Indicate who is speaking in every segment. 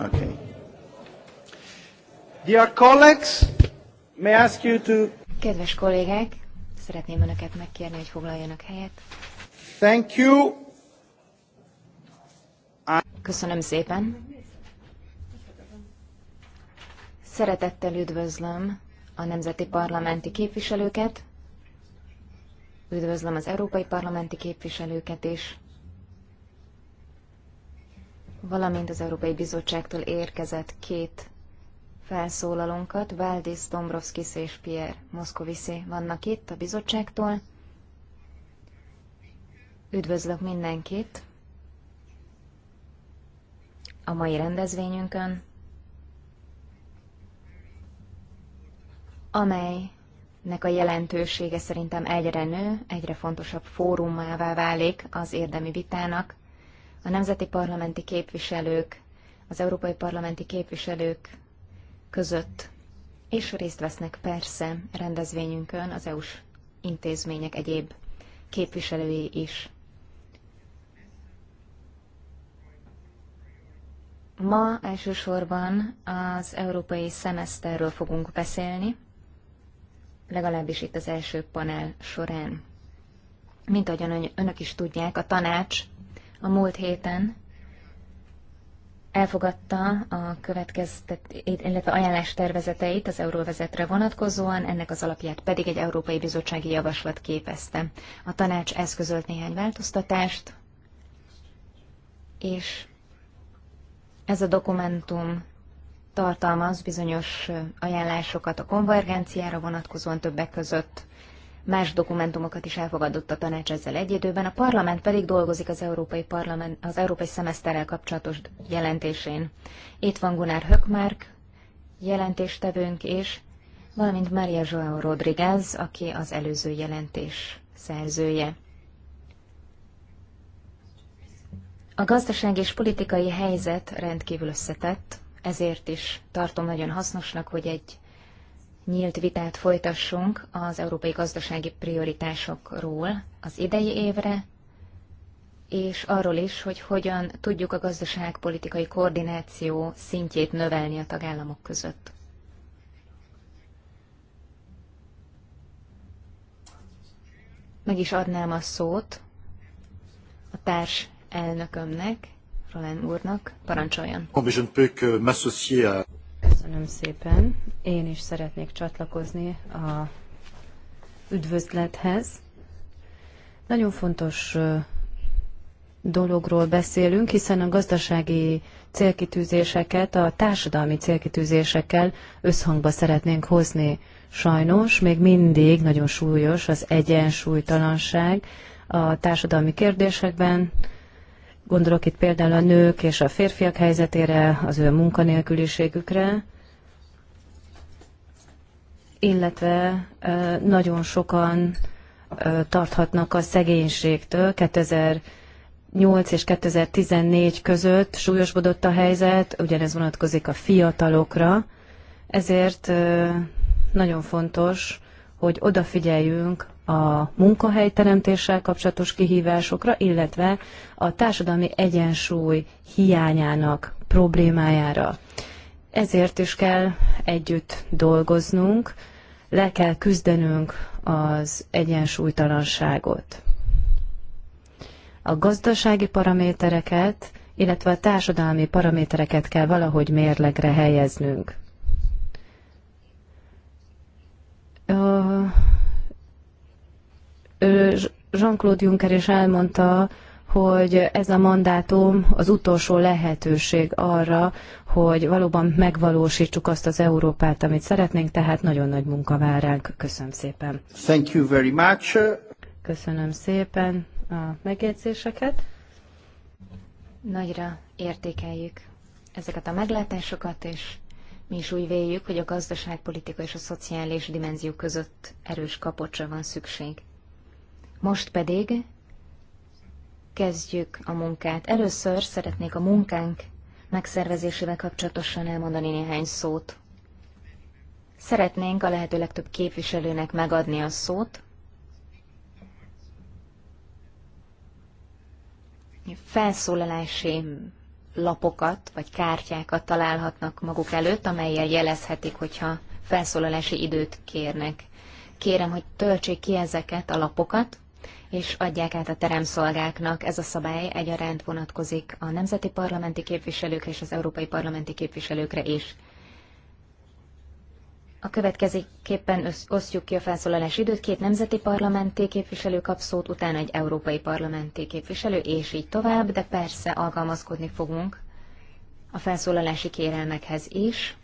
Speaker 1: Okay.
Speaker 2: Dear colleagues, may I ask you to... Kedves kollégák, szeretném Önöket megkérni, hogy foglaljanak helyet. Thank you. I... Köszönöm szépen. Szeretettel üdvözlöm a nemzeti parlamenti képviselőket, üdvözlöm az európai parlamenti képviselőket is, valamint az Európai Bizottságtól érkezett két felszólalónkat, Valdis Dombrovskis és Pierre Moszkoviszi vannak itt a bizottságtól. Üdvözlök mindenkit a mai rendezvényünkön, amelynek a jelentősége szerintem egyre nő, egyre fontosabb fórumává válik az érdemi vitának, a nemzeti parlamenti képviselők, az európai parlamenti képviselők között, és részt vesznek persze rendezvényünkön az EU-s intézmények egyéb képviselői is. Ma elsősorban az európai szemeszterről fogunk beszélni, legalábbis itt az első panel során. Mint ahogyan önök is tudják, a tanács a múlt héten elfogadta a következtet, illetve ajánlás tervezeteit az euróvezetre vonatkozóan, ennek az alapját pedig egy Európai Bizottsági Javaslat képezte. A tanács eszközölt néhány változtatást, és ez a dokumentum tartalmaz bizonyos ajánlásokat a konvergenciára vonatkozóan többek között más dokumentumokat is elfogadott a tanács ezzel egy időben, a parlament pedig dolgozik az Európai, parlament, az Európai Szemeszterrel kapcsolatos jelentésén. Itt van Gunnar Hökmark, jelentéstevőnk, és valamint Maria Joao Rodriguez, aki az előző jelentés szerzője. A gazdaság és politikai helyzet rendkívül összetett, ezért is tartom nagyon hasznosnak, hogy egy nyílt vitát folytassunk az európai gazdasági prioritásokról az idei évre, és arról is, hogy hogyan tudjuk a gazdaságpolitikai koordináció szintjét növelni a tagállamok között. Meg is adnám a szót a társ elnökömnek, Roland úrnak. Parancsoljon!
Speaker 3: Köszönöm szépen. Én is szeretnék csatlakozni a üdvözlethez. Nagyon fontos dologról beszélünk, hiszen a gazdasági célkitűzéseket a társadalmi célkitűzésekkel összhangba szeretnénk hozni. Sajnos még mindig nagyon súlyos az egyensúlytalanság a társadalmi kérdésekben, Gondolok itt például a nők és a férfiak helyzetére, az ő munkanélküliségükre, illetve nagyon sokan tarthatnak a szegénységtől. 2008 és 2014 között súlyosbodott a helyzet, ugyanez vonatkozik a fiatalokra, ezért nagyon fontos, hogy odafigyeljünk a munkahelyteremtéssel kapcsolatos kihívásokra, illetve a társadalmi egyensúly hiányának problémájára. Ezért is kell együtt dolgoznunk, le kell küzdenünk az egyensúlytalanságot. A gazdasági paramétereket, illetve a társadalmi paramétereket kell valahogy mérlegre helyeznünk. Jean-Claude Juncker is elmondta, hogy ez a mandátum az utolsó lehetőség arra, hogy valóban megvalósítsuk azt az Európát, amit szeretnénk, tehát nagyon nagy munka vár ránk. Köszönöm szépen.
Speaker 1: Thank you very much.
Speaker 3: Köszönöm szépen
Speaker 2: a megjegyzéseket. Nagyra értékeljük ezeket a meglátásokat, és mi is úgy véljük, hogy a gazdaságpolitika és a szociális dimenzió között erős kapocsra van szükség. Most pedig kezdjük a munkát. Először szeretnék a munkánk megszervezésével kapcsolatosan elmondani néhány szót. Szeretnénk a lehető legtöbb képviselőnek megadni a szót. Felszólalási lapokat vagy kártyákat találhatnak maguk előtt, amelyel jelezhetik, hogyha felszólalási időt kérnek. Kérem, hogy töltsék ki ezeket a lapokat, és adják át a teremszolgáknak. Ez a szabály egyaránt vonatkozik a nemzeti parlamenti képviselőkre és az európai parlamenti képviselőkre is. A következőképpen osztjuk ki a felszólalás időt. Két nemzeti parlamenti képviselő kap szót, utána egy európai parlamenti képviselő, és így tovább, de persze alkalmazkodni fogunk a felszólalási kérelmekhez is.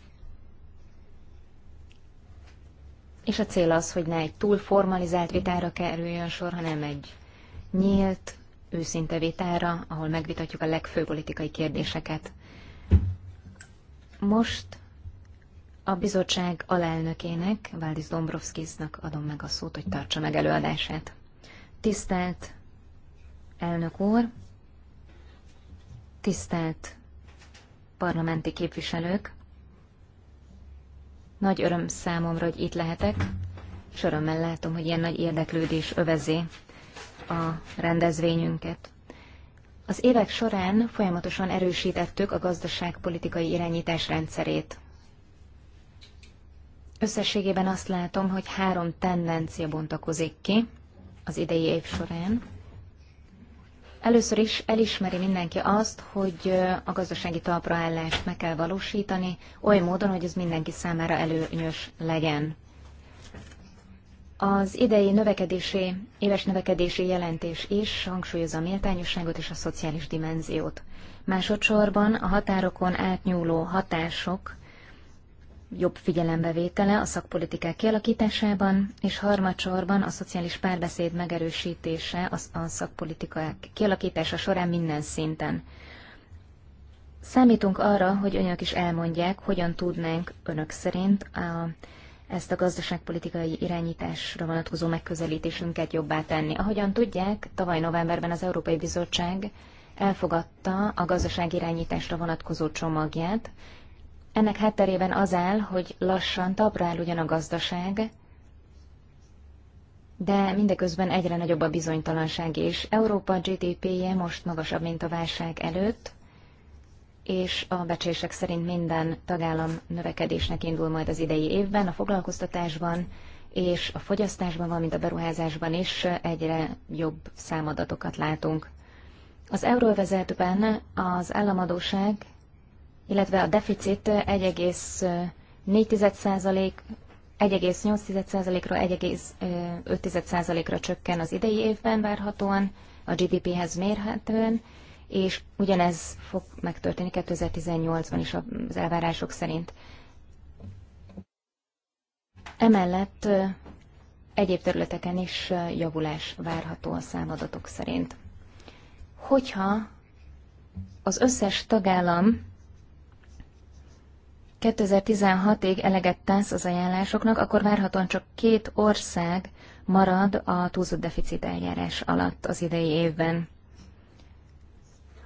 Speaker 2: és a cél az, hogy ne egy túl formalizált vitára kerüljön sor, hanem egy nyílt, őszinte vitára, ahol megvitatjuk a legfőbb politikai kérdéseket. Most a bizottság alelnökének, Váldis Dombrovskisnak adom meg a szót, hogy tartsa meg előadását. Tisztelt elnök úr, tisztelt parlamenti képviselők, nagy öröm számomra, hogy itt lehetek, és örömmel látom, hogy ilyen nagy érdeklődés övezi a rendezvényünket. Az évek során folyamatosan erősítettük a gazdaságpolitikai irányítás rendszerét. Összességében azt látom, hogy három tendencia bontakozik ki az idei év során. Először is elismeri mindenki azt, hogy a gazdasági talpraállást meg kell valósítani, oly módon, hogy ez mindenki számára előnyös legyen. Az idei növekedési, éves növekedési jelentés is hangsúlyozza a méltányosságot és a szociális dimenziót. Másodszorban a határokon átnyúló hatások jobb figyelembevétele a szakpolitikák kialakításában, és harmadsorban a szociális párbeszéd megerősítése a, a szakpolitikák kialakítása során minden szinten. Számítunk arra, hogy önök is elmondják, hogyan tudnánk önök szerint a, ezt a gazdaságpolitikai irányításra vonatkozó megközelítésünket jobbá tenni. Ahogyan tudják, tavaly novemberben az Európai Bizottság elfogadta a gazdaságirányításra vonatkozó csomagját, ennek hátterében az áll, hogy lassan talpra ugyan a gazdaság, de mindeközben egyre nagyobb a bizonytalanság is. Európa GDP-je most magasabb, mint a válság előtt, és a becsések szerint minden tagállam növekedésnek indul majd az idei évben, a foglalkoztatásban és a fogyasztásban, valamint a beruházásban is egyre jobb számadatokat látunk. Az euróvezetben az államadóság illetve a deficit 1,8%-ról 1,5%-ra csökken az idei évben várhatóan, a GDP-hez mérhetően, és ugyanez fog megtörténni 2018-ban is az elvárások szerint. Emellett egyéb területeken is javulás várható a számadatok szerint. Hogyha az összes tagállam 2016-ig eleget tesz az ajánlásoknak, akkor várhatóan csak két ország marad a túlzott deficit eljárás alatt az idei évben.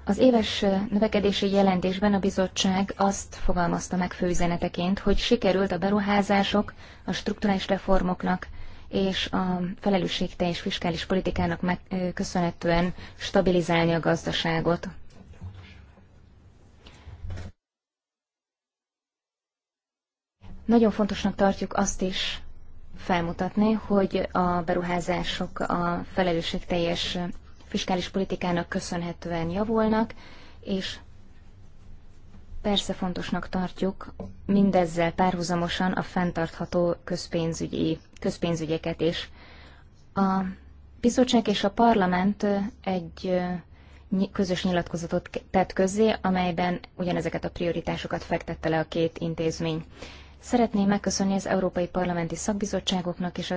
Speaker 2: Az éves növekedési jelentésben a bizottság azt fogalmazta meg főüzeneteként, hogy sikerült a beruházások, a strukturális reformoknak és a felelősségteljes fiskális politikának meg, köszönhetően stabilizálni a gazdaságot. Nagyon fontosnak tartjuk azt is felmutatni, hogy a beruházások a felelősségteljes fiskális politikának köszönhetően javulnak, és persze fontosnak tartjuk mindezzel párhuzamosan a fenntartható közpénzügyi, közpénzügyeket is. A bizottság és a parlament egy közös nyilatkozatot tett közzé, amelyben ugyanezeket a prioritásokat fektette le a két intézmény. Szeretném megköszönni az Európai Parlamenti Szakbizottságoknak és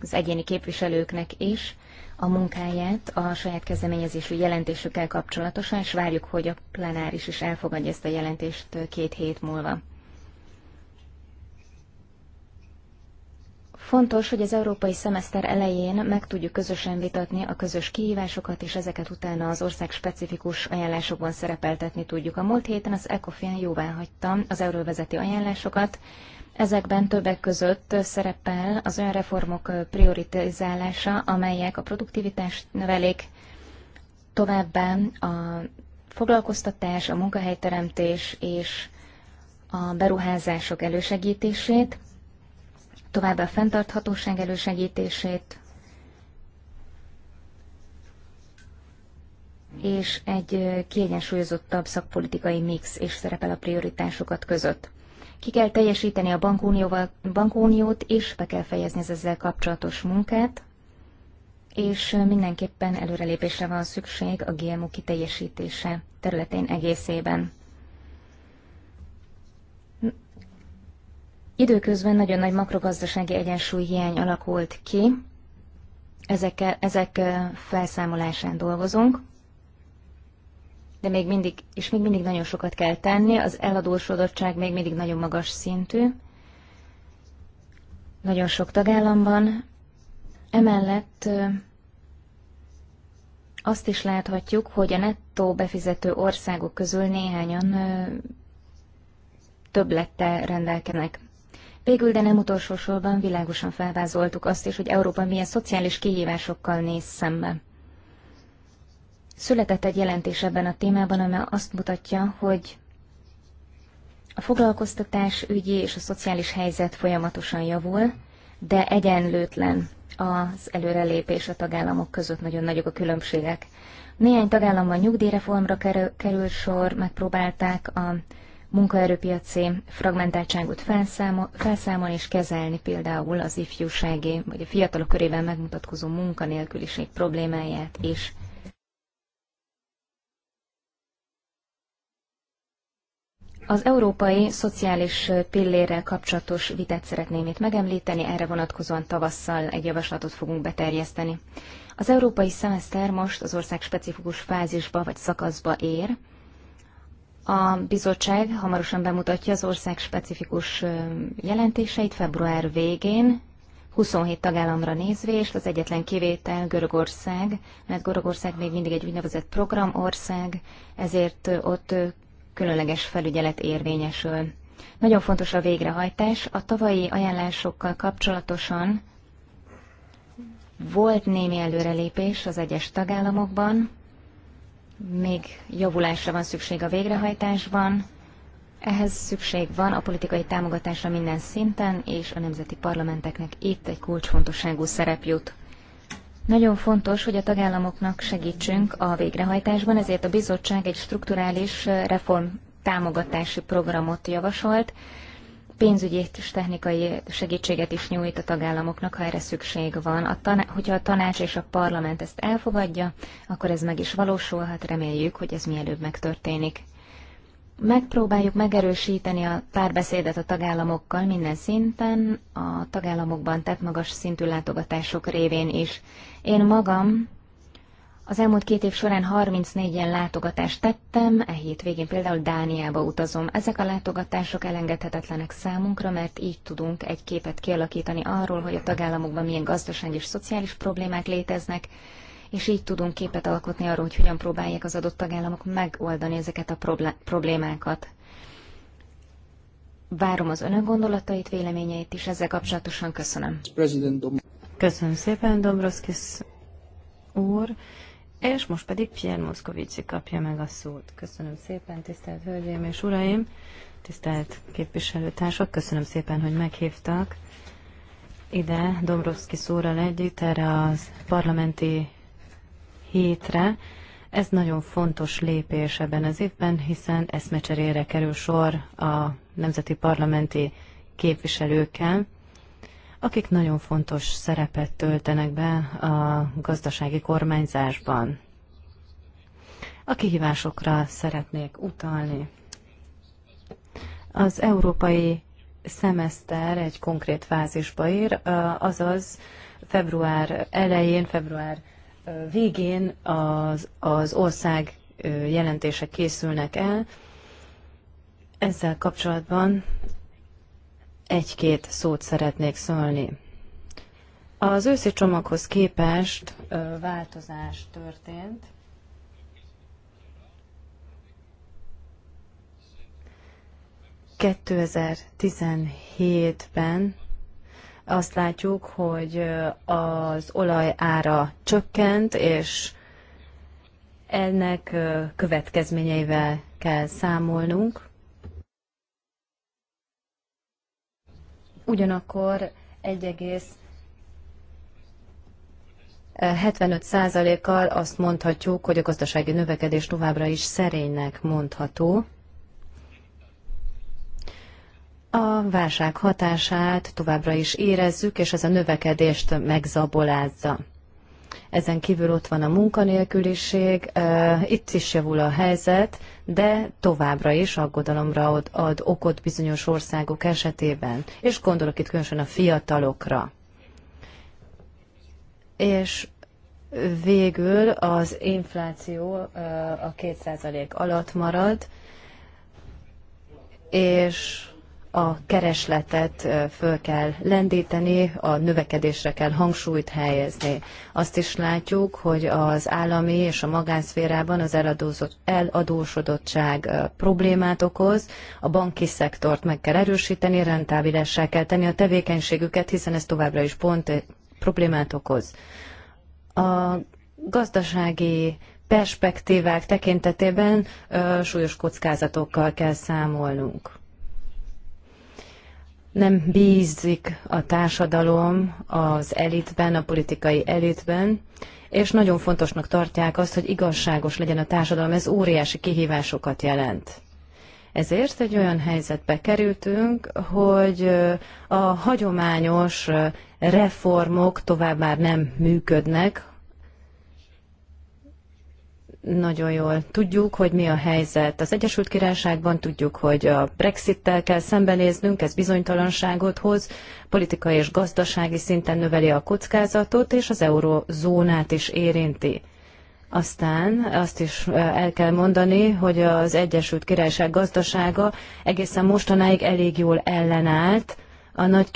Speaker 2: az egyéni képviselőknek is a munkáját a saját kezdeményezésű jelentésükkel kapcsolatosan, és várjuk, hogy a plenáris is elfogadja ezt a jelentést két hét múlva. Fontos, hogy az európai szemeszter elején meg tudjuk közösen vitatni a közös kihívásokat, és ezeket utána az ország specifikus ajánlásokban szerepeltetni tudjuk. A múlt héten az ECOFIN jóvá hagyta az euróvezeti ajánlásokat, Ezekben többek között szerepel az olyan reformok prioritizálása, amelyek a produktivitást növelik, továbbá a foglalkoztatás, a munkahelyteremtés és a beruházások elősegítését, továbbá a fenntarthatóság elősegítését, és egy kiegyensúlyozottabb szakpolitikai mix és szerepel a prioritásokat között. Ki kell teljesíteni a bankunióval, bankuniót, és be kell fejezni az ezzel kapcsolatos munkát, és mindenképpen előrelépésre van szükség a GMO kiteljesítése területén egészében. Időközben nagyon nagy makrogazdasági hiány alakult ki, ezek, ezek felszámolásán dolgozunk, de még mindig, és még mindig nagyon sokat kell tenni, az eladósodottság még mindig nagyon magas szintű, nagyon sok tagállamban.
Speaker 1: Emellett
Speaker 2: azt is láthatjuk, hogy a nettó befizető országok közül néhányan többlettel rendelkeznek. Végül, de nem utolsó sorban világosan felvázoltuk azt is, hogy Európa milyen szociális kihívásokkal néz szembe. Született egy jelentés ebben a témában, amely azt mutatja, hogy a foglalkoztatás ügyi és a szociális helyzet folyamatosan javul, de egyenlőtlen az előrelépés a tagállamok között, nagyon nagyok a különbségek. Néhány tagállamban nyugdíjreformra kerül sor, megpróbálták a munkaerőpiaci fragmentáltságot felszámol, felszámol és kezelni például az ifjúsági vagy a fiatalok körében megmutatkozó munkanélküliség problémáját is. Az európai szociális pillérrel kapcsolatos vitát szeretném itt megemlíteni, erre vonatkozóan tavasszal egy javaslatot fogunk beterjeszteni. Az európai szemeszter most az ország specifikus fázisba vagy szakaszba ér, a bizottság hamarosan bemutatja az ország specifikus jelentéseit február végén, 27 tagállamra nézvést, az egyetlen kivétel Görögország, mert Görögország még mindig egy úgynevezett programország, ezért ott különleges felügyelet érvényesül. Nagyon fontos a végrehajtás. A tavalyi ajánlásokkal kapcsolatosan volt némi előrelépés az egyes tagállamokban, még javulásra van szükség a végrehajtásban, ehhez szükség van a politikai támogatásra minden szinten, és a nemzeti parlamenteknek itt egy kulcsfontosságú szerep jut. Nagyon fontos, hogy a tagállamoknak segítsünk a végrehajtásban, ezért a bizottság egy strukturális eh, reform támogatási programot javasolt, pénzügyi és technikai segítséget is nyújt a tagállamoknak, ha erre szükség van. A taná- hogyha a tanács és a parlament ezt elfogadja, akkor ez meg is valósulhat, reméljük, hogy ez mielőbb megtörténik. Megpróbáljuk megerősíteni a párbeszédet a tagállamokkal minden szinten, a tagállamokban tett magas szintű látogatások révén is. Én magam az elmúlt két év során 34 ilyen látogatást tettem, e hétvégén például Dániába utazom. Ezek a látogatások elengedhetetlenek számunkra, mert így tudunk egy képet kialakítani arról, hogy a tagállamokban milyen gazdasági és szociális problémák léteznek, és így tudunk képet alkotni arról, hogy hogyan próbálják az adott tagállamok megoldani ezeket a problémákat. Várom az önök gondolatait, véleményeit is ezzel kapcsolatosan köszönöm. Köszönöm szépen, Dombrovskis úr.
Speaker 3: És most pedig Pierre Moszkovicsi kapja meg a szót. Köszönöm szépen, tisztelt Hölgyeim és Uraim, tisztelt képviselőtársak, köszönöm szépen, hogy meghívtak ide Dombrovszki szóral együtt erre az parlamenti hétre. Ez nagyon fontos lépés ebben az évben, hiszen eszmecserére kerül sor a nemzeti parlamenti képviselőkkel akik nagyon fontos szerepet töltenek be a gazdasági kormányzásban. A kihívásokra szeretnék utalni. Az európai szemeszter egy konkrét fázisba ér, azaz február elején, február végén az, az ország jelentések készülnek el. Ezzel kapcsolatban egy-két szót szeretnék szólni. Az őszi csomaghoz képest ö, változás történt. ...2017-ben azt látjuk, hogy az olaj ára csökkent, és ennek következményeivel kell számolnunk. ugyanakkor 1,75%-kal eh, azt mondhatjuk, hogy a gazdasági növekedés továbbra is szerénynek mondható. A válság hatását továbbra is érezzük, és ez a növekedést megzabolázza ezen kívül ott van a munkanélküliség, itt is javul a helyzet, de továbbra is aggodalomra ad, ad okot bizonyos országok esetében, és gondolok itt különösen a fiatalokra. És végül az infláció a 2% alatt marad, és a keresletet föl kell lendíteni, a növekedésre kell hangsúlyt helyezni. Azt is látjuk, hogy az állami és a magánszférában az eladósodottság problémát okoz, a banki szektort meg kell erősíteni, rentábilessá kell tenni a tevékenységüket, hiszen ez továbbra is pont problémát okoz. A gazdasági perspektívák tekintetében súlyos kockázatokkal kell számolnunk nem bízik a társadalom az elitben, a politikai elitben, és nagyon fontosnak tartják azt, hogy igazságos legyen a társadalom, ez óriási kihívásokat jelent. Ezért egy olyan helyzetbe kerültünk, hogy a hagyományos reformok tovább már nem működnek, nagyon jól tudjuk, hogy mi a helyzet az Egyesült Királyságban, tudjuk, hogy a Brexit-tel kell szembenéznünk, ez bizonytalanságot hoz, politikai és gazdasági szinten növeli a kockázatot, és az eurozónát is érinti. Aztán azt is el kell mondani, hogy az Egyesült Királyság gazdasága egészen mostanáig elég jól ellenállt, a nagy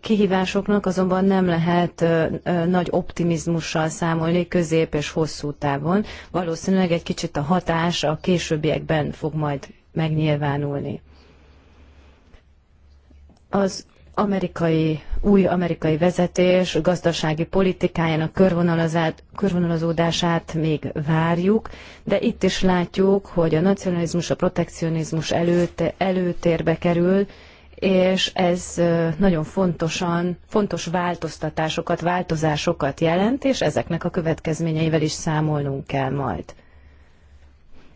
Speaker 3: kihívásoknak azonban nem lehet nagy optimizmussal számolni közép és hosszú távon. Valószínűleg egy kicsit a hatás a későbbiekben fog majd megnyilvánulni. Az amerikai, új amerikai vezetés gazdasági politikájának körvonalazódását még várjuk, de itt is látjuk, hogy a nacionalizmus, a protekcionizmus előt, előtérbe kerül, és ez nagyon fontosan, fontos változtatásokat, változásokat jelent, és ezeknek a következményeivel is számolnunk kell majd.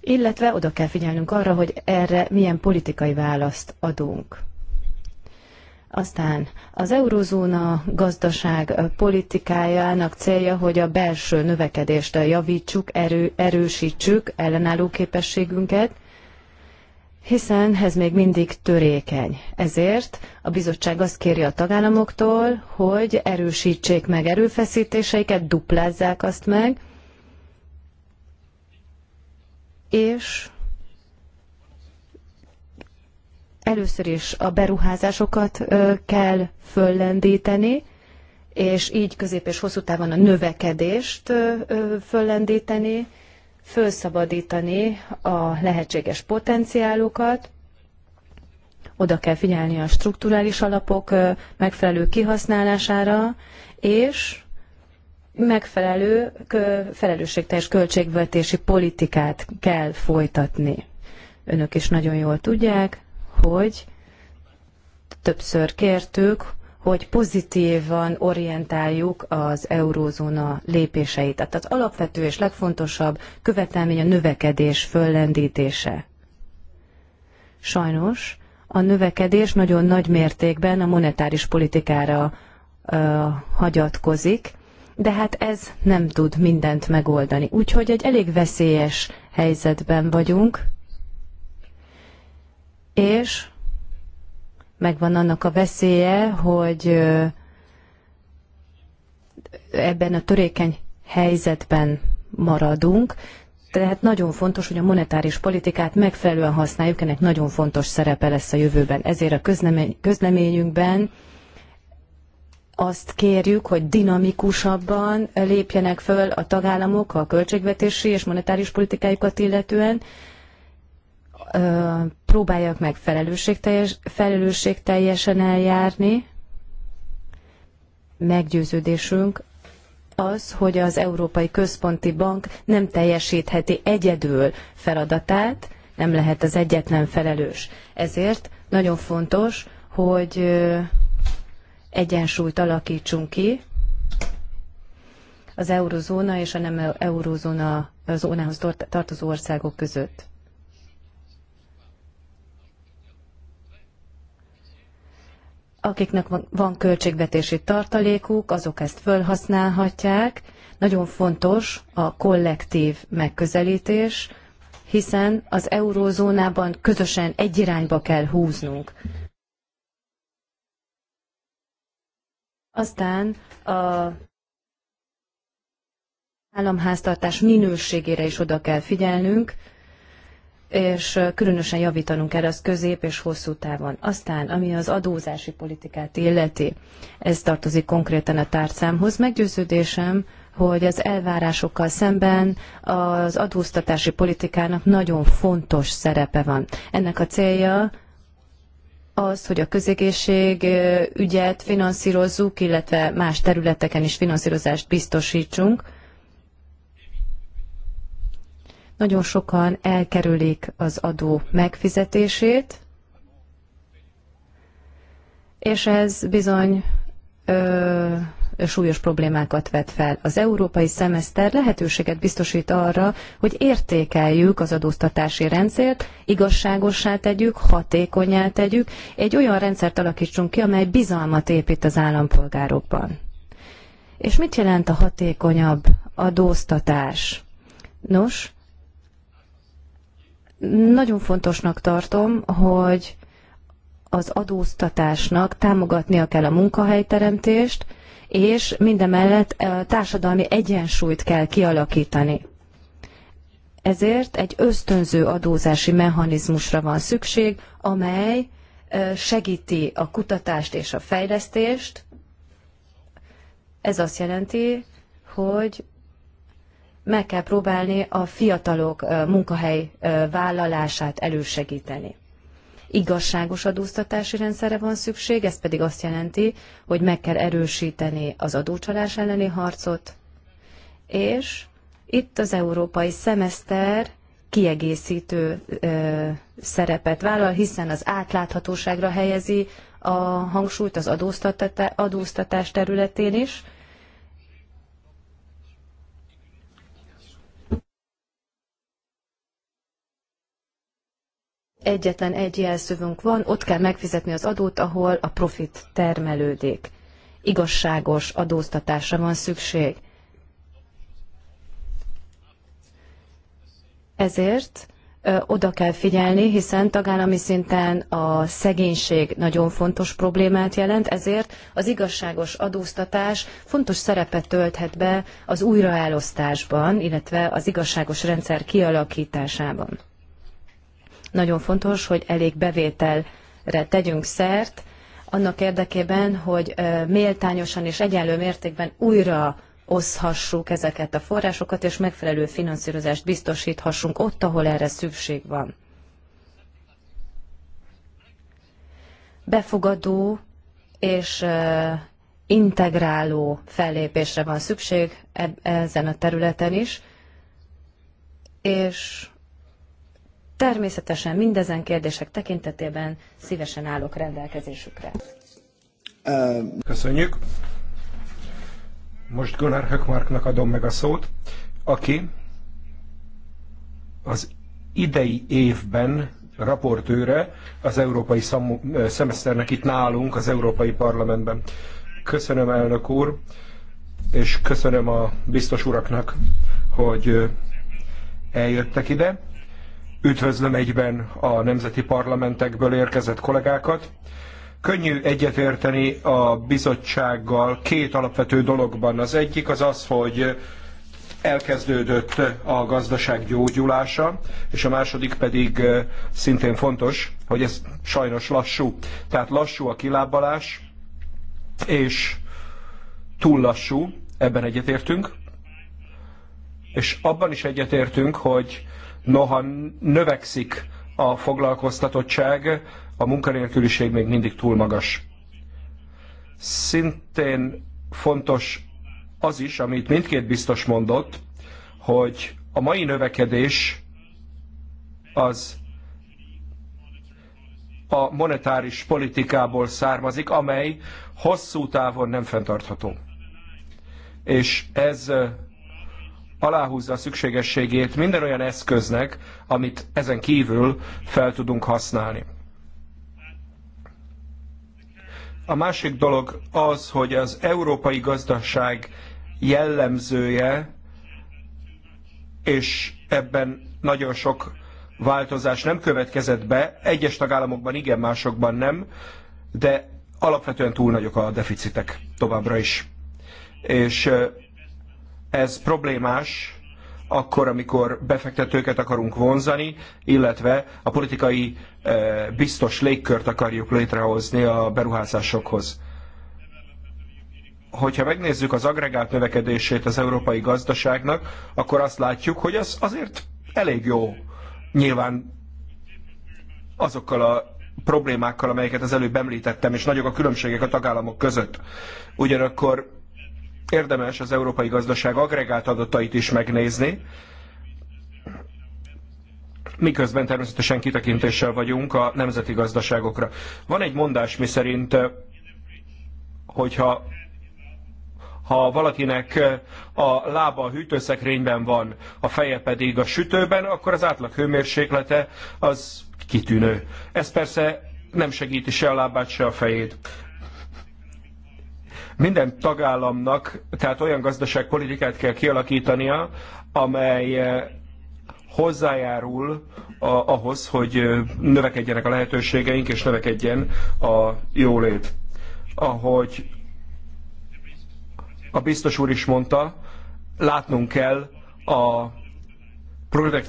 Speaker 3: Illetve oda kell figyelnünk arra, hogy erre milyen politikai választ adunk. Aztán az eurozóna gazdaság politikájának célja, hogy a belső növekedést javítsuk, erő, erősítsük ellenálló képességünket, hiszen ez még mindig törékeny. Ezért a bizottság azt kéri a tagállamoktól, hogy erősítsék meg erőfeszítéseiket, duplázzák azt meg, és először is a beruházásokat kell föllendíteni, és így közép és hosszú távon a növekedést föllendíteni, felszabadítani a lehetséges potenciálukat, oda kell figyelni a strukturális alapok megfelelő kihasználására, és megfelelő felelősségteljes költségvetési politikát kell folytatni. Önök is nagyon jól tudják, hogy többször kértük, hogy pozitívan orientáljuk az eurózóna lépéseit. Tehát az alapvető és legfontosabb követelmény a növekedés föllendítése. Sajnos a növekedés nagyon nagy mértékben a monetáris politikára ö, hagyatkozik, de hát ez nem tud mindent megoldani. Úgyhogy egy elég veszélyes helyzetben vagyunk, és megvan annak a veszélye, hogy ebben a törékeny helyzetben maradunk, tehát nagyon fontos, hogy a monetáris politikát megfelelően használjuk, ennek nagyon fontos szerepe lesz a jövőben. Ezért a közleményünkben azt kérjük, hogy dinamikusabban lépjenek föl a tagállamok a költségvetési és monetáris politikájukat illetően, próbáljak meg felelősségteljes, felelősségteljesen eljárni. Meggyőződésünk az, hogy az Európai Központi Bank nem teljesítheti egyedül feladatát, nem lehet az egyetlen felelős. Ezért nagyon fontos, hogy egyensúlyt alakítsunk ki az eurozóna és a nem eurozóna zónához tartozó országok között. akiknek van költségvetési tartalékuk, azok ezt fölhasználhatják. Nagyon fontos a kollektív megközelítés, hiszen az eurózónában közösen egy irányba kell húznunk. Aztán a államháztartás minőségére is oda kell figyelnünk, és különösen javítanunk kell az közép és hosszú távon. Aztán, ami az adózási politikát illeti, ez tartozik konkrétan a tárcámhoz. Meggyőződésem, hogy az elvárásokkal szemben az adóztatási politikának nagyon fontos szerepe van. Ennek a célja az, hogy a közegészség ügyet finanszírozzuk, illetve más területeken is finanszírozást biztosítsunk, nagyon sokan elkerülik az adó megfizetését, és ez bizony ö, súlyos problémákat vet fel. Az európai szemeszter lehetőséget biztosít arra, hogy értékeljük az adóztatási rendszert, igazságossá tegyük, hatékonyá tegyük, egy olyan rendszert alakítsunk ki, amely bizalmat épít az állampolgárokban. És mit jelent a hatékonyabb adóztatás? Nos, nagyon fontosnak tartom, hogy az adóztatásnak támogatnia kell a munkahelyteremtést, és mindemellett társadalmi egyensúlyt kell kialakítani. Ezért egy ösztönző adózási mechanizmusra van szükség, amely segíti a kutatást és a fejlesztést. Ez azt jelenti, hogy meg kell próbálni a fiatalok munkahely vállalását elősegíteni. Igazságos adóztatási rendszerre van szükség, ez pedig azt jelenti, hogy meg kell erősíteni az adócsalás elleni harcot, és itt az európai szemeszter kiegészítő ö, szerepet vállal, hiszen az átláthatóságra helyezi a hangsúlyt az adóztatás területén is, egyetlen egy jelszövünk van, ott kell megfizetni az adót, ahol a profit termelődik. Igazságos adóztatásra van szükség. Ezért ö, oda kell figyelni, hiszen tagállami szinten a szegénység nagyon fontos problémát jelent, ezért az igazságos adóztatás fontos szerepet tölthet be az újraelosztásban, illetve az igazságos rendszer kialakításában. Nagyon fontos, hogy elég bevételre tegyünk szert, annak érdekében, hogy méltányosan és egyenlő mértékben újra oszhassuk ezeket a forrásokat, és megfelelő finanszírozást biztosíthassunk ott, ahol erre szükség van. Befogadó és integráló fellépésre van szükség e-, ezen a területen is, és Természetesen mindezen kérdések tekintetében szívesen állok rendelkezésükre.
Speaker 4: Köszönjük. Most Gunnar Höckmarknak adom meg a szót, aki az idei évben raportőre az európai szemeszternek itt nálunk, az Európai Parlamentben. Köszönöm, elnök úr, és köszönöm a biztos uraknak, hogy eljöttek ide. Üdvözlöm egyben a nemzeti parlamentekből érkezett kollégákat. Könnyű egyetérteni a bizottsággal két alapvető dologban. Az egyik az az, hogy elkezdődött a gazdaság gyógyulása, és a második pedig szintén fontos, hogy ez sajnos lassú. Tehát lassú a kilábalás, és túl lassú, ebben egyetértünk, és abban is egyetértünk, hogy Noha növekszik a foglalkoztatottság, a munkanélküliség még mindig túl magas. Szintén fontos az is, amit mindkét biztos mondott, hogy a mai növekedés az a monetáris politikából származik, amely hosszú távon nem fenntartható. És ez aláhúzza a szükségességét minden olyan eszköznek, amit ezen kívül fel tudunk használni. A másik dolog az, hogy az európai gazdaság jellemzője, és ebben nagyon sok változás nem következett be, egyes tagállamokban igen, másokban nem, de alapvetően túl nagyok a deficitek továbbra is. És ez problémás akkor, amikor befektetőket akarunk vonzani, illetve a politikai eh, biztos légkört akarjuk létrehozni a beruházásokhoz hogyha megnézzük az agregált növekedését az európai gazdaságnak, akkor azt látjuk, hogy az azért elég jó nyilván azokkal a problémákkal, amelyeket az előbb említettem, és nagyok a különbségek a tagállamok között. Ugyanakkor érdemes az európai gazdaság agregált adatait is megnézni, miközben természetesen kitekintéssel vagyunk a nemzeti gazdaságokra. Van egy mondás, miszerint, eh, hogyha ha valakinek eh, a lába a hűtőszekrényben van, a feje pedig a sütőben, akkor az átlag hőmérséklete az kitűnő. Ez persze nem segíti se a lábát, se a fejét. Minden tagállamnak tehát olyan gazdaságpolitikát kell kialakítania, amely eh, hozzájárul a, ahhoz, hogy eh, növekedjenek a lehetőségeink, és növekedjen a jólét. Ahogy a biztos úr is mondta, látnunk kell a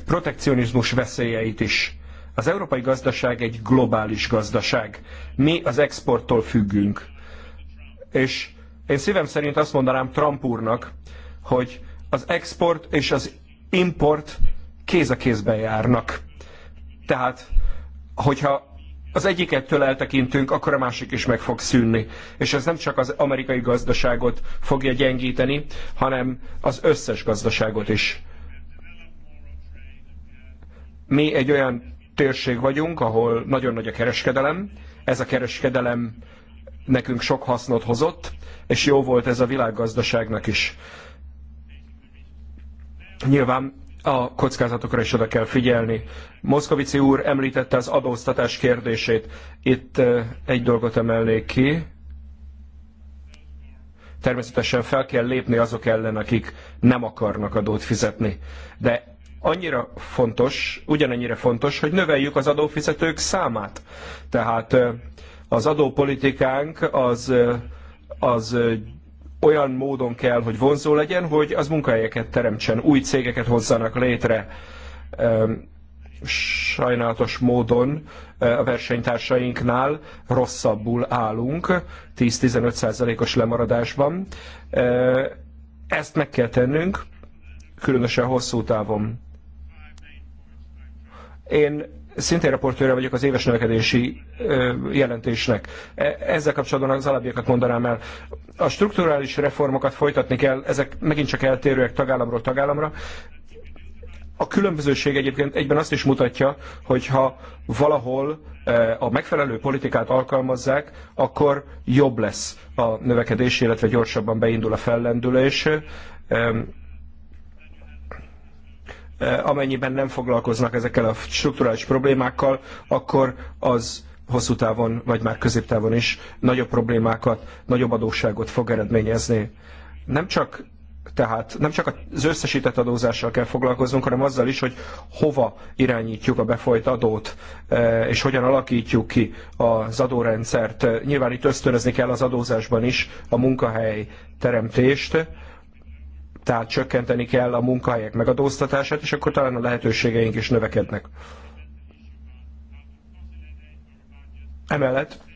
Speaker 4: protekcionizmus veszélyeit is. Az európai gazdaság egy globális gazdaság. Mi az exporttól függünk. És én szívem szerint azt mondanám Trump úrnak, hogy az export és az import kéz a kézben járnak. Tehát, hogyha az egyiket eltekintünk, akkor a másik is meg fog szűnni. És ez nem csak az amerikai gazdaságot fogja gyengíteni, hanem az összes gazdaságot is. Mi egy olyan térség vagyunk, ahol nagyon nagy a kereskedelem. Ez a kereskedelem nekünk sok hasznot hozott, és jó volt ez a világgazdaságnak is. Nyilván a kockázatokra is oda kell figyelni. Moszkovici úr említette az adóztatás kérdését. Itt egy dolgot emelnék ki. Természetesen fel kell lépni azok ellen, akik nem akarnak adót fizetni. De annyira fontos, ugyanannyira fontos, hogy növeljük az adófizetők számát. Tehát az adópolitikánk az az olyan módon kell, hogy vonzó legyen, hogy az munkahelyeket teremtsen, új cégeket hozzanak létre. Sajnálatos módon a versenytársainknál rosszabbul állunk, 10-15%-os lemaradásban. Ezt meg kell tennünk, különösen hosszú távon. Én Szintén raportőre vagyok az éves növekedési jelentésnek. E, ezzel kapcsolatban az alábbiakat mondanám el. A strukturális reformokat folytatni kell, ezek megint csak eltérőek tagállamról tagállamra. A különbözőség egyébként egyben azt is mutatja, hogy ha valahol e, a megfelelő politikát alkalmazzák, akkor jobb lesz a növekedés, illetve gyorsabban beindul a fellendülés Eh, amennyiben nem foglalkoznak ezekkel a strukturális problémákkal, akkor az hosszú távon, vagy már középtávon is nagyobb problémákat, nagyobb adósságot fog eredményezni. Nem csak tehát nem csak az összesített adózással kell foglalkoznunk, hanem azzal is, hogy hova irányítjuk a befolyt adót, eh, és hogyan alakítjuk ki az adórendszert. Nyilván itt ösztönözni kell az adózásban is a munkahely teremtést, tehát csökkenteni kell a munkahelyek megadóztatását, és akkor talán a lehetőségeink is növekednek. Emellett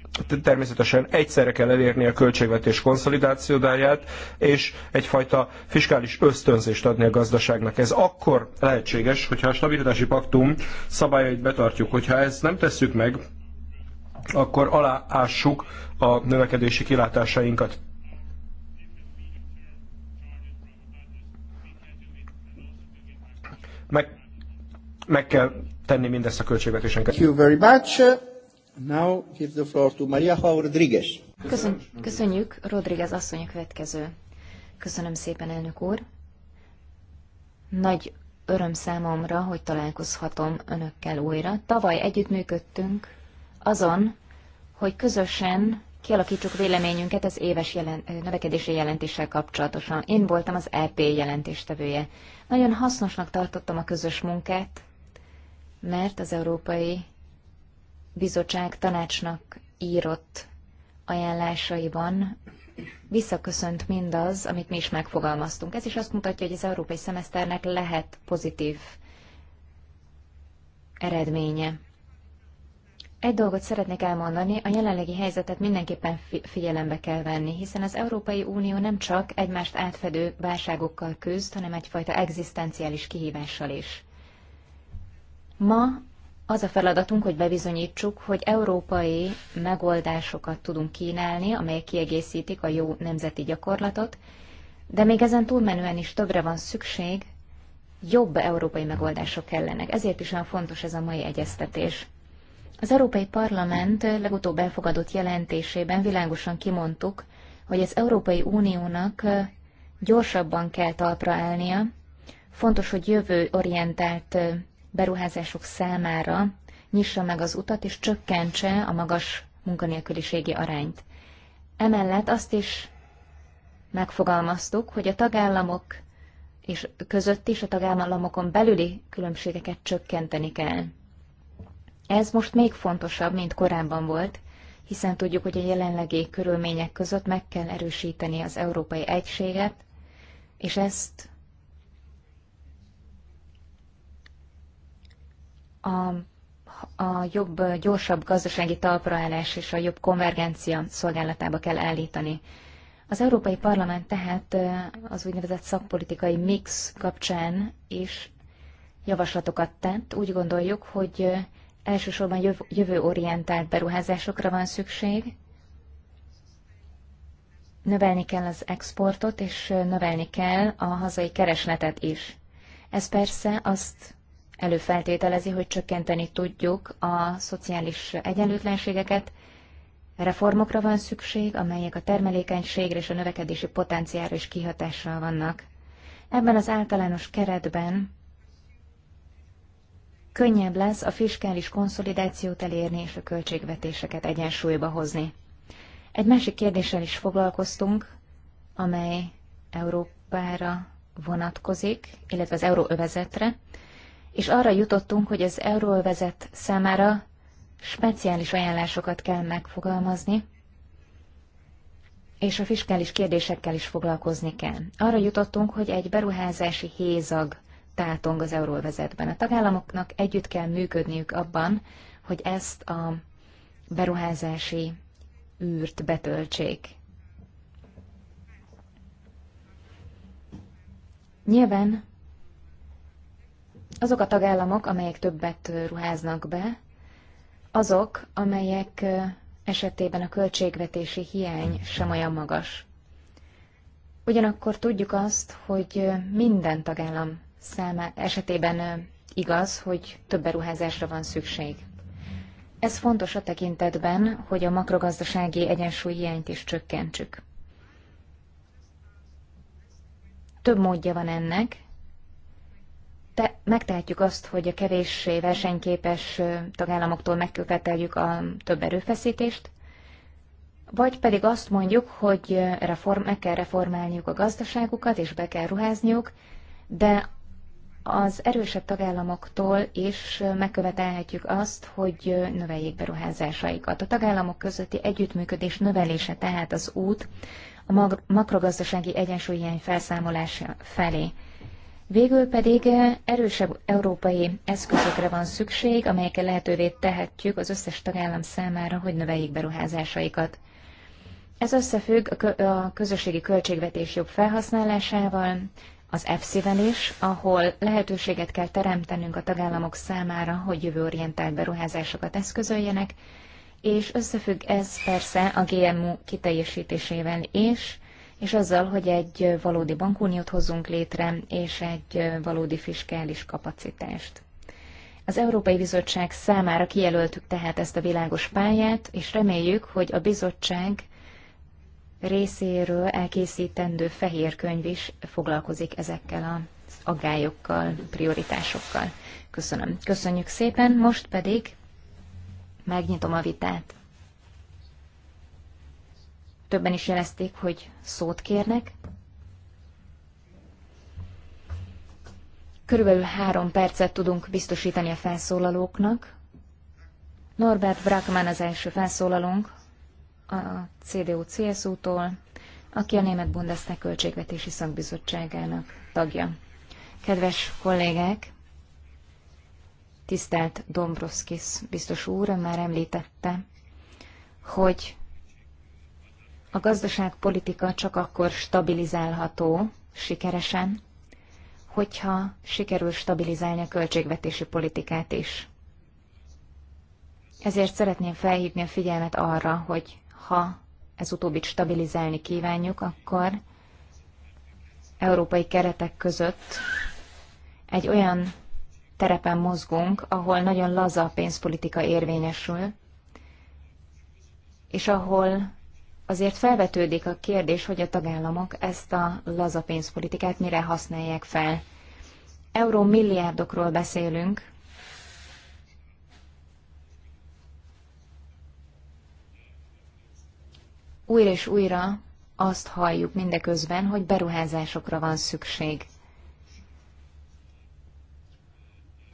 Speaker 4: természetesen egyszerre kell elérni a költségvetés konszolidációdáját, és egyfajta fiskális ösztönzést adni a gazdaságnak. Ez akkor lehetséges, hogyha a stabilitási paktum szabályait betartjuk. Hogyha ezt nem tesszük meg, akkor aláássuk a növekedési kilátásainkat. meg, meg kell tenni mindezt a költségvetésen. Thank you very much. Now give the floor to Maria Rodriguez.
Speaker 2: Köszön, köszönjük, Rodriguez asszony a következő. Köszönöm szépen, elnök úr. Nagy öröm számomra, hogy találkozhatom önökkel újra. Tavaly együttműködtünk azon, hogy közösen kialakítsuk véleményünket az éves jelen, növekedési jelentéssel kapcsolatosan. Én voltam az EP jelentéstevője. Nagyon hasznosnak tartottam a közös munkát, mert az Európai Bizottság tanácsnak írott ajánlásaiban visszaköszönt mindaz, amit mi is megfogalmaztunk. Ez is azt mutatja, hogy az európai szemeszternek lehet pozitív eredménye. Egy dolgot szeretnék elmondani, a jelenlegi helyzetet mindenképpen figyelembe kell venni, hiszen az Európai Unió nem csak egymást átfedő válságokkal küzd, hanem egyfajta egzisztenciális kihívással is. Ma az a feladatunk, hogy bebizonyítsuk, hogy európai megoldásokat tudunk kínálni, amelyek kiegészítik a jó nemzeti gyakorlatot, de még ezen túlmenően is többre van szükség, jobb európai megoldások kellenek. Ezért is olyan fontos ez a mai egyeztetés. Az Európai Parlament legutóbb elfogadott jelentésében világosan kimondtuk, hogy az Európai Uniónak gyorsabban kell talpra állnia, fontos, hogy jövő orientált beruházások számára nyissa meg az utat és csökkentse a magas munkanélküliségi arányt. Emellett azt is megfogalmaztuk, hogy a tagállamok és között is a tagállamokon belüli különbségeket csökkenteni kell. Ez most még fontosabb, mint korábban volt, hiszen tudjuk, hogy a jelenlegi körülmények között meg kell erősíteni az európai egységet, és ezt a, a jobb, gyorsabb gazdasági talpraállás és a jobb konvergencia szolgálatába kell állítani. Az Európai Parlament tehát az úgynevezett szakpolitikai mix kapcsán is javaslatokat tett. Úgy gondoljuk, hogy elsősorban jövőorientált beruházásokra van szükség. Növelni kell az exportot, és növelni kell a hazai keresletet is. Ez persze azt előfeltételezi, hogy csökkenteni tudjuk a szociális egyenlőtlenségeket, reformokra van szükség, amelyek a termelékenységre és a növekedési potenciálra is kihatással vannak. Ebben az általános keretben könnyebb lesz a fiskális konszolidációt elérni és a költségvetéseket egyensúlyba hozni. Egy másik kérdéssel is foglalkoztunk, amely Európára vonatkozik, illetve az euróövezetre, és arra jutottunk, hogy az euróövezet számára speciális ajánlásokat kell megfogalmazni, és a fiskális kérdésekkel is foglalkozni kell. Arra jutottunk, hogy egy beruházási hézag tátong az euróvezetben. A tagállamoknak együtt kell működniük abban, hogy ezt a beruházási űrt betöltsék. Nyilván azok a tagállamok, amelyek többet ruháznak be, azok, amelyek esetében a költségvetési hiány sem olyan magas. Ugyanakkor tudjuk azt, hogy minden tagállam száma esetében igaz, hogy több beruházásra van szükség. Ez fontos a tekintetben, hogy a makrogazdasági egyensúly hiányt is csökkentsük. Több módja van ennek. Te, megtehetjük azt, hogy a kevéssé versenyképes tagállamoktól megköveteljük a több erőfeszítést, vagy pedig azt mondjuk, hogy reform, meg kell reformálniuk a gazdaságukat, és be kell ruházniuk, de az erősebb tagállamoktól is megkövetelhetjük azt, hogy növeljék beruházásaikat. A tagállamok közötti együttműködés növelése tehát az út a makrogazdasági egyensúlyhiány felszámolása felé. Végül pedig erősebb európai eszközökre van szükség, amelyekkel lehetővé tehetjük az összes tagállam számára, hogy növeljék beruházásaikat. Ez összefügg a közösségi költségvetés jobb felhasználásával, az efsz ben is, ahol lehetőséget kell teremtenünk a tagállamok számára, hogy jövőorientált beruházásokat eszközöljenek, és összefügg ez persze a GMO kiteljesítésével is, és azzal, hogy egy valódi bankuniót hozzunk létre, és egy valódi fiskális kapacitást. Az Európai Bizottság számára kijelöltük tehát ezt a világos pályát, és reméljük, hogy a bizottság részéről elkészítendő fehér könyv is foglalkozik ezekkel az aggályokkal, prioritásokkal. Köszönöm. Köszönjük szépen, most pedig megnyitom a vitát. Többen is jelezték, hogy szót kérnek. Körülbelül három percet tudunk biztosítani a felszólalóknak. Norbert Brackmann az első felszólalónk, a CDU-CSU-tól, aki a Német Bundestag költségvetési szakbizottságának tagja. Kedves kollégák, tisztelt Dombrovskis biztos úr már említette, hogy a gazdaságpolitika csak akkor stabilizálható sikeresen, hogyha sikerül stabilizálni a költségvetési politikát is. Ezért szeretném felhívni a figyelmet arra, hogy ha ez utóbbit stabilizálni kívánjuk, akkor európai keretek között egy olyan terepen mozgunk, ahol nagyon laza a pénzpolitika érvényesül, és ahol azért felvetődik a kérdés, hogy a tagállamok ezt a laza pénzpolitikát mire használják fel. Euró milliárdokról beszélünk, újra és újra azt halljuk mindeközben, hogy beruházásokra van szükség.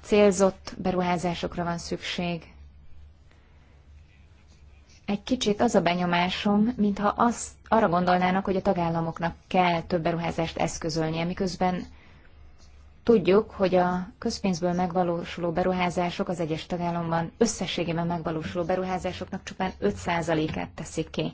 Speaker 2: Célzott beruházásokra van szükség. Egy kicsit az a benyomásom, mintha azt, arra gondolnának, hogy a tagállamoknak kell több beruházást eszközölnie, miközben Tudjuk, hogy a közpénzből megvalósuló beruházások az egyes tagállamban összességében megvalósuló beruházásoknak csupán 5%-át teszik ki.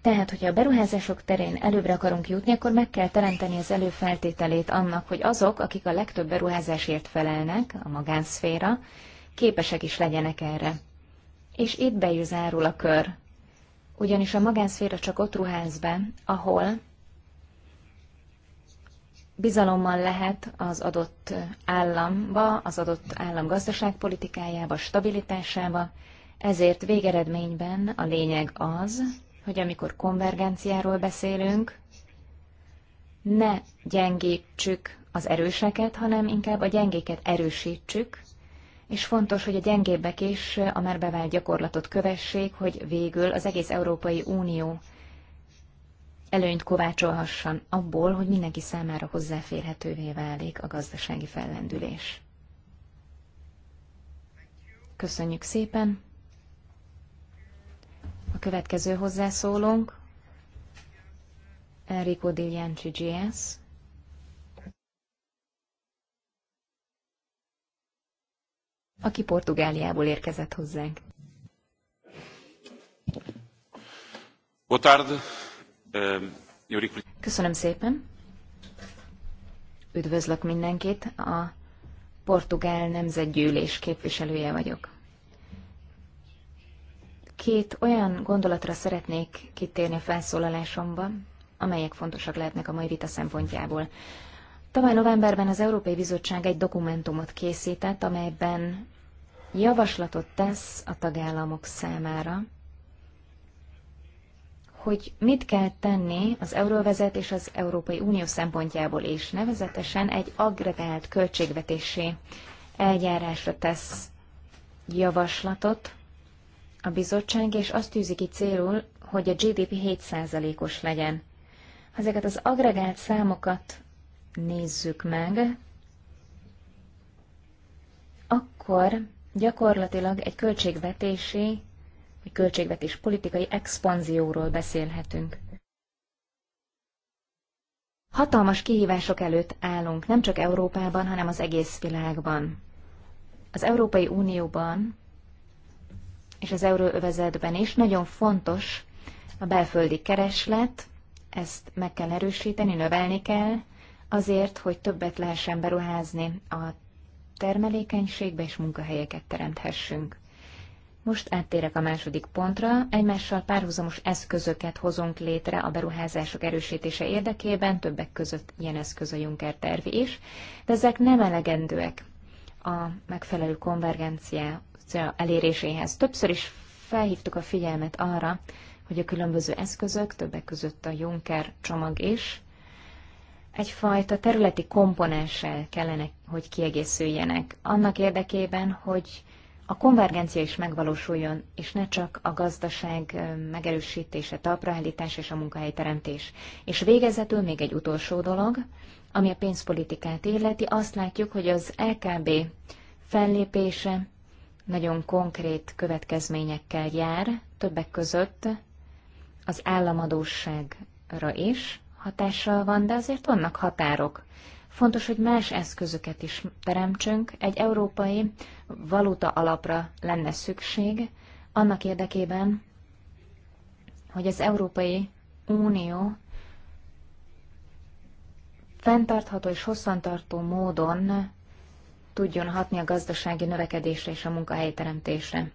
Speaker 2: Tehát, hogyha a beruházások terén előbbre akarunk jutni, akkor meg kell teremteni az előfeltételét annak, hogy azok, akik a legtöbb beruházásért felelnek, a magánszféra, képesek is legyenek erre. És itt be zárul a kör. Ugyanis a magánszféra csak ott ruház be, ahol bizalommal lehet az adott államba, az adott állam gazdaságpolitikájába, stabilitásába, ezért végeredményben a lényeg az, hogy amikor konvergenciáról beszélünk, ne gyengítsük az erőseket, hanem inkább a gyengéket erősítsük, és fontos, hogy a gyengébbek is a már bevált gyakorlatot kövessék, hogy végül az egész Európai Unió előnyt kovácsolhasson abból, hogy mindenki számára hozzáférhetővé válik a gazdasági fellendülés. Köszönjük szépen! A következő hozzászólónk Enrico Lianci GS. aki Portugáliából érkezett hozzánk. Boa tarde, Köszönöm szépen. Üdvözlök mindenkit. A portugál nemzetgyűlés képviselője vagyok. Két olyan gondolatra szeretnék kitérni a felszólalásomban, amelyek fontosak lehetnek a mai vita szempontjából. Tavaly novemberben az Európai Bizottság egy dokumentumot készített, amelyben javaslatot tesz a tagállamok számára hogy mit kell tenni az euróvezet és az Európai Unió szempontjából is, nevezetesen egy agregált költségvetési eljárásra tesz javaslatot a bizottság, és azt tűzi ki célul, hogy a GDP 7%-os legyen. Ha ezeket az agregált számokat nézzük meg, akkor gyakorlatilag egy költségvetési hogy költségvetés politikai expanzióról beszélhetünk. Hatalmas kihívások előtt állunk, nem csak Európában, hanem az egész világban. Az Európai Unióban és az euróövezetben is nagyon fontos a belföldi kereslet, ezt meg kell erősíteni, növelni kell, azért, hogy többet lehessen beruházni a termelékenységbe és munkahelyeket teremthessünk. Most áttérek a második pontra. Egymással párhuzamos eszközöket hozunk létre a beruházások erősítése érdekében, többek között ilyen eszköz a Juncker terv is, de ezek nem elegendőek a megfelelő konvergencia eléréséhez. Többször is felhívtuk a figyelmet arra, hogy a különböző eszközök, többek között a Juncker csomag is, egyfajta területi komponenssel kellene, hogy kiegészüljenek. Annak érdekében, hogy a konvergencia is megvalósuljon, és ne csak a gazdaság megerősítése, talpraállítás és a munkahelyteremtés. És végezetül még egy utolsó dolog, ami a pénzpolitikát illeti, azt látjuk, hogy az LKB fellépése nagyon konkrét következményekkel jár, többek között az államadóságra is hatással van, de azért vannak határok. Fontos, hogy más eszközöket is teremtsünk. Egy európai valuta alapra lenne szükség, annak érdekében, hogy az Európai Unió fenntartható és hosszantartó módon tudjon hatni a gazdasági növekedésre és a munkahelyteremtésre.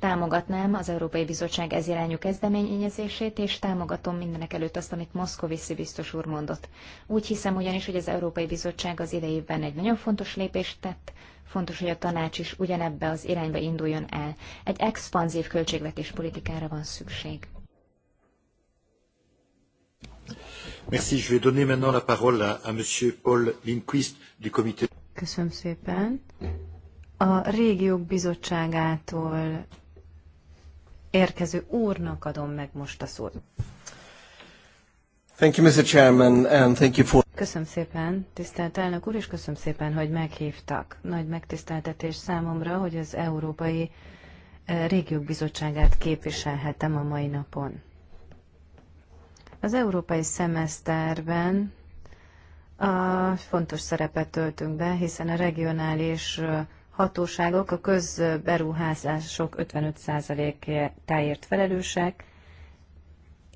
Speaker 2: Támogatnám az Európai Bizottság ez irányú kezdeményezését, és támogatom mindenek előtt azt, amit Moszkoviszi biztos úr mondott. Úgy hiszem ugyanis, hogy az Európai Bizottság az idejében egy nagyon fontos lépést tett, fontos, hogy a tanács is ugyanebbe az irányba induljon el. Egy expanzív költségvetés politikára van szükség.
Speaker 1: Merci, je vais donner maintenant la parole à, à Monsieur Paul Lindquist du comité.
Speaker 2: Köszönöm
Speaker 3: szépen. A régiók bizottságától érkező úrnak adom meg most a szót.
Speaker 1: Thank
Speaker 2: you, Mr. Chairman, and thank you for...
Speaker 3: Köszönöm szépen, tisztelt elnök úr, és köszönöm szépen, hogy meghívtak. Nagy megtiszteltetés számomra, hogy az Európai eh, Régiók Bizottságát képviselhetem a mai napon. Az európai szemeszterben a fontos szerepet töltünk be, hiszen a regionális eh, hatóságok a közberuházások 55 áért felelősek,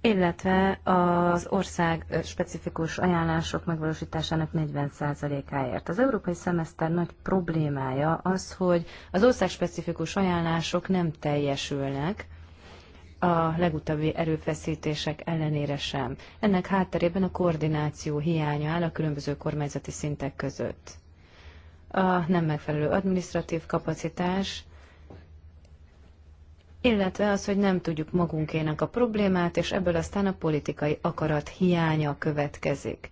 Speaker 3: illetve az ország specifikus ajánlások megvalósításának 40%-áért. Az európai szemeszter nagy problémája az, hogy az ország specifikus ajánlások nem teljesülnek, a legutóbbi erőfeszítések ellenére sem. Ennek hátterében a koordináció hiánya áll a különböző kormányzati szintek között a nem megfelelő administratív kapacitás, illetve az, hogy nem tudjuk magunkének a problémát, és ebből aztán a politikai akarat hiánya következik.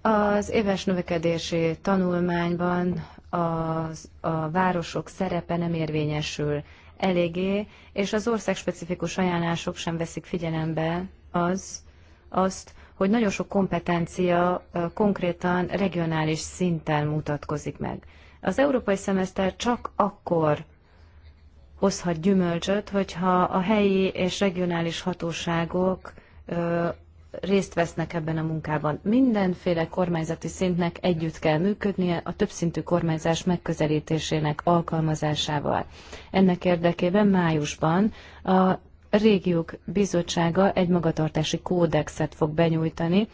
Speaker 3: Az éves növekedési tanulmányban az, a városok szerepe nem érvényesül eléggé, és az országspecifikus ajánlások sem veszik figyelembe az, azt, hogy nagyon sok kompetencia konkrétan regionális szinten mutatkozik meg. Az európai szemeszter csak akkor hozhat gyümölcsöt, hogyha a helyi és regionális hatóságok részt vesznek ebben a munkában. Mindenféle kormányzati szintnek együtt kell működnie a többszintű kormányzás megközelítésének alkalmazásával. Ennek érdekében májusban a régiók bizottsága egy magatartási kódexet fog benyújtani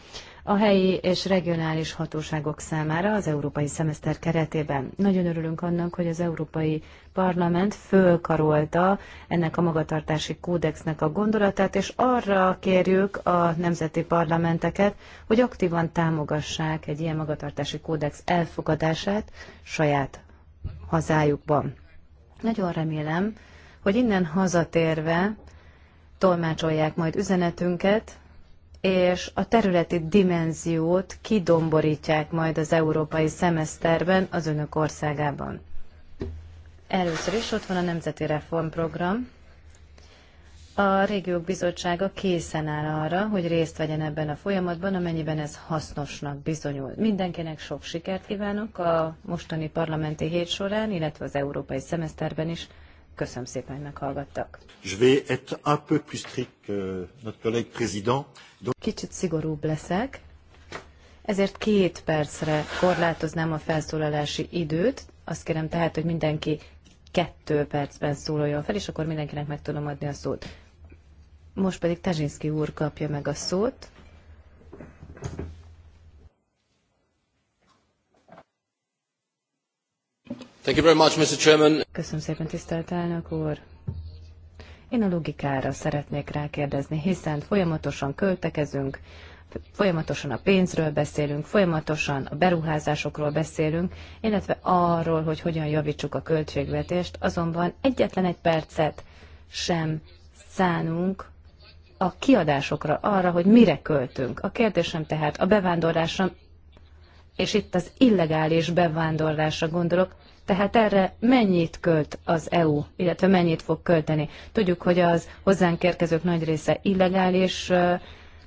Speaker 3: a helyi és regionális hatóságok számára az európai szemeszter keretében. Nagyon örülünk annak, hogy az Európai Parlament fölkarolta ennek a magatartási kódexnek a gondolatát, és arra kérjük a nemzeti parlamenteket, hogy aktívan támogassák egy ilyen magatartási kódex elfogadását saját hazájukban. Nagyon remélem, hogy innen hazatérve tolmácsolják majd üzenetünket, és a területi dimenziót kidomborítják majd az európai szemeszterben az önök országában. Először is ott van a Nemzeti Reformprogram. A Régiók Bizottsága készen áll arra, hogy részt vegyen ebben a folyamatban, amennyiben ez hasznosnak bizonyul. Mindenkinek sok sikert kívánok a mostani parlamenti hét során, illetve az európai szemeszterben is. Köszönöm szépen, hogy meghallgattak. Kicsit szigorúbb leszek, ezért két percre korlátoznám a felszólalási időt. Azt kérem tehát, hogy mindenki kettő percben szólaljon fel, és akkor mindenkinek meg tudom adni a szót. Most pedig Tezsinszki úr kapja meg a szót.
Speaker 1: Köszönöm
Speaker 3: szépen, tisztelt elnök úr. Én a logikára szeretnék rákérdezni, hiszen folyamatosan költekezünk, folyamatosan a pénzről beszélünk, folyamatosan a beruházásokról beszélünk, illetve arról, hogy hogyan javítsuk a költségvetést, azonban egyetlen egy percet sem szánunk a kiadásokra, arra, hogy mire költünk. A kérdésem tehát a bevándorlásra, és itt az illegális bevándorlásra gondolok, tehát erre mennyit költ az EU, illetve mennyit fog költeni? Tudjuk, hogy az hozzánk érkezők nagy része illegális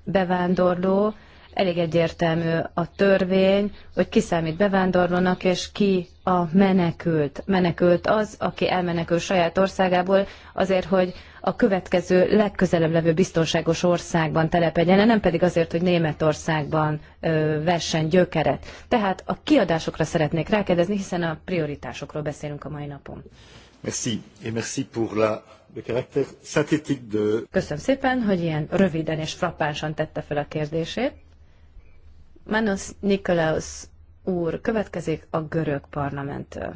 Speaker 3: bevándorló, Elég egyértelmű a törvény, hogy ki számít bevándorlónak, és ki a menekült. Menekült az, aki elmenekül saját országából azért, hogy a következő legközelebb levő biztonságos országban telepedjen, nem pedig azért, hogy Németországban ö, versen gyökeret. Tehát a kiadásokra szeretnék rákérdezni, hiszen a prioritásokról beszélünk a mai napon.
Speaker 1: Merci, et merci pour la
Speaker 3: Köszönöm szépen, hogy ilyen röviden és frappánsan tette fel a kérdését. Manos Nikolaos úr következik a görög parlamenttől.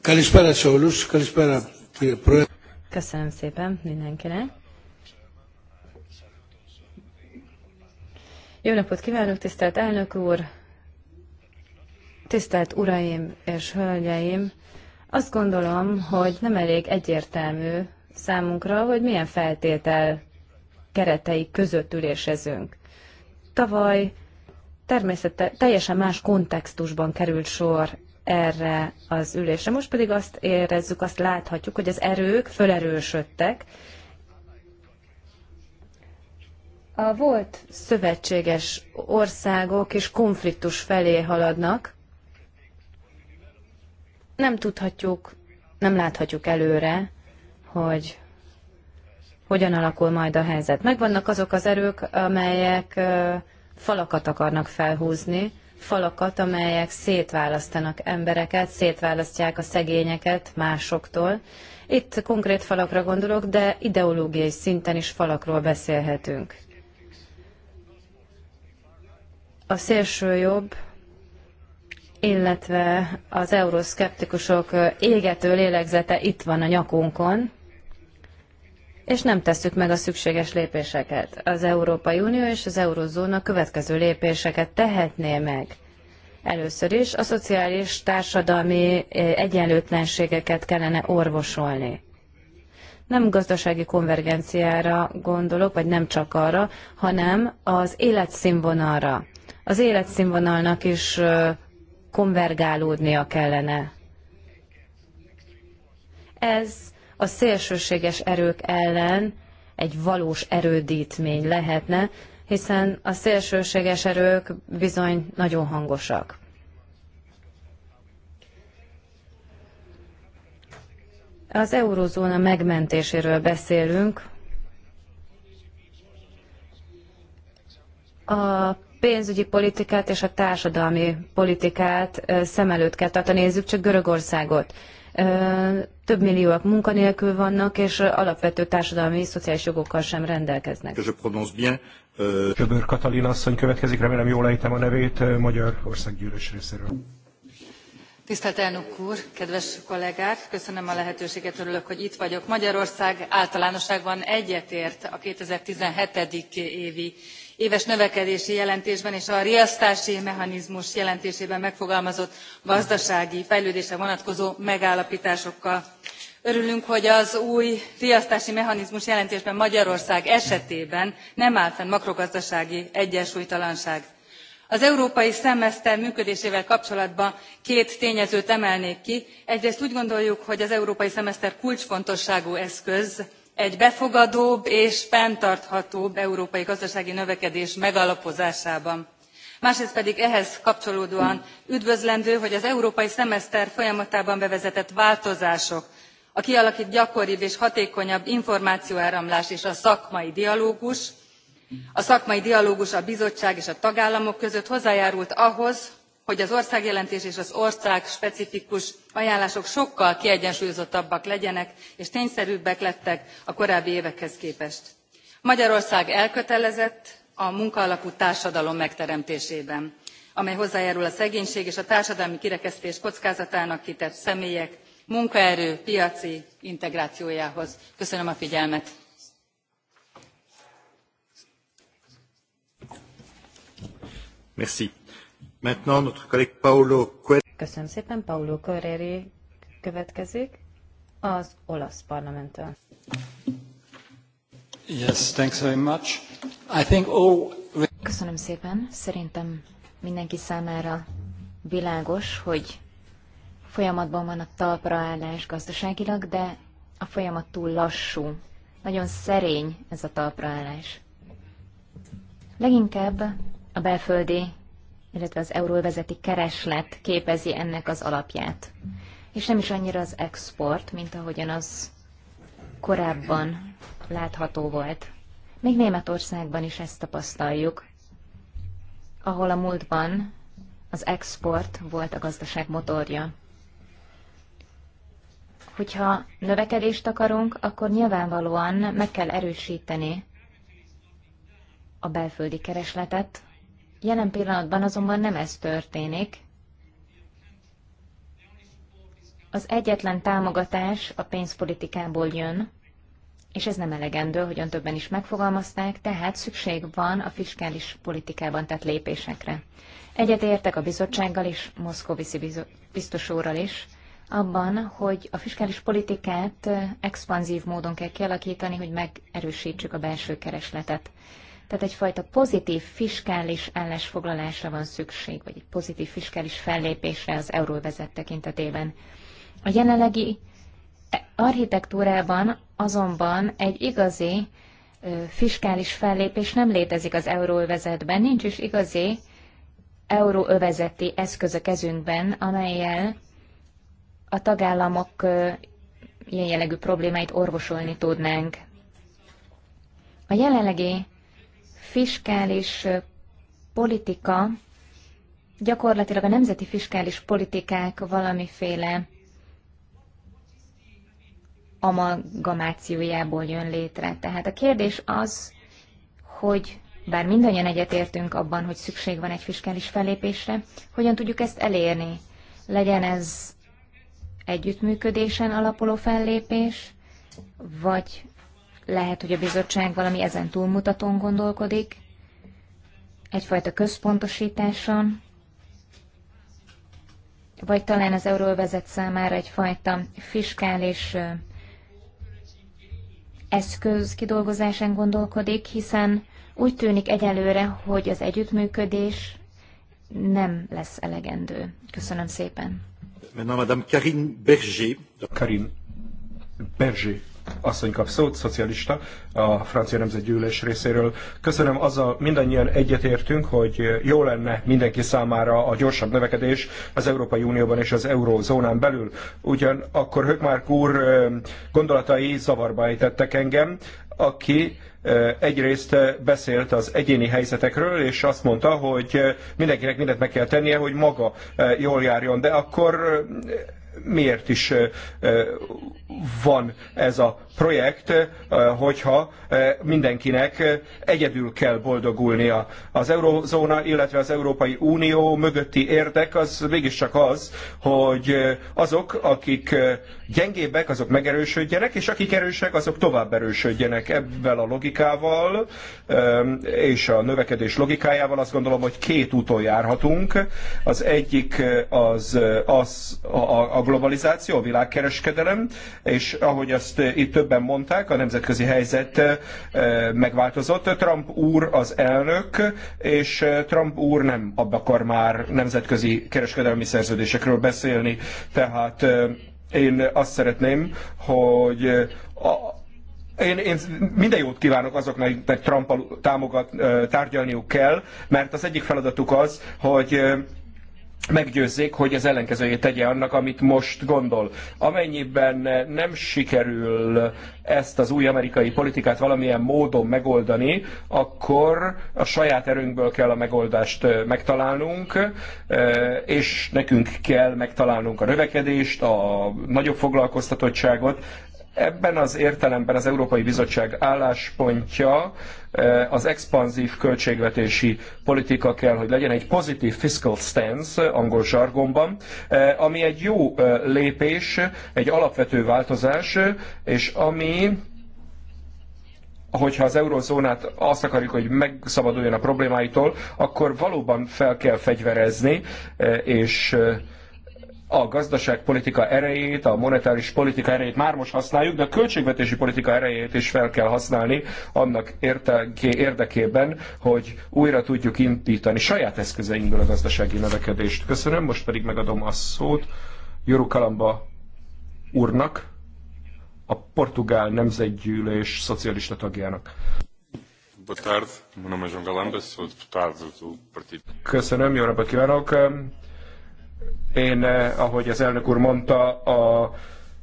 Speaker 1: Kalispera Saulus, Kalispera
Speaker 3: Köszönöm szépen mindenkinek. Jó napot kívánok, tisztelt elnök úr, tisztelt uraim és hölgyeim! Azt gondolom, hogy nem elég egyértelmű számunkra, hogy milyen feltétel keretei között ülésezünk. Tavaly természetesen teljesen más kontextusban került sor erre az ülésre. Most pedig azt érezzük, azt láthatjuk, hogy az erők felerősödtek. A volt szövetséges országok és konfliktus felé haladnak. Nem tudhatjuk, nem láthatjuk előre, hogy hogyan alakul majd a helyzet. Megvannak azok az erők, amelyek falakat akarnak felhúzni, falakat, amelyek szétválasztanak embereket, szétválasztják a szegényeket másoktól. Itt konkrét falakra gondolok, de ideológiai szinten is falakról beszélhetünk. A szélső jobb, illetve az euroszkeptikusok égető lélegzete itt van a nyakunkon, és nem tesszük meg a szükséges lépéseket. Az Európai Unió és az Eurózóna következő lépéseket tehetné meg. Először is a szociális társadalmi eh, egyenlőtlenségeket kellene orvosolni. Nem gazdasági konvergenciára gondolok, vagy nem csak arra, hanem az életszínvonalra. Az életszínvonalnak is eh, konvergálódnia kellene. Ez a szélsőséges erők ellen egy valós erődítmény lehetne, hiszen a szélsőséges erők bizony nagyon hangosak. Az eurozóna megmentéséről beszélünk. A pénzügyi politikát és a társadalmi politikát szem előtt kell tartani. Nézzük csak Görögországot több millióak munkanélkül vannak, és alapvető társadalmi és szociális jogokkal sem rendelkeznek.
Speaker 1: Je
Speaker 4: euh, Katalin asszony következik, remélem jól ejtem a nevét, Magyar Országgyűlés részéről.
Speaker 1: Tisztelt elnök úr, kedves kollégák, köszönöm a lehetőséget, örülök, hogy itt vagyok. Magyarország általánosságban egyetért a 2017. évi éves növekedési jelentésben és a riasztási mechanizmus jelentésében megfogalmazott gazdasági fejlődésre vonatkozó megállaptásokkal. örülünk hogy az új riasztási mechanizmus jelentésben magyarország esetében nem áll fenn makrogazdasági egyensúlytalanság. az európai szemeszter működésével kapcsolatban két tényezőt emelnék ki egyrészt úgy gondoljuk hogy az európai szemeszter kulcsfontosságú eszköz egy befogadóbb és fenntarthatóbb európai gazdasági növekedés megalapozásában másrészt pedig ehhez kapcsolódóan üdvözlendő hogy az európai szemeszter folyamatában bevezetett változások a kialakult gyakoribb és hatékonyabb információáramlás és a szakmai dialógus a szakmai dialógus a bizottság és a tagállamok között hozzájárult ahhoz hogy az országjelentés és az ország specifikus ajánlások sokkal kiegyensúlyozottabbak legyenek és tényszerűbbek lettek a korábbi évekhez képest. magyarország elkötelezett a munkaalapú társadalom megteremtésében amely hozzájárul a szegénység és a társadalmi kirekesztés kockázatának kitett személyek munkaerő piaci integrációjához. köszönöm a figyelmet.
Speaker 3: Köszönöm szépen, Paolo Correri következik
Speaker 2: az olasz parlamenttől. Yes, thanks very much. I think all... Köszönöm szépen. Szerintem mindenki számára világos, hogy folyamatban van a talpraállás gazdaságilag, de a folyamat túl lassú. Nagyon szerény ez a talpraállás. Leginkább a belföldi illetve az euróvezeti kereslet képezi ennek az alapját. És nem is annyira az export, mint ahogyan az korábban látható volt. Még Németországban is ezt tapasztaljuk, ahol a múltban az export volt a gazdaság motorja. Hogyha növekedést akarunk, akkor nyilvánvalóan meg kell erősíteni a belföldi keresletet, Jelen pillanatban azonban nem ez történik. Az egyetlen támogatás a pénzpolitikából jön, és ez nem elegendő, hogyan többen is megfogalmazták, tehát szükség van a fiskális politikában tett lépésekre. Egyet értek a bizottsággal és Moszkóviszi biztos úrral is, abban, hogy a fiskális politikát eh, expanzív módon kell kialakítani, hogy megerősítsük a belső keresletet. Tehát egyfajta pozitív fiskális állásfoglalásra van szükség, vagy egy pozitív fiskális fellépésre az euróvezet tekintetében. A jelenlegi architektúrában azonban egy igazi fiskális fellépés nem létezik az euróövezetben, nincs is igazi euróövezeti eszköz a kezünkben, amelyel a tagállamok ilyen jellegű problémáit orvosolni tudnánk. A jelenlegi fiskális politika gyakorlatilag a nemzeti fiskális politikák valamiféle amalgamációjából jön létre. Tehát a kérdés az, hogy bár mindannyian egyetértünk abban, hogy szükség van egy fiskális fellépésre, hogyan tudjuk ezt elérni? Legyen ez együttműködésen alapuló fellépés, vagy lehet, hogy a bizottság valami ezen túlmutatón gondolkodik, egyfajta központosításon, vagy talán az euróvezet számára egyfajta fiskális eszköz kidolgozásán gondolkodik, hiszen úgy tűnik egyelőre, hogy az együttműködés nem lesz elegendő. Köszönöm szépen.
Speaker 4: Madame Karin Berger. Karin Berger asszony kap szót, szocialista, a francia nemzetgyűlés részéről. Köszönöm, azzal mindannyian egyetértünk, hogy jó lenne mindenki számára a gyorsabb növekedés az Európai Unióban és az eurózónán belül. Ugyan akkor Hökmárk úr gondolatai zavarba ejtettek engem, aki egyrészt beszélt az egyéni helyzetekről, és azt mondta, hogy mindenkinek mindent meg kell tennie, hogy maga jól járjon. De akkor miért is van ez a projekt, hogyha mindenkinek egyedül kell boldogulnia. Az eurozóna, illetve az Európai Unió mögötti érdek az mégiscsak az, hogy azok, akik gyengébbek, azok megerősödjenek, és akik erősek, azok tovább erősödjenek. Ebben a logikával és a növekedés logikájával azt gondolom, hogy két úton járhatunk. Az egyik az, az a, a globalizáció, a világkereskedelem, és ahogy azt itt többen mondták, a nemzetközi helyzet megváltozott. Trump úr az elnök, és Trump úr nem akar már nemzetközi kereskedelmi szerződésekről beszélni, tehát én azt szeretném, hogy eh, a, én, én minden jót kívánok azoknak, akiknek Trump támogat, eh, tárgyalniuk kell, mert az egyik feladatuk az, hogy eh, meggyőzzék, hogy az ellenkezőjét tegye annak, amit most gondol. Amennyiben nem sikerül ezt az új amerikai politikát valamilyen módon megoldani, akkor a saját erőnkből kell a megoldást megtalálnunk, és nekünk kell megtalálnunk a növekedést, a nagyobb foglalkoztatottságot, Ebben az értelemben az Európai Bizottság álláspontja eh, az expanzív költségvetési politika kell, hogy legyen egy pozitív fiscal stance, angol zsargonban, eh, ami egy jó eh, lépés, egy alapvető változás, és ami hogyha az eurozónát azt akarjuk, hogy megszabaduljon a problémáitól, akkor valóban fel kell fegyverezni, és a gazdaságpolitika erejét, a monetáris politika erejét már most használjuk, de a költségvetési politika erejét is fel kell használni annak érdekében, hogy újra tudjuk indítani saját eszközeinkből a gazdasági növekedést. Köszönöm, most pedig megadom a szót Joru Kalamba úrnak, a portugál nemzetgyűlés szocialista tagjának. Boa tarde, meu nome é João Galamba, sou deputado do partido. Köszönöm, jó napot kívánok! Én, eh, ahogy az elnök úr mondta, a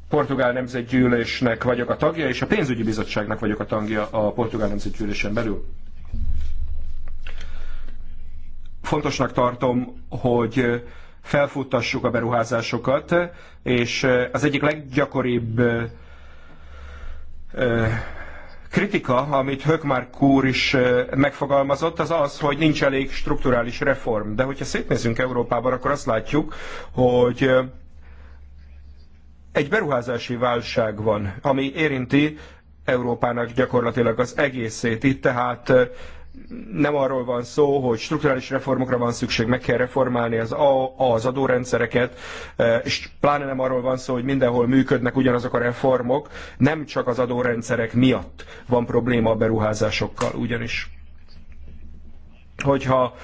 Speaker 4: Portugál Nemzetgyűlésnek vagyok a tagja, és a pénzügyi bizottságnak vagyok a tagja a Portugál Nemzetgyűlésen belül. Fontosnak tartom, hogy felfuttassuk a beruházásokat, és eh, az egyik leggyakoribb eh, kritika, amit Hökmark úr is megfogalmazott, az az, hogy nincs elég strukturális reform. De hogyha szétnézünk Európában, akkor azt látjuk, hogy egy beruházási válság van, ami érinti Európának gyakorlatilag az egészét. Itt tehát nem arról van szó, hogy strukturális reformokra van szükség, meg kell reformálni az, a, az adórendszereket, e, és pláne nem arról van szó, hogy mindenhol működnek ugyanazok a reformok, nem csak az adórendszerek miatt van probléma a beruházásokkal ugyanis hogyha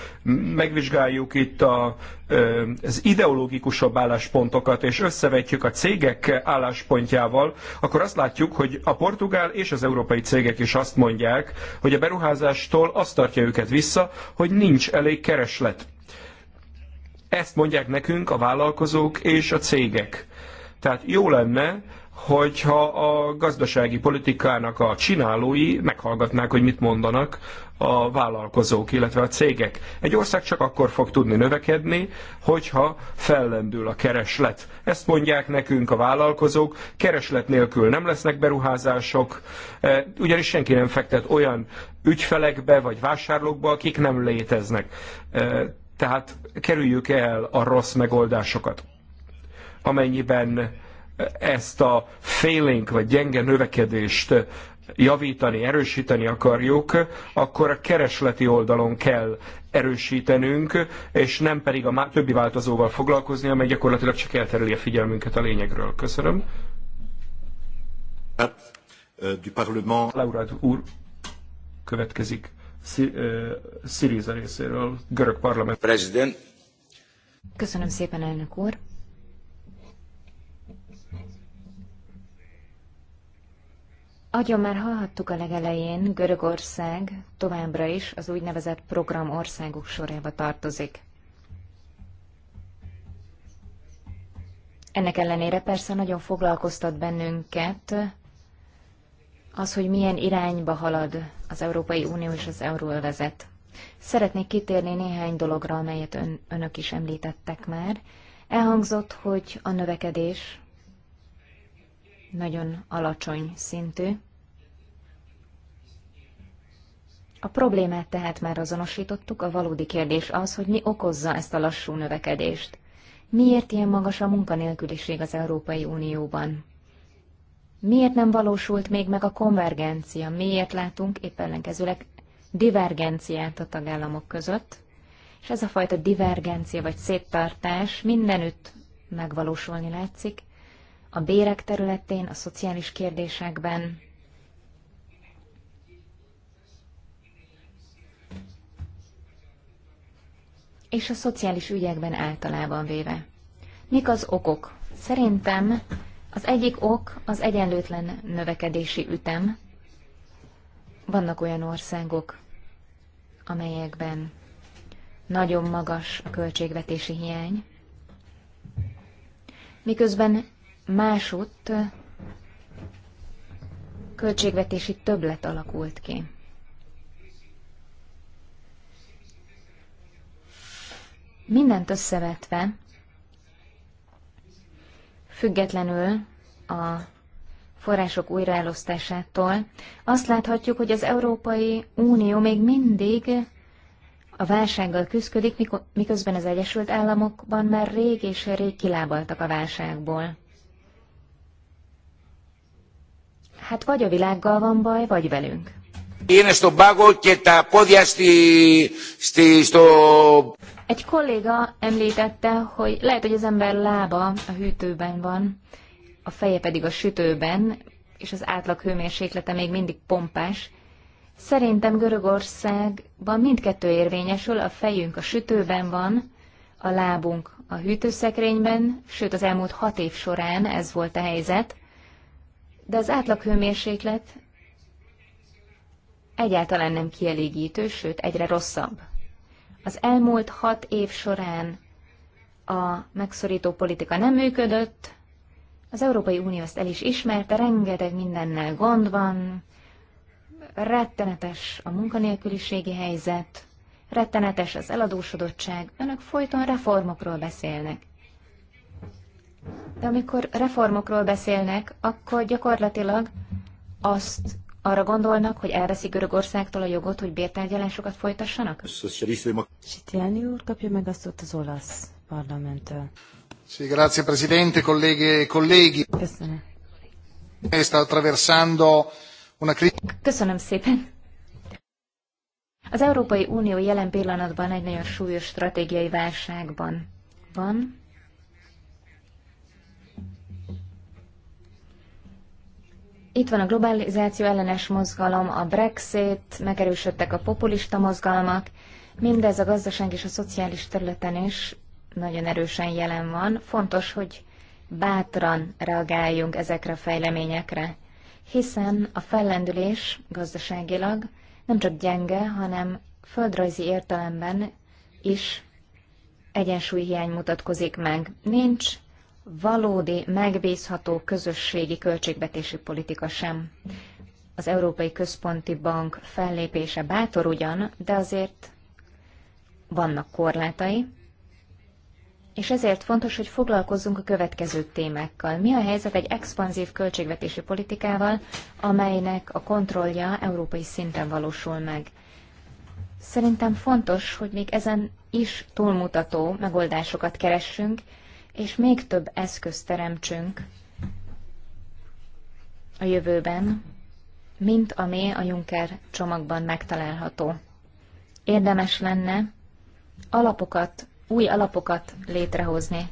Speaker 4: megvizsgáljuk itt a, az ideológikusabb álláspontokat, és összevetjük a cégek álláspontjával, akkor azt látjuk, hogy a portugál és az európai cégek is azt mondják, hogy a beruházástól azt tartja őket vissza, hogy nincs elég kereslet. Ezt mondják nekünk a vállalkozók és a cégek. Tehát jó lenne, hogyha a gazdasági politikának a csinálói meghallgatnák, hogy mit mondanak a vállalkozók, illetve a cégek. Egy ország csak akkor fog tudni növekedni, hogyha fellendül a kereslet. Ezt mondják nekünk a vállalkozók, kereslet nélkül nem lesznek beruházások, e, ugyanis senki nem fektet olyan ügyfelekbe vagy vásárlókba, akik nem léteznek. E, tehát kerüljük el a rossz megoldásokat. Amennyiben ezt a félénk vagy gyenge növekedést javítani, erősíteni akarjuk, akkor a keresleti oldalon kell erősítenünk, és nem pedig a többi változóval foglalkozni, amely gyakorlatilag csak eltereli a figyelmünket a lényegről. Köszönöm. Du Parlement. Laura úr következik Syriza részéről, görög parlament. President.
Speaker 2: Köszönöm szépen, elnök úr. Agyon már hallhattuk a legelején, Görögország továbbra is az úgynevezett programországok sorába tartozik. Ennek ellenére persze nagyon foglalkoztat bennünket az, hogy milyen irányba halad az Európai Unió és az Euróvezet. Szeretnék kitérni néhány dologra, amelyet ön, önök is említettek már. Elhangzott, hogy a növekedés nagyon alacsony szintű. A problémát tehát már azonosítottuk, a valódi kérdés az, hogy mi okozza ezt a lassú növekedést. Miért ilyen magas a munkanélküliség az Európai Unióban? Miért nem valósult még meg a konvergencia? Miért látunk épp ellenkezőleg divergenciát a tagállamok között? És ez a fajta divergencia vagy széttartás mindenütt megvalósulni látszik, a bérek területén, a szociális kérdésekben. és a szociális ügyekben általában véve. Mik az okok? Szerintem az egyik ok az egyenlőtlen növekedési ütem. Vannak olyan országok, amelyekben nagyon magas a költségvetési hiány, miközben Másutt költségvetési többlet alakult ki. Mindent összevetve, függetlenül a források újraelosztásától, azt láthatjuk, hogy az Európai Unió még mindig a válsággal küzdik, miközben az Egyesült Államokban már rég és rég kilábaltak a válságból. Hát vagy a világgal van baj, vagy velünk.
Speaker 4: Én ezt a bagot, a πόδια sti, sti, sti.
Speaker 2: Egy kolléga említette, hogy lehet, hogy az ember lába a hűtőben van, a feje pedig a sütőben, és az átlag hőmérséklete még mindig pompás. Szerintem Görögországban mindkettő érvényesül, a fejünk a sütőben van, a lábunk a hűtőszekrényben, sőt az elmúlt hat év során ez volt a helyzet – de az átlag hőmérséklet egyáltalán nem kielégítő, sőt, egyre rosszabb. Az elmúlt hat év során a megszorító politika nem működött, az Európai Unió ezt el is ismerte, rengeteg mindennel gond van, rettenetes a munkanélküliségi helyzet, rettenetes az eladósodottság, önök folyton reformokról beszélnek de amikor reformokról beszélnek, akkor gyakorlatilag azt arra gondolnak, hogy elveszik Görögországtól a jogot, hogy bértárgyalásokat folytassanak? Sitiáni úr kapja meg azt
Speaker 3: ott az olasz parlamenttől.
Speaker 1: grazie Presidente, colleghe e colleghi. Köszönöm. Sta attraversando una
Speaker 2: Köszönöm szépen. Az Európai Unió jelen pillanatban egy nagyon súlyos stratégiai válságban van Itt van a globalizáció ellenes mozgalom, a Brexit, megerősödtek a populista mozgalmak, mindez a gazdaság és a szociális területen is nagyon erősen jelen van. Fontos, hogy bátran reagáljunk ezekre a fejleményekre, hiszen a fellendülés gazdaságilag nem csak gyenge, hanem földrajzi értelemben is egyensúlyhiány mutatkozik meg. Nincs valódi, megbízható közösségi költségvetési politika sem. Az Európai Központi Bank fellépése bátor ugyan, de azért vannak korlátai, és ezért fontos, hogy foglalkozzunk a következő témákkal. Mi a helyzet egy expanzív költségvetési politikával, amelynek a kontrollja európai szinten valósul meg? Szerintem fontos, hogy még ezen is túlmutató megoldásokat keressünk, és még több eszközt teremtsünk a jövőben, mint ami a Juncker csomagban megtalálható. Érdemes lenne alapokat, új alapokat létrehozni.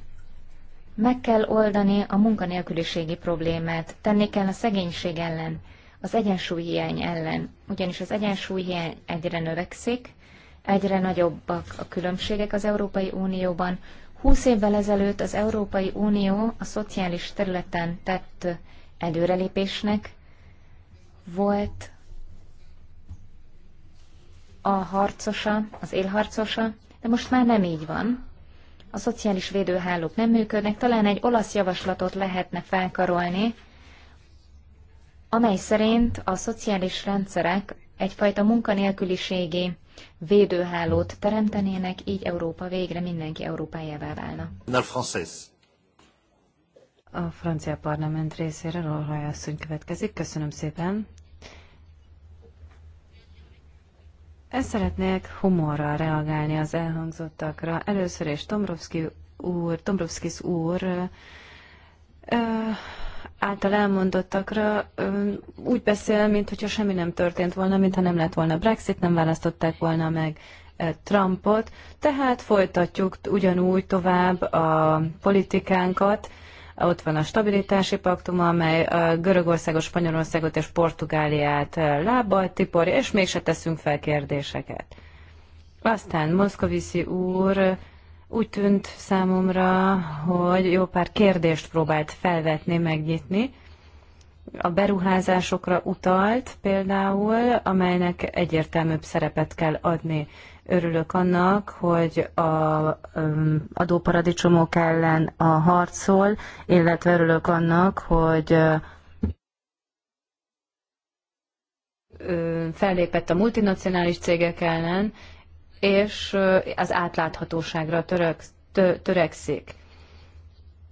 Speaker 2: Meg kell oldani a munkanélküliségi problémát, tenni kell a szegénység ellen, az egyensúlyhiány ellen, ugyanis az egyensúlyhiány egyre növekszik, egyre nagyobbak a különbségek az Európai Unióban, Húsz évvel ezelőtt az Európai Unió a szociális területen tett előrelépésnek volt a harcosa, az élharcosa, de most már nem így van. A szociális védőhálók nem működnek, talán egy olasz javaslatot lehetne felkarolni, amely szerint a szociális rendszerek egyfajta munkanélküliségi védőhálót teremtenének, így Európa végre mindenki Európájává válna.
Speaker 3: A francia parlament
Speaker 2: részéről Olhaj
Speaker 3: asszony következik. Köszönöm szépen. Ezt szeretnék humorral reagálni az elhangzottakra. Először is Tomrovszki úr, úr által elmondottakra úgy beszél, mintha semmi nem történt volna, mintha nem lett volna Brexit, nem választották volna meg Trumpot, tehát folytatjuk ugyanúgy tovább a politikánkat. Ott van a stabilitási paktum, amely a Görögországot, Spanyolországot és Portugáliát lábbal tiporja, és mégse teszünk fel kérdéseket. Aztán Moszkoviszi úr úgy tűnt számomra, hogy jó pár kérdést próbált felvetni, megnyitni. A beruházásokra utalt például, amelynek egyértelműbb szerepet kell adni. Örülök annak, hogy a um, adóparadicsomok ellen a harcol, illetve örülök annak, hogy fellépett a multinacionális cégek ellen, és az átláthatóságra török, tö, törekszik.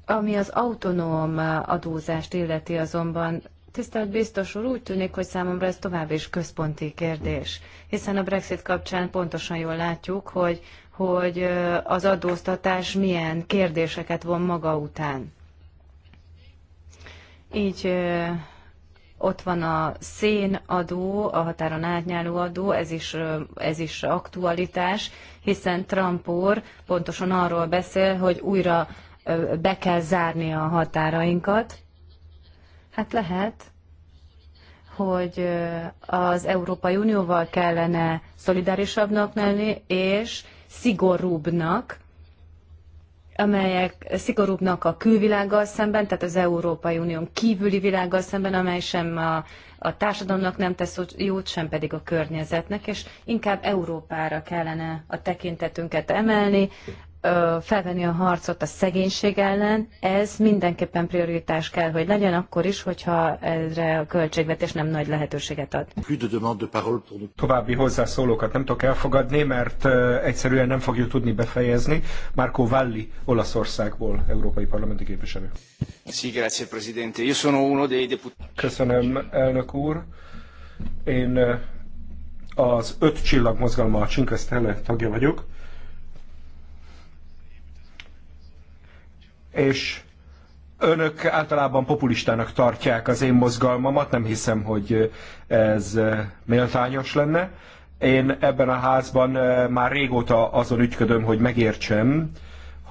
Speaker 3: Ami az autonóm adózást illeti azonban, tisztelt biztos úr, úgy tűnik, hogy számomra ez tovább is központi kérdés, hiszen a Brexit kapcsán pontosan jól látjuk, hogy, hogy az adóztatás milyen kérdéseket von maga után. Így ott van a szénadó, a határon átnyáló adó, ez is, ez is aktualitás, hiszen Trump úr pontosan arról beszél, hogy újra be kell zárni a határainkat. Hát lehet, hogy az Európai Unióval kellene szolidárisabbnak lenni, és szigorúbbnak, amelyek szigorúbbnak a külvilággal szemben, tehát az Európai Unión kívüli világgal szemben, amely sem a, a társadalomnak nem tesz jót, sem pedig a környezetnek, és inkább Európára kellene a tekintetünket emelni, felvenni a harcot a szegénység ellen, ez mindenképpen prioritás kell, hogy legyen akkor is, hogyha erre a költségvetés nem nagy lehetőséget ad.
Speaker 4: További hozzászólókat nem tudok elfogadni, mert egyszerűen nem fogjuk tudni befejezni. Marco Valli, Olaszországból, Európai Parlamenti Képviselő. Köszönöm, elnök úr. Én az öt csillag mozgalma a Cinque tagja vagyok és önök általában populistának tartják az én mozgalmamat, nem hiszem, hogy ez eh, méltányos lenne. Én ebben a házban eh, már régóta azon ügyködöm, hogy megértsem,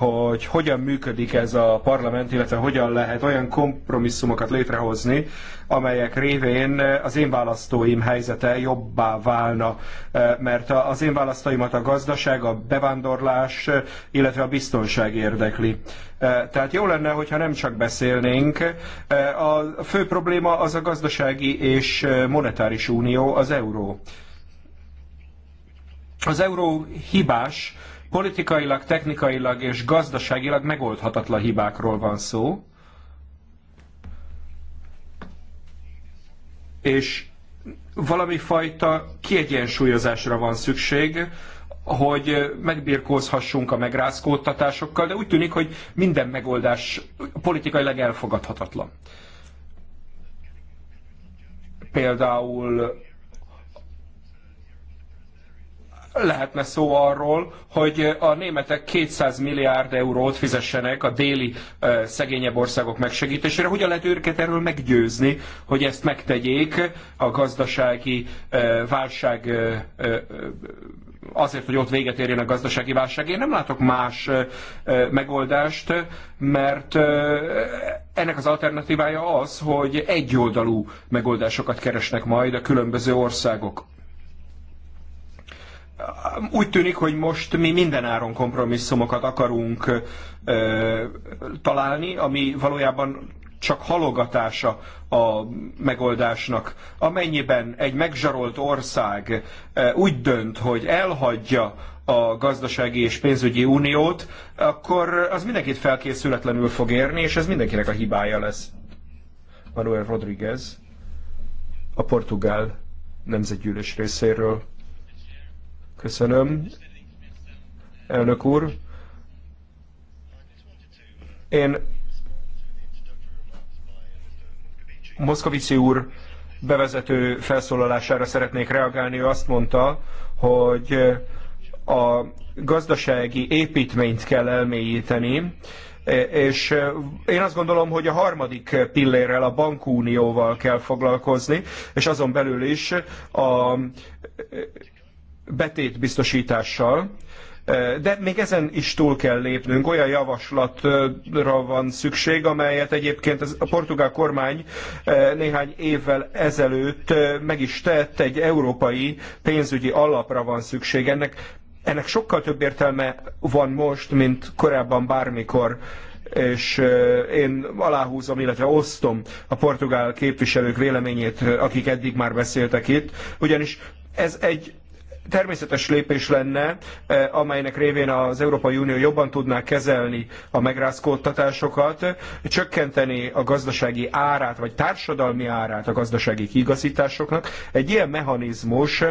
Speaker 4: hogy hogyan működik ez a parlament, illetve hogyan lehet olyan kompromisszumokat létrehozni, amelyek révén az én választóim helyzete jobbá válna, eh, mert az én választóimat a gazdaság, a bevándorlás, illetve a biztonság érdekli. Eh, tehát jó lenne, hogyha nem csak beszélnénk. Eh, a fő probléma az a gazdasági és monetáris unió, az euró. Az euró hibás, Politikailag, technikailag és gazdaságilag megoldhatatlan hibákról van szó. És valami fajta kiegyensúlyozásra van szükség, hogy megbirkózhassunk a megrázkódtatásokkal, de úgy tűnik, hogy minden megoldás politikailag elfogadhatatlan. Például lehetne szó arról, hogy eh, a németek 200 milliárd eurót fizessenek a déli eh, szegényebb országok megsegítésére. Hogyan lehet őket erről meggyőzni, hogy ezt megtegyék a gazdasági eh, válság azért, hogy ott véget érjen a gazdasági válság. Én nem látok más megoldást, mert ennek az alternatívája az, hogy egyoldalú megoldásokat keresnek majd a különböző országok úgy tűnik, hogy most mi mindenáron kompromisszumokat akarunk ö, találni, ami valójában csak halogatása a megoldásnak. Amennyiben egy megzsarolt ország úgy dönt, hogy elhagyja a gazdasági és pénzügyi uniót, akkor az mindenkit felkészületlenül fog érni, és ez mindenkinek a hibája lesz. Manuel Rodriguez, a portugál nemzetgyűlés részéről. Köszönöm, elnök úr. Én Moszkovici úr bevezető felszólalására szeretnék reagálni. Ő azt mondta, hogy a gazdasági építményt kell elmélyíteni, és én azt gondolom, hogy a harmadik pillérrel, a bankunióval kell foglalkozni, és azon belül is a biztosítással, eh, de még ezen is túl kell lépnünk. Olyan javaslatra van szükség, amelyet egyébként a portugál kormány eh, néhány évvel ezelőtt eh, meg is tett, egy európai pénzügyi alapra van szükség. Ennek, ennek sokkal több értelme van most, mint korábban bármikor és én aláhúzom, illetve osztom a portugál képviselők véleményét, akik eddig már beszéltek itt, ugyanis ez egy természetes lépés lenne, eh, amelynek révén az Európai Unió jobban tudná kezelni a megrázkódtatásokat, csökkenteni a gazdasági árát, vagy társadalmi árát a gazdasági kiigazításoknak. Egy ilyen mechanizmus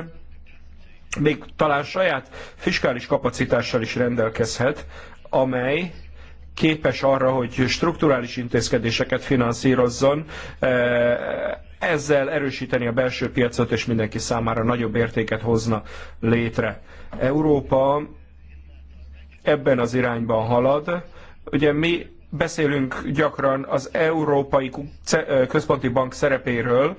Speaker 4: még talán saját fiskális kapacitással is rendelkezhet, amely képes arra, hogy strukturális intézkedéseket finanszírozzon, eh, ezzel erősíteni a belső piacot, és mindenki számára nagyobb értéket hozna létre. Európa ebben az irányban halad. Ugye mi beszélünk gyakran az Európai Központi Bank szerepéről,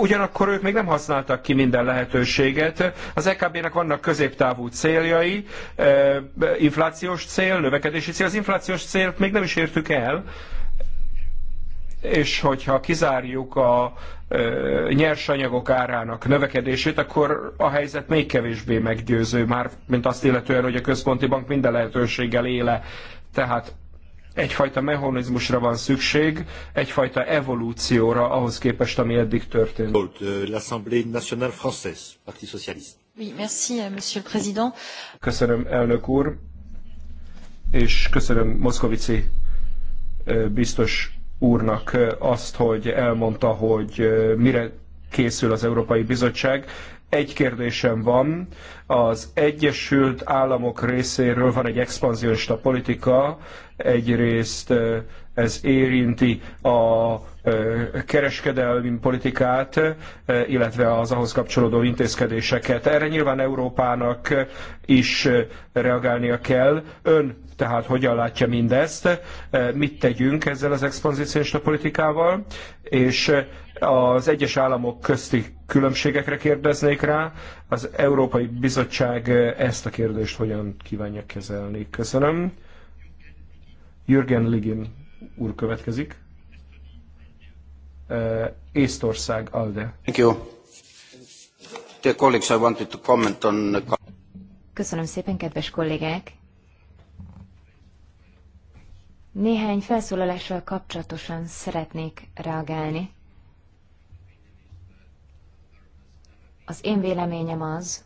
Speaker 4: ugyanakkor ők még nem használtak ki minden lehetőséget. Az EKB-nek vannak középtávú céljai, inflációs cél, növekedési cél. Az inflációs célt még nem is értük el, és hogyha kizárjuk a nyersanyagok árának növekedését, akkor a helyzet még kevésbé meggyőző már, mint azt illetően, hogy a központi bank minden lehetőséggel éle. Tehát egyfajta mechanizmusra van szükség, egyfajta evolúcióra ahhoz képest, ami eddig történt. L'Assemblée nationale française, Parti socialiste.
Speaker 3: Oui, merci, euh, monsieur le président.
Speaker 4: Köszönöm, elnök úr, és köszönöm Moszkovici biztos úrnak azt, hogy elmondta, hogy mire készül az Európai Bizottság. Egy kérdésem van. Az Egyesült Államok részéről van egy expanzionista politika, egyrészt ez érinti a kereskedelmi politikát, illetve az ahhoz kapcsolódó intézkedéseket. Erre nyilván Európának is reagálnia kell. Ön tehát hogyan látja mindezt, mit tegyünk ezzel az expanzíciós politikával, és az egyes államok közti különbségekre kérdeznék rá. Az Európai Bizottság ezt a kérdést hogyan kívánja kezelni? Köszönöm. Jürgen Ligin úr következik. Észtország, ALDE.
Speaker 1: Thank you. Dear colleagues, I wanted to comment on...
Speaker 2: Köszönöm szépen, kedves kollégák! Néhány felszólalással kapcsolatosan szeretnék reagálni. Az én véleményem az,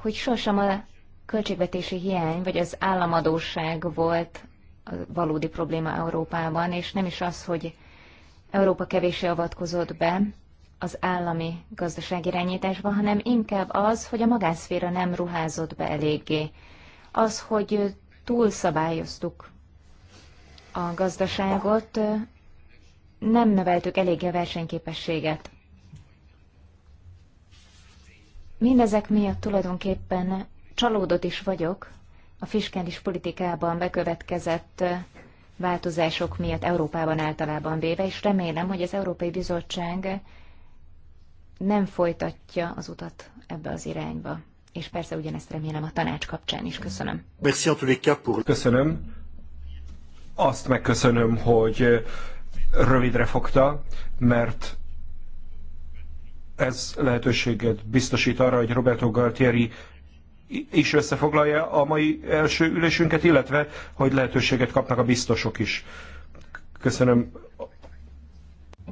Speaker 2: hogy sosem a költségvetési hiány vagy az államadóság volt a valódi probléma Európában, és nem is az, hogy Európa kevésé avatkozott be az állami irányításba, hanem inkább az, hogy a magánszféra nem ruházott be eléggé. Az, hogy túlszabályoztuk a gazdaságot, nem növeltük eléggé a versenyképességet. Mindezek miatt tulajdonképpen csalódott is vagyok a fiskális politikában bekövetkezett változások miatt Európában általában véve, és remélem, hogy az Európai Bizottság nem folytatja az utat ebbe az irányba és persze ugyanezt remélem a tanács kapcsán is. Köszönöm.
Speaker 4: Köszönöm. Azt megköszönöm, hogy rövidre fogta, mert ez lehetőséget biztosít arra, hogy Roberto Galtieri is összefoglalja a mai első ülésünket, illetve hogy lehetőséget kapnak a biztosok is. Köszönöm.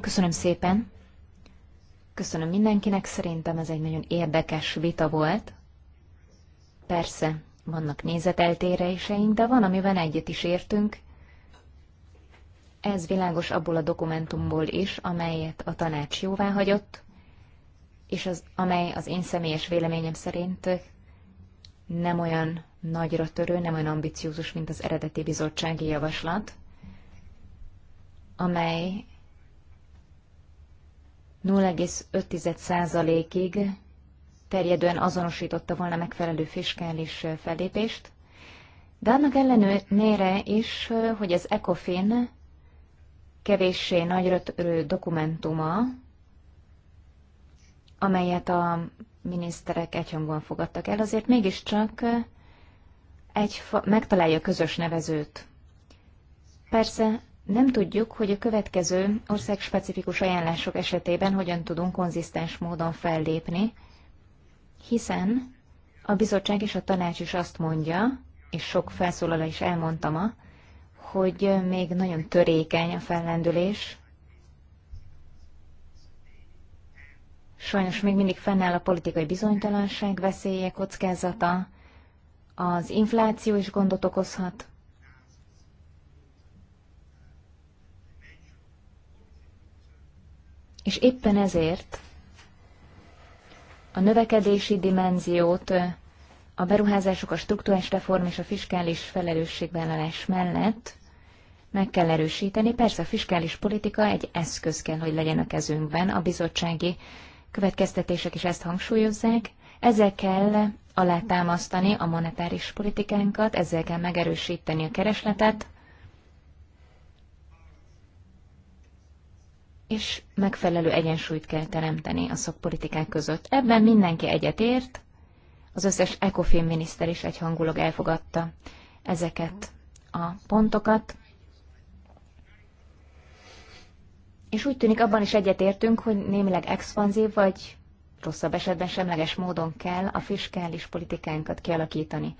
Speaker 2: Köszönöm szépen. Köszönöm mindenkinek. Szerintem ez egy nagyon érdekes vita volt. Persze, vannak nézeteltéréseink, de van, amiben egyet is értünk. Ez világos abból a dokumentumból is, amelyet a tanács jóvá hagyott, és az, amely az én személyes véleményem szerint nem olyan nagyra törő, nem olyan ambiciózus, mint az eredeti bizottsági javaslat, amely 0,5%-ig terjedően azonosította volna megfelelő fiskális fellépést, de annak ellenére is, hogy az ECOFIN kevéssé nagy dokumentuma, amelyet a miniszterek egyhangúan fogadtak el, azért mégiscsak egy megtalálja a közös nevezőt. Persze nem tudjuk, hogy a következő országspecifikus ajánlások esetében hogyan tudunk konzisztens módon fellépni, hiszen a bizottság és a tanács is azt mondja, és sok felszólaló is elmondtam, ma, hogy még nagyon törékeny a fellendülés. Sajnos még mindig fennáll a politikai bizonytalanság veszélye, kockázata, az infláció is gondot okozhat. És éppen ezért a növekedési dimenziót a beruházások, a struktúrás reform és a fiskális felelősségvállalás mellett meg kell erősíteni. Persze a fiskális politika egy eszköz kell, hogy legyen a kezünkben. A bizottsági következtetések is ezt hangsúlyozzák. Ezzel kell alátámasztani a monetáris politikánkat, ezzel kell megerősíteni a keresletet, és megfelelő egyensúlyt kell teremteni a szakpolitikák között. Ebben mindenki egyetért, az összes ECOFIN miniszter is egyhangulag elfogadta ezeket a pontokat. És úgy tűnik, abban is egyetértünk, hogy némileg expanzív vagy rosszabb esetben semleges módon kell a fiskális politikánkat kialakítani.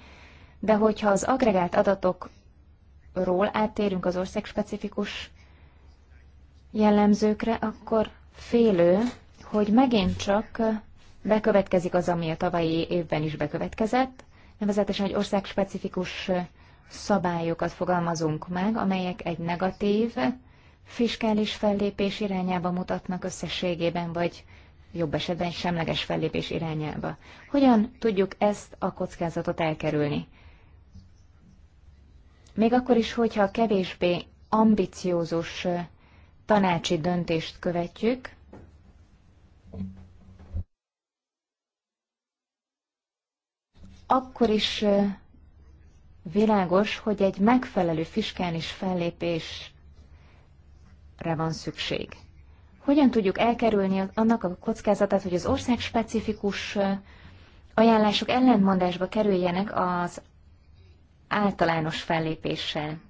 Speaker 2: De hogyha az agregált adatokról áttérünk az országspecifikus jellemzőkre, akkor félő, hogy megint csak bekövetkezik az, ami a tavalyi évben is bekövetkezett, nevezetesen, egy országspecifikus szabályokat fogalmazunk meg, amelyek egy negatív, fiskális fellépés irányába mutatnak összességében, vagy jobb esetben egy semleges fellépés irányába. Hogyan tudjuk ezt a kockázatot elkerülni? Még akkor is, hogyha kevésbé ambiciózus tanácsi döntést követjük, akkor is világos, hogy egy megfelelő fiskális fellépésre van szükség. Hogyan tudjuk elkerülni annak a kockázatát, hogy az ország specifikus ajánlások ellentmondásba kerüljenek az általános fellépéssel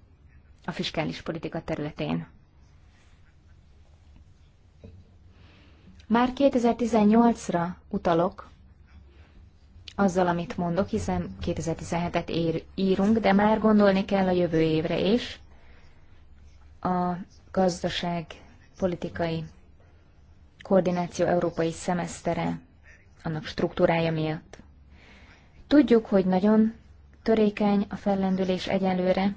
Speaker 2: a fiskális politika területén? Már 2018-ra utalok azzal, amit mondok, hiszen 2017-et ér, írunk, de már gondolni kell a jövő évre is. A gazdaság politikai koordináció európai szemesztere, annak struktúrája miatt. Tudjuk, hogy nagyon törékeny a fellendülés egyelőre,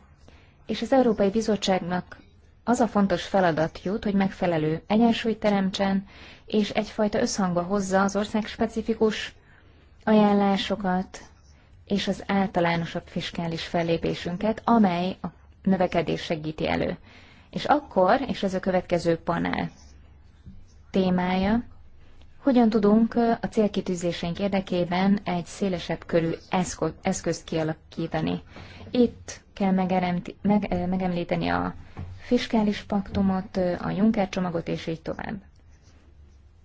Speaker 2: és az Európai Bizottságnak az a fontos feladat jut, hogy megfelelő egyensúlyt teremtsen, és egyfajta összhangba hozza az ország specifikus ajánlásokat és az általánosabb fiskális fellépésünket, amely a növekedés segíti elő. És akkor, és ez a következő panel témája, hogyan tudunk a célkitűzéseink érdekében egy szélesebb körű eszközt kialakítani. Itt kell megemlíteni a fiskális paktumot, a Juncker csomagot és így tovább.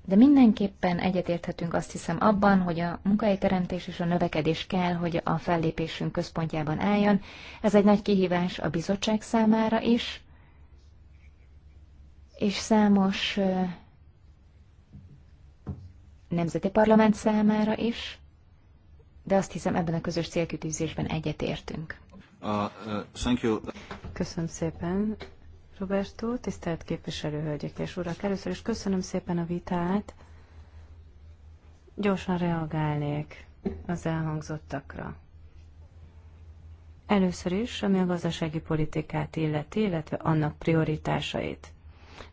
Speaker 2: De mindenképpen egyetérthetünk azt hiszem abban, hogy a teremtés és a növekedés kell, hogy a fellépésünk központjában álljon. Ez egy nagy kihívás a bizottság számára is, és számos nemzeti parlament számára is, de azt hiszem ebben a közös célkütűzésben egyetértünk.
Speaker 1: Uh, uh, thank you.
Speaker 2: Köszönöm szépen, Roberto,
Speaker 3: tisztelt képviselő hölgyek és urak. Először is köszönöm szépen a vitát. Gyorsan reagálnék az elhangzottakra. Először is, ami a gazdasági politikát illeti, illetve annak prioritásait.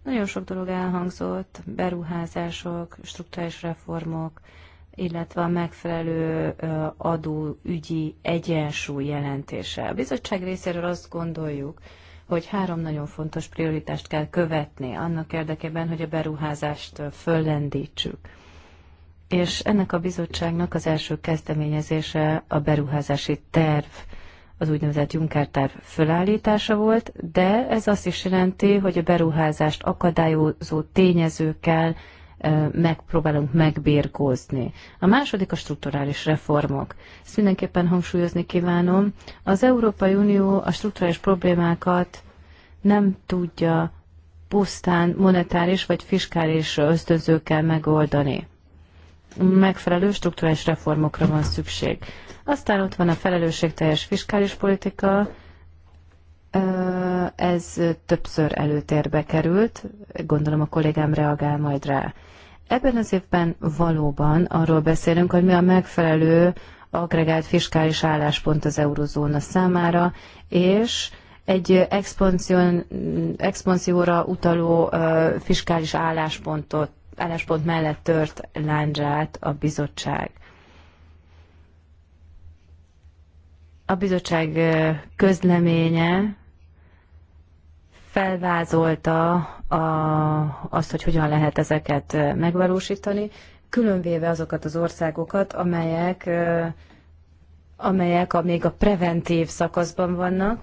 Speaker 3: Nagyon sok dolog elhangzott, beruházások, struktúrális reformok, illetve a megfelelő adóügyi egyensúly jelentése. A bizottság részéről azt gondoljuk, hogy három nagyon fontos prioritást kell követni annak érdekében, hogy a beruházást föllendítsük. És ennek a bizottságnak az első kezdeményezése a beruházási terv az úgynevezett Juncker terv fölállítása volt, de ez azt is jelenti, hogy a beruházást akadályozó tényezőkkel megpróbálunk megbírkózni. A második a strukturális reformok. Ezt mindenképpen hangsúlyozni kívánom. Az Európai Unió a strukturális problémákat nem tudja pusztán monetáris vagy fiskális ösztönzőkkel megoldani megfelelő struktúrális reformokra van szükség. Aztán ott van a felelősségteljes fiskális politika, ez többször előtérbe került, gondolom a kollégám reagál majd rá. Ebben az évben valóban arról beszélünk, hogy mi a megfelelő agregált fiskális álláspont az eurozóna számára, és egy expanzióra utaló fiskális álláspontot álláspont mellett tört láncsát a bizottság. A bizottság közleménye felvázolta a, azt, hogy hogyan lehet ezeket megvalósítani, különvéve azokat az országokat, amelyek, amelyek a, még a preventív szakaszban vannak,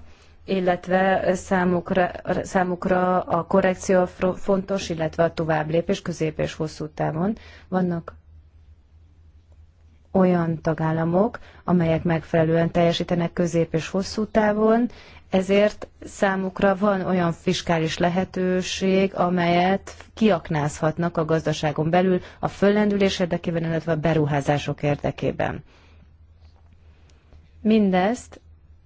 Speaker 3: illetve számukra, számukra a korrekció fontos, illetve a lépés közép és hosszú távon. Vannak olyan tagállamok, amelyek megfelelően teljesítenek közép és hosszú távon, ezért számukra van olyan fiskális lehetőség, amelyet kiaknázhatnak a gazdaságon belül a föllendülés érdekében, illetve a beruházások érdekében. Mindezt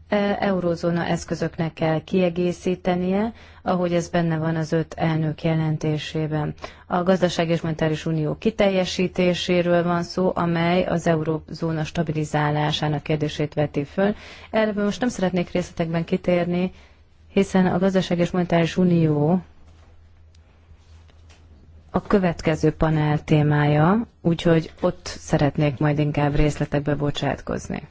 Speaker 3: E, eurózóna eszközöknek kell kiegészítenie, ahogy ez benne van az öt elnök jelentésében. A gazdaság és monetáris unió kiteljesítéséről van szó, amely az eurózóna stabilizálásának kérdését veti föl. Erre most nem szeretnék részletekben kitérni, hiszen a gazdaság és monetáris unió a következő panel témája, úgyhogy ott szeretnék majd inkább részletekbe bocsátkozni.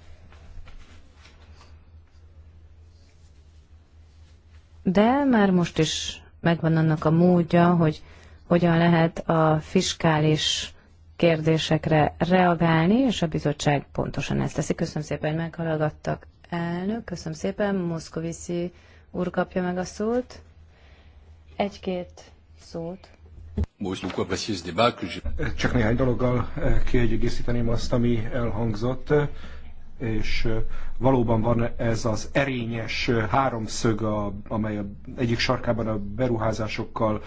Speaker 3: de már most is megvan annak a módja, hogy hogyan lehet a fiskális kérdésekre reagálni, és a bizottság pontosan ezt teszi. Köszönöm szépen, hogy meghallgattak. Elnök, köszönöm szépen. Moszkoviszi úr kapja meg a szót. Egy-két szót.
Speaker 4: Csak néhány dologgal eh, kiegészíteném azt, ami elhangzott, eh, és eh, valóban van ez az erényes háromszög, a, amely a, egyik sarkában a beruházásokkal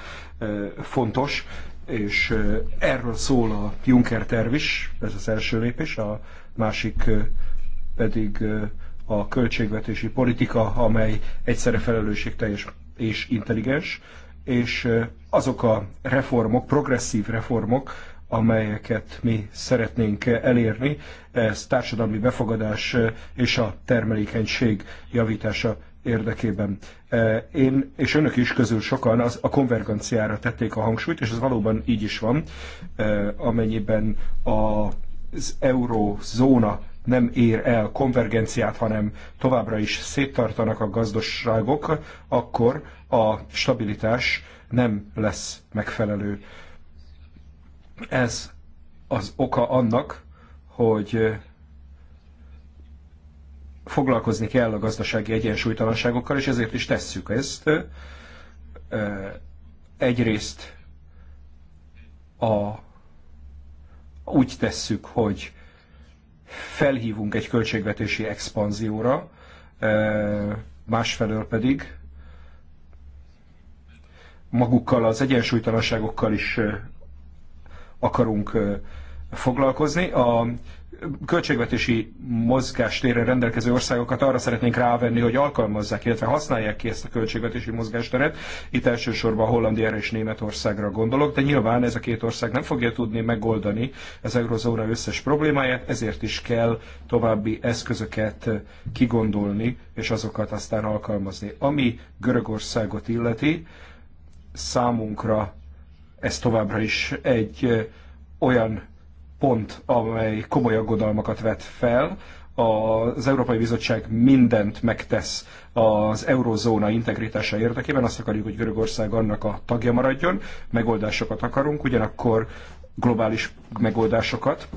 Speaker 4: fontos, és erről szól a Juncker terv is, ez az első lépés, a másik pedig a költségvetési politika, amely egyszerre felelősségteljes és intelligens, és azok a reformok, progresszív reformok, amelyeket mi szeretnénk elérni, ez társadalmi befogadás és a termelékenység javítása érdekében. E, én és önök is közül sokan az, a konvergenciára tették a hangsúlyt, és ez valóban így is van, e, amennyiben az eurózóna nem ér el konvergenciát, hanem továbbra is széttartanak a gazdaságok, akkor a stabilitás nem lesz megfelelő. Ez az oka annak, hogy foglalkozni kell a gazdasági egyensúlytalanságokkal, és ezért is tesszük ezt. Egyrészt a, úgy tesszük, hogy felhívunk egy költségvetési expanzióra, másfelől pedig magukkal az egyensúlytalanságokkal is akarunk foglalkozni. A költségvetési mozgástérre rendelkező országokat arra szeretnénk rávenni, hogy alkalmazzák, illetve használják ki ezt a költségvetési mozgásteret. Itt elsősorban Hollandiára és Németországra gondolok, de nyilván ez a két ország nem fogja tudni megoldani az eurozóna összes problémáját, ezért is kell további eszközöket kigondolni, és azokat aztán alkalmazni. Ami Görögországot illeti, számunkra ez továbbra is egy olyan pont, amely komoly aggodalmakat vet fel. Az Európai Bizottság mindent megtesz az eurozóna integritása érdekében. Azt akarjuk, hogy Görögország annak a tagja maradjon, megoldásokat akarunk, ugyanakkor globális megoldásokat.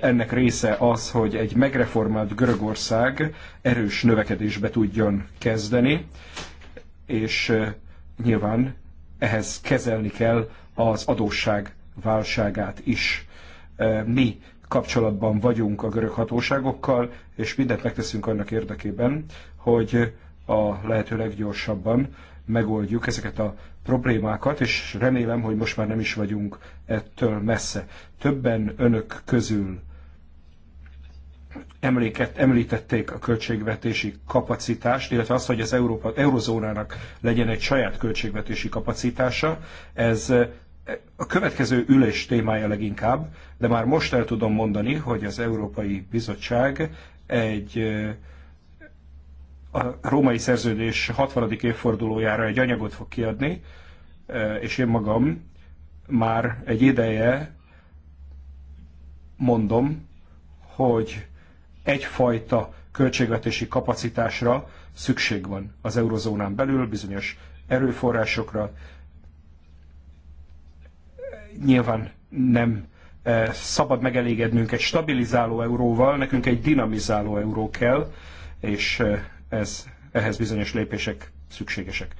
Speaker 4: Ennek része az, hogy egy megreformált Görögország erős növekedésbe tudjon kezdeni, és nyilván ehhez kezelni kell az adósság válságát is. Mi kapcsolatban vagyunk a görög hatóságokkal, és mindent megteszünk annak érdekében, hogy a lehető leggyorsabban megoldjuk ezeket a problémákat, és remélem, hogy most már nem is vagyunk ettől messze. Többen önök közül emléket, említették a költségvetési kapacitást, illetve azt, hogy az Európa, eurozónának legyen egy saját költségvetési kapacitása. Ez eh, a következő ülés témája leginkább, de már most el tudom mondani, hogy az Európai Bizottság egy eh, a római szerződés 60. évfordulójára egy anyagot fog kiadni, eh, és én magam már egy ideje mondom, hogy egyfajta költségvetési kapacitásra szükség van az eurozónán belül, bizonyos erőforrásokra. Nyilván nem eh, szabad megelégednünk egy stabilizáló euróval, nekünk egy dinamizáló euró kell, és eh, ez, ehhez bizonyos lépések szükségesek.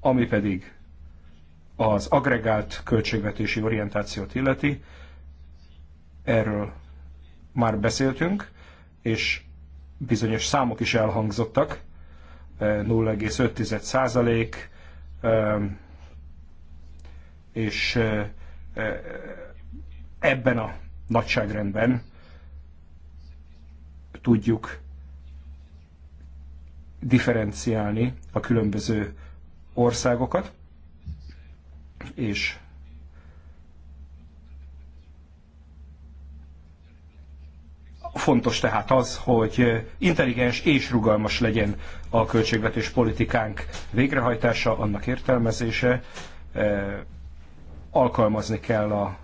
Speaker 4: Ami pedig az agregált költségvetési orientációt illeti, erről már beszéltünk, és bizonyos számok is elhangzottak, 0,5 százalék, és ebben a nagyságrendben tudjuk differenciálni a különböző országokat, és Fontos tehát az, hogy intelligens és rugalmas legyen a költségvetés politikánk végrehajtása, annak értelmezése. Alkalmazni kell a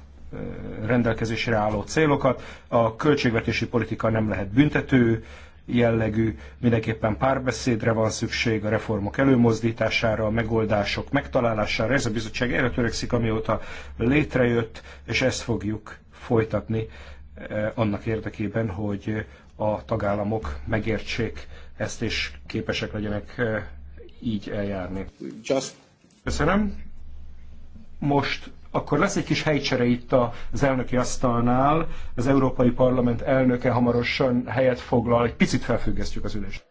Speaker 4: rendelkezésre álló célokat. A költségvetési politika nem lehet büntető, jellegű, mindenképpen párbeszédre van szükség, a reformok előmozdítására, a megoldások megtalálására. Ez a bizottság erre törekszik, amióta létrejött, és ezt fogjuk folytatni. Eh, annak érdekében, hogy a tagállamok megértsék ezt, és képesek legyenek eh, így eljárni. Just. Köszönöm. Most akkor lesz egy kis helycsere itt az elnöki asztalnál. Az Európai Parlament elnöke hamarosan helyet foglal. Egy picit felfüggesztjük az ülést.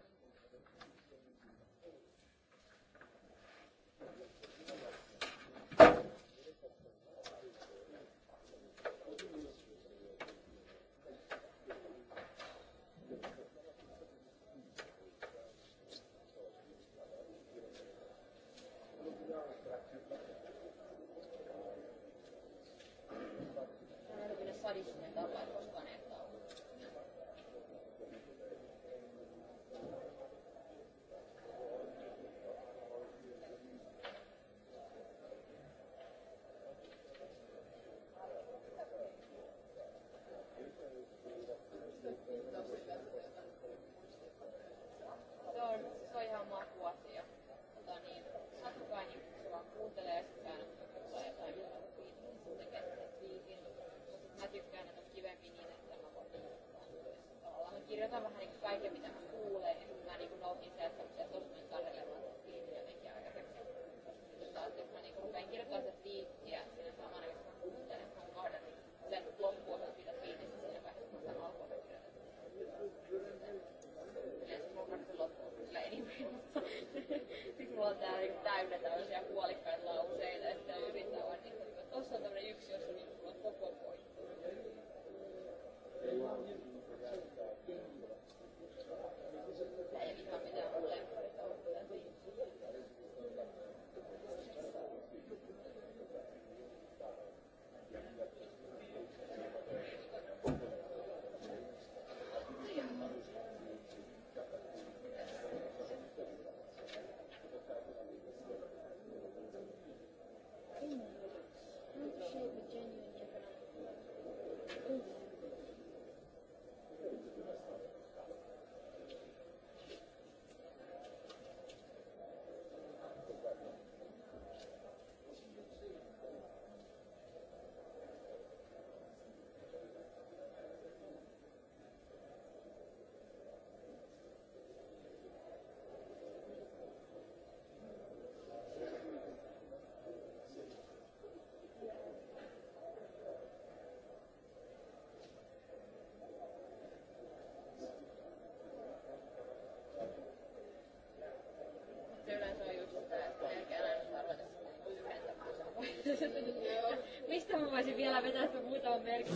Speaker 1: veces se muta, Merkel.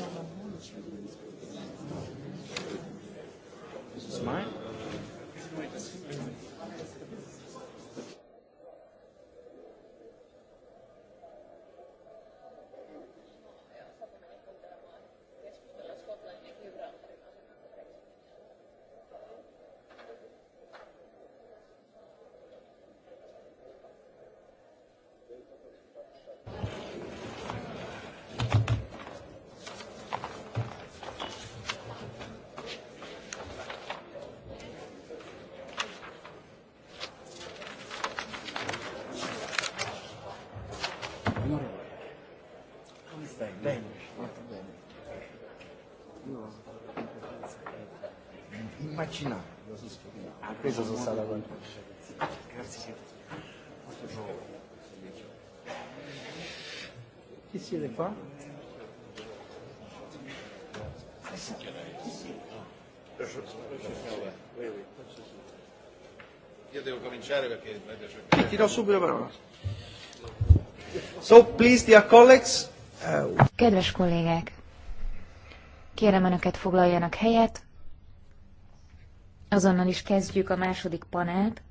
Speaker 1: questa è Danish. Io immaginavo, a questo Chi siete qua? Io devo cominciare perché...
Speaker 2: ti do subito la parola. So, please, dear colleagues, Kedves kollégák, kérem önöket foglaljanak helyet. Azonnal is kezdjük a második panelt.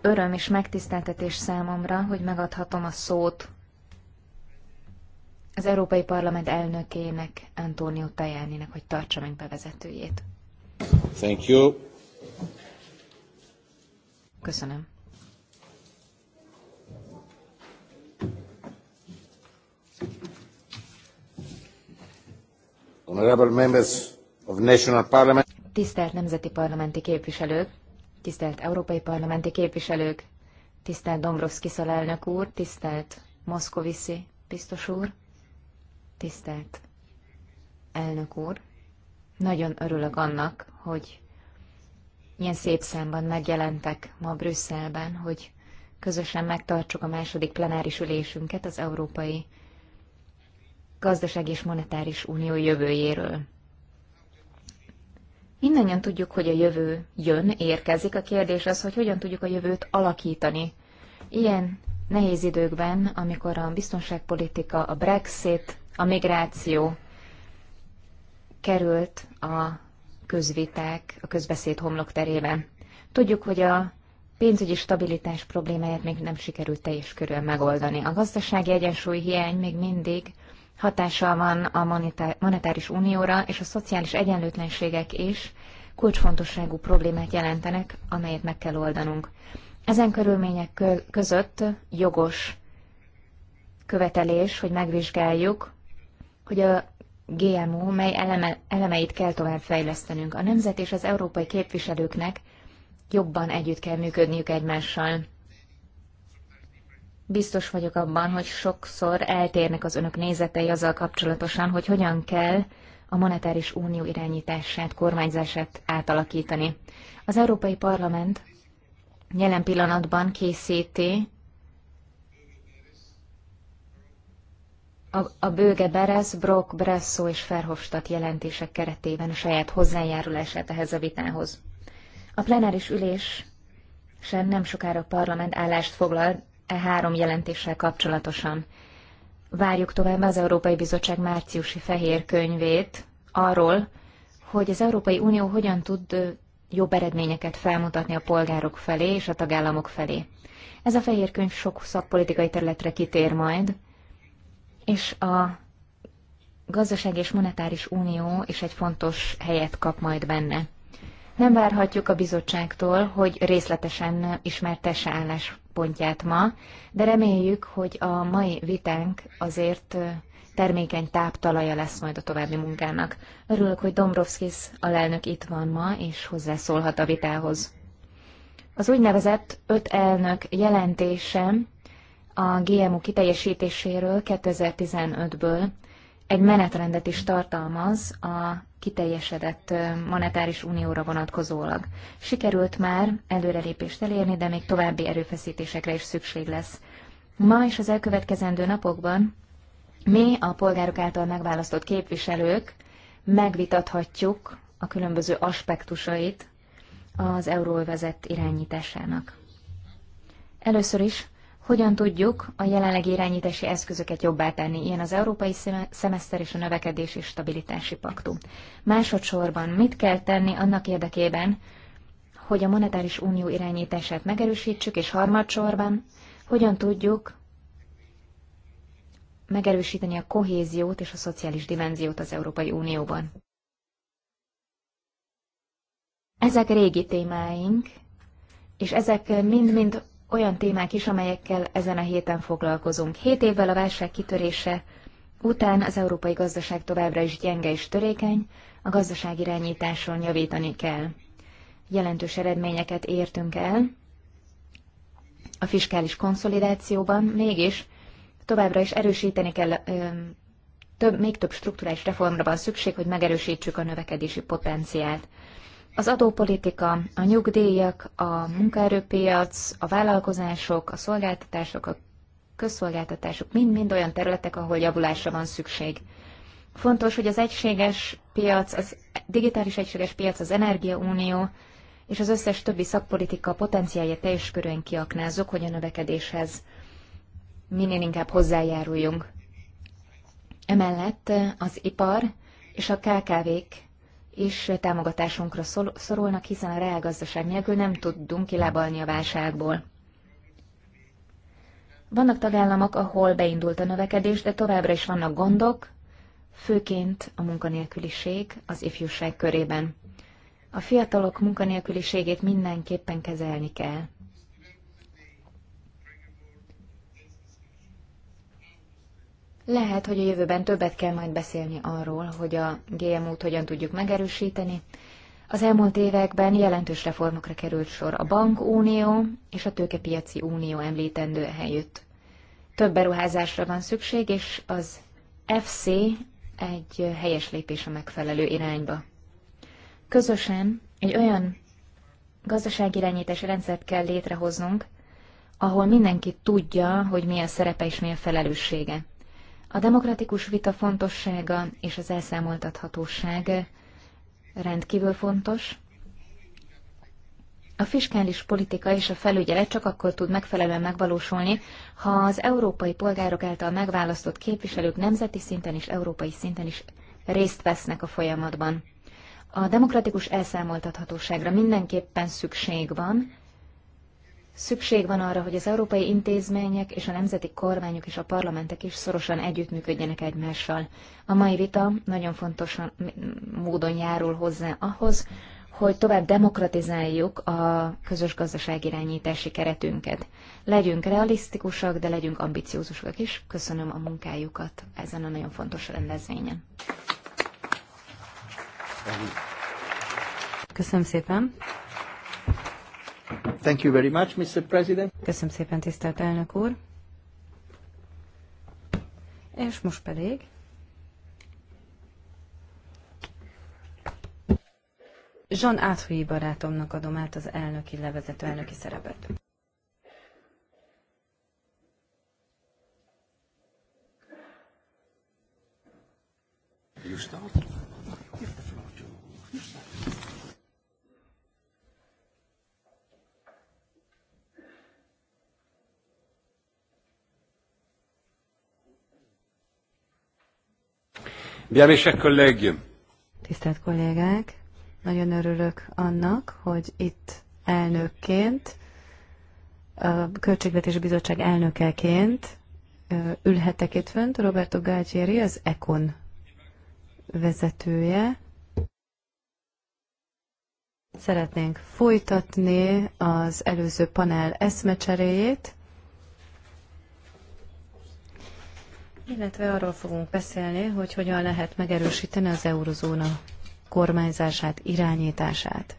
Speaker 2: Öröm és megtiszteltetés számomra, hogy megadhatom a szót az Európai Parlament elnökének, Antonio tajani hogy tartsa meg bevezetőjét. Thank you. Köszönöm. Tisztelt nemzeti parlamenti képviselők, tisztelt európai parlamenti képviselők, tisztelt Dombrovszki szalelnök úr, tisztelt Moszkoviszi biztos úr, tisztelt elnök úr, nagyon örülök annak, hogy ilyen szép számban megjelentek ma Brüsszelben, hogy közösen megtartsuk a második plenáris ülésünket az Európai gazdasági és monetáris unió jövőjéről. Mindannyian tudjuk, hogy a jövő jön, érkezik. A kérdés az, hogy hogyan tudjuk a jövőt alakítani. Ilyen nehéz időkben, amikor a biztonságpolitika, a Brexit, a migráció került a közviták, a közbeszéd homlok terében. Tudjuk, hogy a pénzügyi stabilitás problémáját még nem sikerült teljes körül megoldani. A gazdasági egyensúly hiány még mindig hatással van a monetáris unióra, és a szociális egyenlőtlenségek is kulcsfontosságú problémát jelentenek, amelyet meg kell oldanunk. Ezen körülmények között jogos követelés, hogy megvizsgáljuk, hogy a GMO mely eleme, elemeit kell továbbfejlesztenünk. A nemzet és az európai képviselőknek jobban együtt kell működniük egymással. Biztos vagyok abban, hogy sokszor eltérnek az önök nézetei azzal kapcsolatosan, hogy hogyan kell a monetáris unió irányítását, kormányzását átalakítani. Az Európai Parlament jelen pillanatban készíti a, a bőge Beres, Brock, Bresso és Ferhofstadt jelentések keretében a saját hozzájárulását ehhez a vitához. A plenáris ülés sem nem sokára a parlament állást foglal e három jelentéssel kapcsolatosan. Várjuk tovább az Európai Bizottság márciusi fehér könyvét arról, hogy az Európai Unió hogyan tud jobb eredményeket felmutatni a polgárok felé és a tagállamok felé. Ez a fehér könyv sok szakpolitikai területre kitér majd, és a gazdaság és monetáris unió is egy fontos helyet kap majd benne. Nem várhatjuk a bizottságtól, hogy részletesen ismertesse állás álláspontját ma, de reméljük, hogy a mai vitánk azért termékeny táptalaja lesz majd a további munkának. Örülök, hogy Dombrovskis alelnök itt van ma, és hozzászólhat a vitához. Az úgynevezett öt elnök jelentése a GMO kiteljesítéséről 2015-ből egy menetrendet is tartalmaz a kiteljesedett monetáris unióra vonatkozólag. Sikerült már előrelépést elérni, de még további erőfeszítésekre is szükség lesz. Ma és az elkövetkezendő napokban mi, a polgárok által megválasztott képviselők megvitathatjuk a különböző aspektusait az euróvezet irányításának. Először is hogyan tudjuk a jelenlegi irányítási eszközöket jobbá tenni, ilyen az európai szemeszter és a növekedés és stabilitási paktum. Másodszorban mit kell tenni annak érdekében, hogy a monetáris unió irányítását megerősítsük, és harmadsorban hogyan tudjuk megerősíteni a kohéziót és a szociális dimenziót az Európai Unióban. Ezek régi témáink, és ezek mind-mind olyan témák is, amelyekkel ezen a héten foglalkozunk. Hét évvel a válság kitörése után az európai gazdaság továbbra is gyenge és törékeny, a gazdaság irányításon javítani kell. Jelentős eredményeket értünk el a fiskális konszolidációban, mégis továbbra is erősíteni kell, ö, több, még több strukturális reformra van szükség, hogy megerősítsük a növekedési potenciált. Az adópolitika, a nyugdíjak, a munkaerőpiac, a vállalkozások, a szolgáltatások, a közszolgáltatások mind-mind olyan területek, ahol javulásra van szükség. Fontos, hogy az egységes piac, az digitális egységes piac, az energiaunió és az összes többi szakpolitika potenciálja teljes körön kiaknázzuk, hogy a növekedéshez minél inkább hozzájáruljunk. Emellett az ipar és a KKV-k is támogatásunkra szorulnak, hiszen a reálgazdaság nélkül nem tudunk kilábalni a válságból. Vannak tagállamok, ahol beindult a növekedés, de továbbra is vannak gondok, főként a munkanélküliség az ifjúság körében. A fiatalok munkanélküliségét mindenképpen kezelni kell. Lehet, hogy a jövőben többet kell majd beszélni arról, hogy a GMO-t hogyan tudjuk megerősíteni. Az elmúlt években jelentős reformokra került sor a bankunió és a tőkepiaci unió említendő helyütt. Több beruházásra van szükség, és az FC egy helyes lépés a megfelelő irányba. Közösen egy olyan gazdaságirányítási rendszert kell létrehoznunk, ahol mindenki tudja, hogy mi a szerepe és mi a felelőssége. A demokratikus vita fontossága és az elszámoltathatóság rendkívül fontos. A fiskális politika és a felügyelet csak akkor tud megfelelően megvalósulni, ha az európai polgárok által megválasztott képviselők nemzeti szinten és európai szinten is részt vesznek a folyamatban. A demokratikus elszámoltathatóságra mindenképpen szükség van, Szükség van arra, hogy az európai intézmények és a nemzeti kormányok és a parlamentek is szorosan együttműködjenek egymással. A mai vita nagyon fontos módon járul hozzá ahhoz, hogy tovább demokratizáljuk a közös gazdaságirányítási keretünket. Legyünk realisztikusak, de legyünk ambiciózusak is. Köszönöm a munkájukat ezen a nagyon fontos rendezvényen.
Speaker 3: Köszönöm szépen.
Speaker 1: Thank you very much, Mr. President.
Speaker 3: Köszönöm szépen, tisztelt elnök úr. És most pedig John Áthui barátomnak adom át az elnöki levezető elnöki szerepet. You start?
Speaker 4: Bien, mes chers collègues.
Speaker 3: Tisztelt kollégák, nagyon örülök annak, hogy itt elnökként, a Költségvetési Bizottság elnökeként ülhetek itt fönt. Roberto Gágyéri az ECON vezetője. Szeretnénk folytatni az előző panel eszmecseréjét illetve arról fogunk beszélni, hogy hogyan lehet megerősíteni az eurozóna kormányzását, irányítását.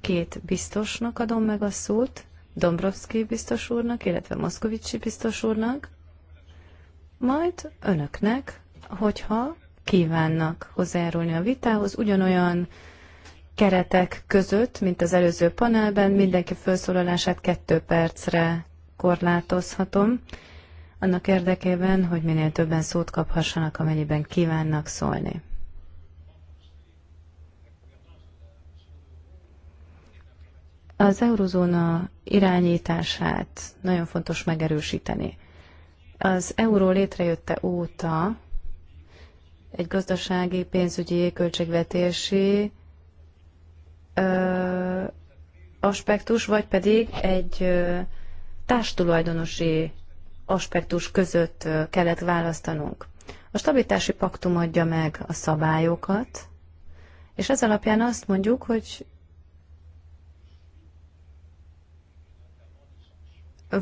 Speaker 3: Két biztosnak adom meg a szót, Dombrovszki biztos úrnak, illetve Moszkovicsi biztos úrnak, majd önöknek, hogyha kívánnak hozzájárulni a vitához, ugyanolyan keretek között, mint az előző panelben, mindenki felszólalását kettő percre korlátozhatom, annak érdekében, hogy minél többen szót kaphassanak, amennyiben kívánnak szólni. Az eurozóna irányítását nagyon fontos megerősíteni. Az euró létrejötte óta egy gazdasági, pénzügyi, költségvetési ö, aspektus, vagy pedig egy ö, társtulajdonosi aspektus között kellett választanunk. A stabilitási paktum adja meg a szabályokat, és ez alapján azt mondjuk, hogy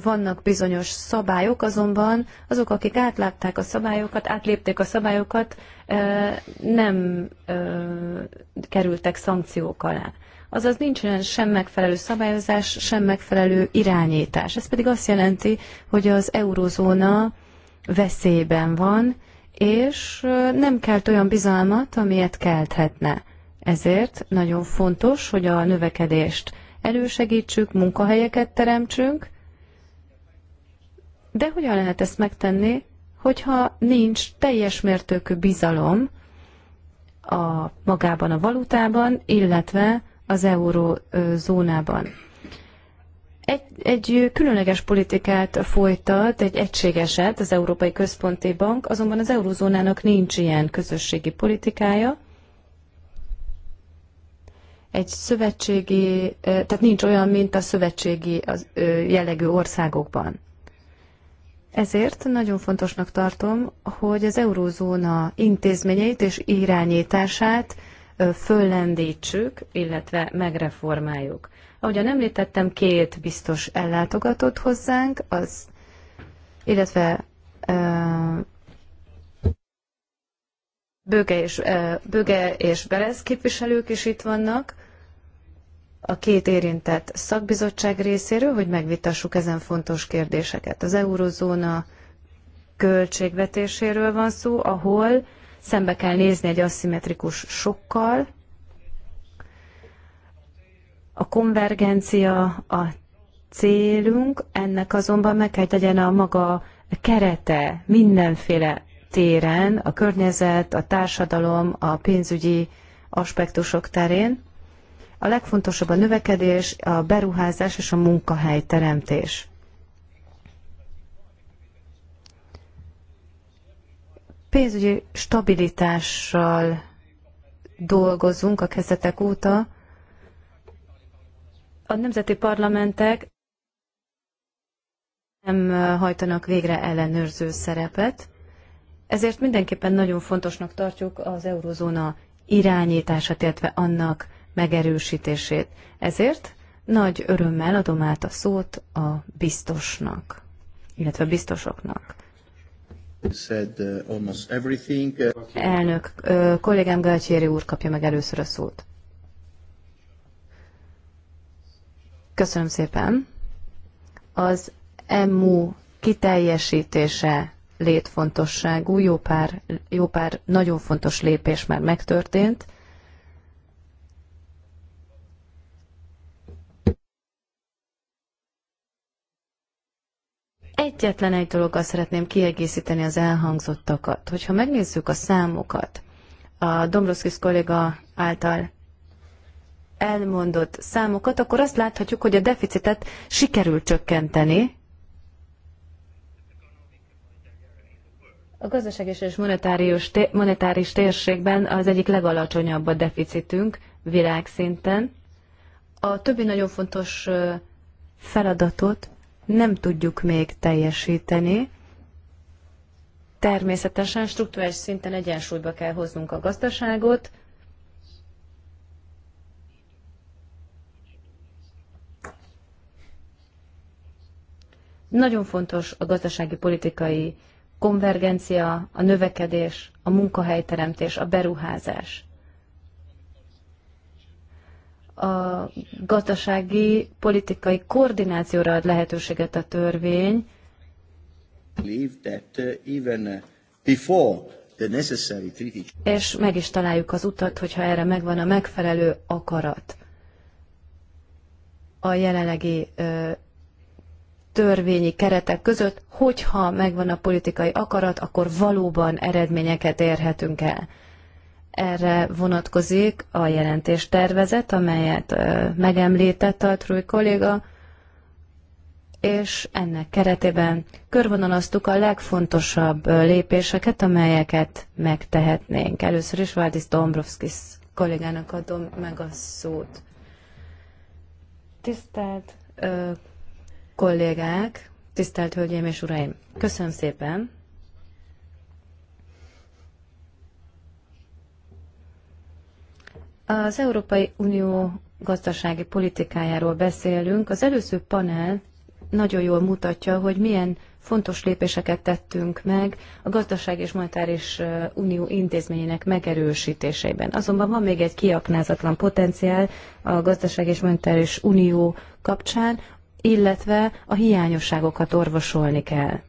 Speaker 3: vannak bizonyos szabályok, azonban azok, akik átlátták a szabályokat, átlépték a szabályokat, nem kerültek szankciók alá azaz nincsen sem megfelelő szabályozás, sem megfelelő irányítás. Ez pedig azt jelenti, hogy az eurozóna veszélyben van, és nem kelt olyan bizalmat, amilyet kelthetne. Ezért nagyon fontos, hogy a növekedést elősegítsük, munkahelyeket teremtsünk, de hogyan lehet ezt megtenni, hogyha nincs teljes mértékű bizalom a magában a valutában, illetve az eurózónában. Egy, egy különleges politikát folytat, egy egységeset az Európai Központi Bank, azonban az eurózónának nincs ilyen közösségi politikája. Egy szövetségi, tehát nincs olyan, mint a szövetségi jellegű országokban. Ezért nagyon fontosnak tartom, hogy az eurózóna intézményeit és irányítását föllendítsük, illetve megreformáljuk. Ahogyan említettem, két biztos ellátogatott hozzánk, az, illetve Böge és, Böge és Berez képviselők is itt vannak a két érintett szakbizottság részéről, hogy megvitassuk ezen fontos kérdéseket. Az eurozóna költségvetéséről van szó, ahol szembe kell nézni egy aszimmetrikus sokkal. A konvergencia a célunk, ennek azonban meg kell legyen a maga kerete mindenféle téren, a környezet, a társadalom, a pénzügyi aspektusok terén. A legfontosabb a növekedés, a beruházás és a munkahely teremtés. pénzügyi stabilitással dolgozunk a kezdetek óta. A nemzeti parlamentek nem hajtanak végre ellenőrző szerepet, ezért mindenképpen nagyon fontosnak tartjuk az eurozóna irányítását, illetve annak megerősítését. Ezért nagy örömmel adom át a szót a biztosnak, illetve a biztosoknak.
Speaker 1: Uh, uh, Elnök,
Speaker 3: kollégám Galtieri úr kapja meg először a szót. Köszönöm szépen. Az EMU kiteljesítése létfontosságú, jó pár, jó pár nagyon fontos lépés már megtörtént, Egyetlen egy dologgal szeretném kiegészíteni az elhangzottakat. Hogyha megnézzük a számokat, a Dombrovskis kolléga által elmondott számokat, akkor azt láthatjuk, hogy a deficitet sikerül csökkenteni. A gazdaság és monetárius, monetáris térségben az egyik legalacsonyabb a deficitünk világszinten. A többi nagyon fontos feladatot nem tudjuk még teljesíteni. Természetesen struktúrális szinten egyensúlyba kell hoznunk a gazdaságot, Nagyon fontos a gazdasági politikai konvergencia, a növekedés, a munkahelyteremtés, a beruházás a gazdasági politikai koordinációra ad lehetőséget a törvény.
Speaker 1: Uh, uh,
Speaker 3: És meg is találjuk az utat, hogyha erre megvan a megfelelő akarat. A jelenlegi ö, törvényi keretek között, hogyha megvan a politikai akarat, akkor valóban eredményeket érhetünk el. Erre vonatkozik a jelentés tervezet, amelyet megemlített a Trúj kolléga, és ennek keretében körvonalaztuk a legfontosabb lépéseket, amelyeket megtehetnénk. Először is Valdis Dombrovskis kollégának adom meg a szót. Tisztelt ö, kollégák, tisztelt hölgyeim és uraim, köszönöm szépen! Az Európai Unió gazdasági politikájáról beszélünk. Az előző panel nagyon jól mutatja, hogy milyen fontos lépéseket tettünk meg a gazdaság és monetáris unió intézményének megerősítésében. Azonban van még egy kiaknázatlan potenciál a gazdaság és monetáris unió kapcsán, illetve a hiányosságokat orvosolni kell.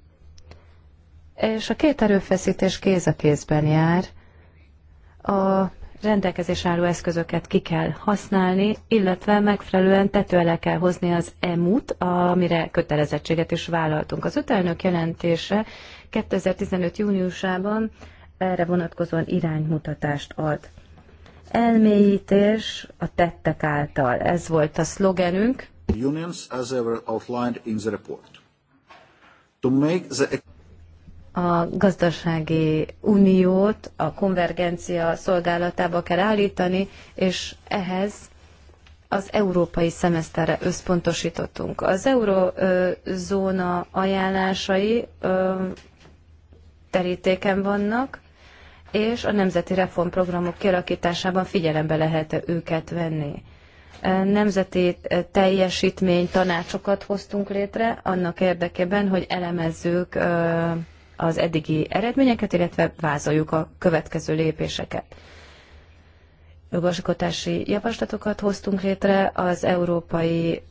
Speaker 3: És a két erőfeszítés kéz a kézben jár. A rendelkezés álló eszközöket ki kell használni, illetve megfelelően tető alá kell hozni az EMU-t, amire kötelezettséget is vállaltunk. Az ötelnök jelentése 2015. júniusában erre vonatkozóan iránymutatást ad. Elmélyítés a tettek által. Ez volt a szlogenünk.
Speaker 1: Unions as ever outlined in the report. To make the
Speaker 3: a gazdasági uniót a konvergencia szolgálatába kell állítani, és ehhez az európai szemeszterre összpontosítottunk. Az eurozóna ajánlásai terítéken vannak, és a nemzeti reformprogramok kialakításában figyelembe lehet -e őket venni. Nemzeti teljesítmény tanácsokat hoztunk létre annak érdekében, hogy elemezzük az eddigi eredményeket, illetve vázoljuk a következő lépéseket. Jogalkotási javaslatokat hoztunk létre az európai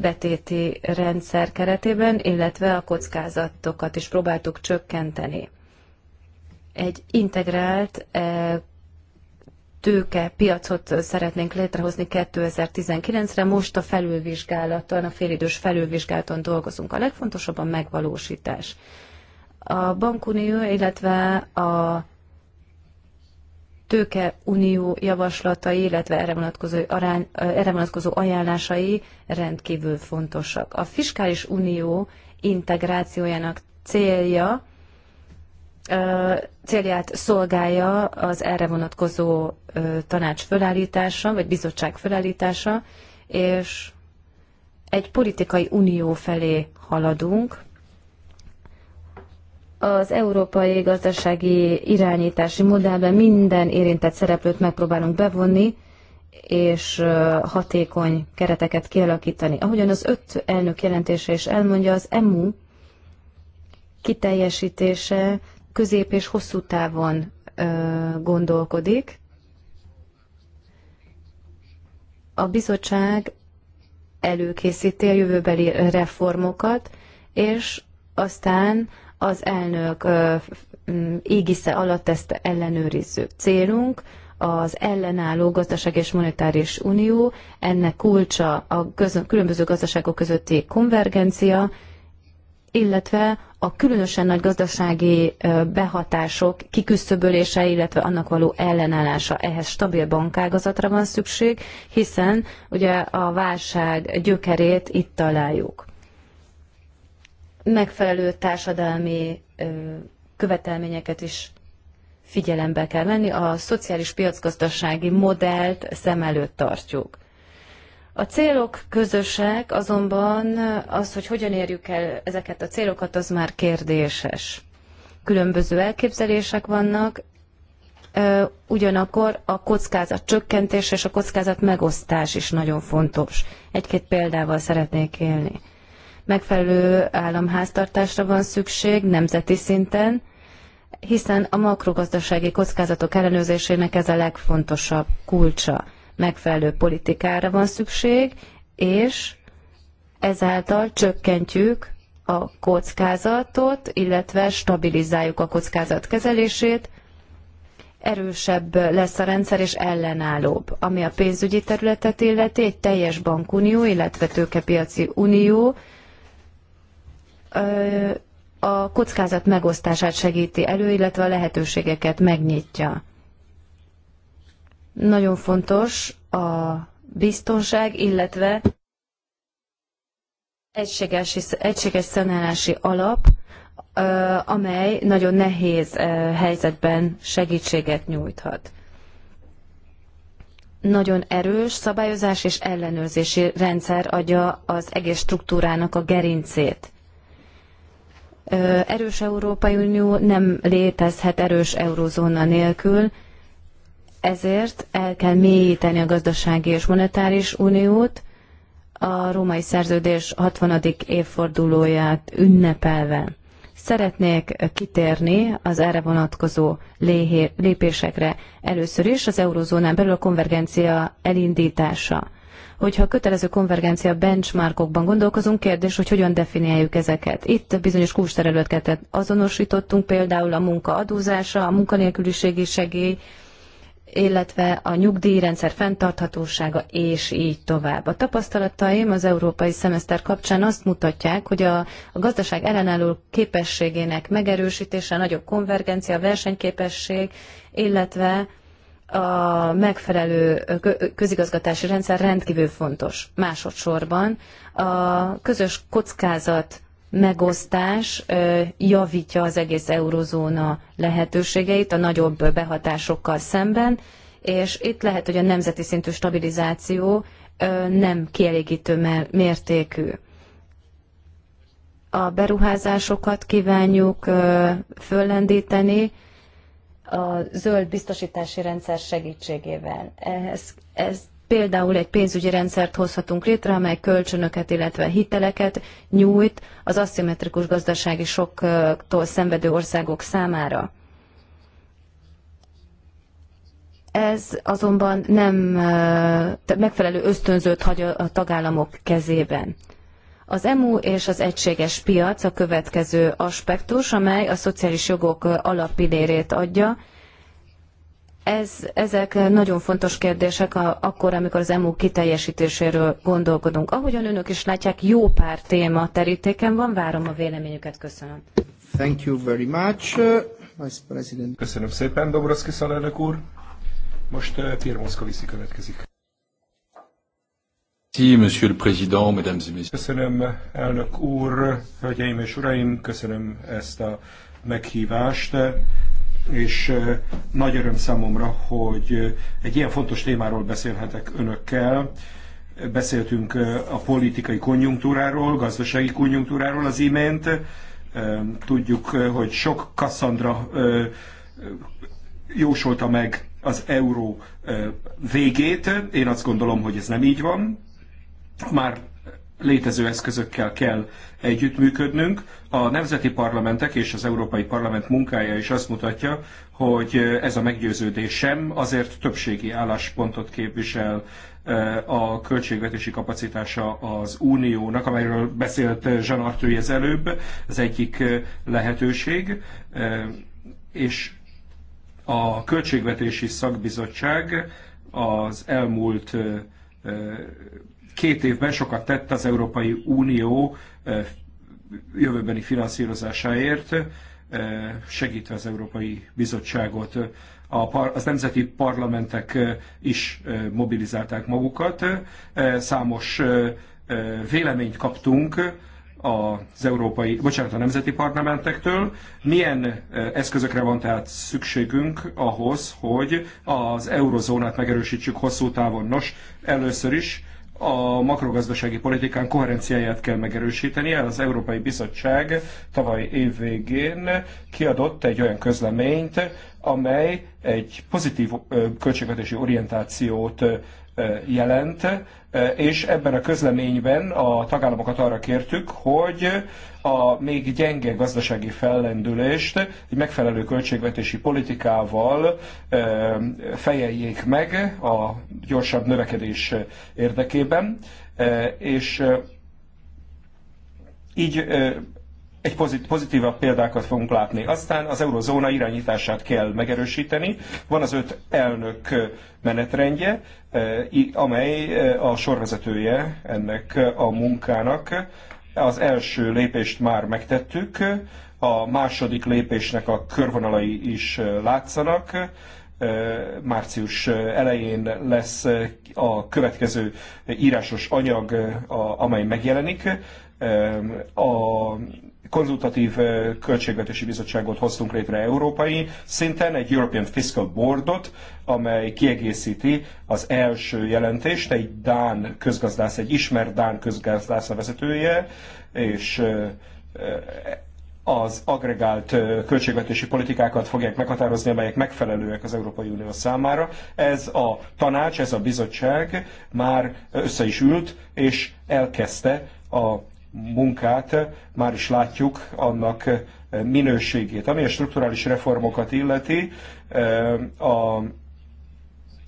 Speaker 3: betéti rendszer keretében, illetve a kockázatokat is próbáltuk csökkenteni. Egy integrált e, tőke piacot szeretnénk létrehozni 2019-re. Most a felülvizsgálaton, a félidős felülvizsgálaton dolgozunk. A legfontosabb a megvalósítás. A bankunió, illetve a tőkeunió javaslatai, illetve erre vonatkozó, arány, erre vonatkozó ajánlásai rendkívül fontosak. A fiskális unió integrációjának célja, célját szolgálja az erre vonatkozó tanács fölállítása, vagy bizottság fölállítása, és egy politikai unió felé haladunk, az európai gazdasági irányítási modellben minden érintett szereplőt megpróbálunk bevonni, és hatékony kereteket kialakítani. Ahogyan az öt elnök jelentése is elmondja, az EMU kiteljesítése közép és hosszú távon gondolkodik. A bizottság előkészíti a jövőbeli reformokat, és aztán az elnök mm, égisze alatt ezt ellenőrizzük. Célunk az ellenálló gazdaság és monetáris unió, ennek kulcsa a különböző gazdaságok közötti konvergencia, illetve a különösen nagy gazdasági behatások kiküszöbölése, illetve annak való ellenállása. Ehhez stabil bankágazatra van szükség, hiszen ugye a válság gyökerét itt találjuk megfelelő társadalmi követelményeket is figyelembe kell venni, a szociális piacgazdasági modellt szem előtt tartjuk. A célok közösek, azonban az, hogy hogyan érjük el ezeket a célokat, az már kérdéses. Különböző elképzelések vannak, ugyanakkor a kockázat csökkentés és a kockázat megosztás is nagyon fontos. Egy-két példával szeretnék élni megfelelő államháztartásra van szükség nemzeti szinten, hiszen a makrogazdasági kockázatok ellenőrzésének ez a legfontosabb kulcsa. Megfelelő politikára van szükség, és ezáltal csökkentjük a kockázatot, illetve stabilizáljuk a kockázat kezelését, erősebb lesz a rendszer és ellenállóbb. Ami a pénzügyi területet illeti, egy teljes bankunió, illetve tőkepiaci unió a kockázat megosztását segíti elő, illetve a lehetőségeket megnyitja. Nagyon fontos a biztonság, illetve egységes, egységes szanálási alap, amely nagyon nehéz helyzetben segítséget nyújthat. Nagyon erős szabályozás és ellenőrzési rendszer adja az egész struktúrának a gerincét erős Európai Unió nem létezhet erős eurózóna nélkül, ezért el kell mélyíteni a gazdasági és monetáris uniót, a római szerződés 60. évfordulóját ünnepelve. Szeretnék kitérni az erre vonatkozó lépésekre. Először is az eurozónán belül a konvergencia elindítása hogyha kötelező konvergencia benchmarkokban gondolkozunk, kérdés, hogy hogyan definiáljuk ezeket. Itt bizonyos kulcsterületeket azonosítottunk, például a munka adózása, a munkanélküliségi segély, illetve a nyugdíjrendszer fenntarthatósága, és így tovább. A tapasztalataim az európai szemeszter kapcsán azt mutatják, hogy a, a gazdaság ellenálló képességének megerősítése, nagyobb konvergencia, versenyképesség, illetve a megfelelő közigazgatási rendszer rendkívül fontos. Másodszorban a közös kockázat megosztás javítja az egész eurozóna lehetőségeit a nagyobb behatásokkal szemben, és itt lehet, hogy a nemzeti szintű stabilizáció nem kielégítő mértékű. A beruházásokat kívánjuk föllendíteni, a zöld biztosítási rendszer segítségével. Ez, ez például egy pénzügyi rendszert hozhatunk létre, amely kölcsönöket, illetve hiteleket nyújt az aszimmetrikus gazdasági soktól szenvedő országok számára. Ez azonban nem eh, megfelelő ösztönzőt hagy a tagállamok kezében. Az EMU és az egységes piac a következő aspektus, amely a szociális jogok alappillérét adja. Ez, ezek nagyon fontos kérdések a, akkor, amikor az EMU kiteljesítéséről gondolkodunk. Ahogyan önök is látják, jó pár téma terítéken van, várom a véleményüket, köszönöm.
Speaker 4: Thank you very much, uh, Vice President. Köszönöm szépen, Dobroszki Szalelnök úr. Most uh, Pierre Moszkoviszi következik. Köszönöm, elnök úr, hölgyeim és uraim, köszönöm ezt a meghívást, és nagy öröm számomra, hogy egy ilyen fontos témáról beszélhetek önökkel. Beszéltünk a politikai konjunktúráról, gazdasági konjunktúráról az imént. Tudjuk, hogy sok Kassandra jósolta meg az euró végét. Én azt gondolom, hogy ez nem így van már létező eszközökkel kell együttműködnünk. A nemzeti parlamentek és az Európai Parlament munkája is azt mutatja, hogy ez a meggyőződésem azért többségi álláspontot képvisel eh, a költségvetési kapacitása az uniónak, amelyről beszélt Jean Arthur az előbb, az egyik eh, lehetőség, eh, és a költségvetési szakbizottság az elmúlt két évben sokat tett az Európai Unió eh, jövőbeni finanszírozásáért, eh, segítve az Európai Bizottságot. A par, az nemzeti parlamentek eh, is mobilizálták magukat. Számos véleményt kaptunk az európai, bocsánat, a nemzeti parlamentektől. Milyen eszközökre van tehát szükségünk ahhoz, hogy az eurozónát megerősítsük hosszú távon? Nos, először is a makrogazdasági politikán koherenciáját kell megerősítenie. Az Európai Bizottság tavaly év végén kiadott egy olyan közleményt, amely egy pozitív költségvetési orientációt jelent, és ebben a közleményben a tagállamokat arra kértük, hogy a még gyenge gazdasági fellendülést egy megfelelő költségvetési politikával fejeljék meg a gyorsabb növekedés érdekében, és így egy pozitívabb példákat fogunk látni. Aztán az eurozóna irányítását kell megerősíteni. Van az öt elnök menetrendje, amely a sorvezetője ennek a munkának. Az első lépést már megtettük, a második lépésnek a körvonalai is látszanak március elején lesz a következő írásos anyag, amely megjelenik a konzultatív költségvetési bizottságot hoztunk létre európai szinten, egy European Fiscal Boardot, amely kiegészíti az első jelentést, egy Dán közgazdász, egy ismert Dán közgazdász a vezetője, és az agregált költségvetési politikákat fogják meghatározni, amelyek megfelelőek az Európai Unió számára. Ez a tanács, ez a bizottság már össze is ült, és elkezdte a munkát, már is látjuk annak eh, minőségét. Ami a strukturális reformokat illeti, eh, a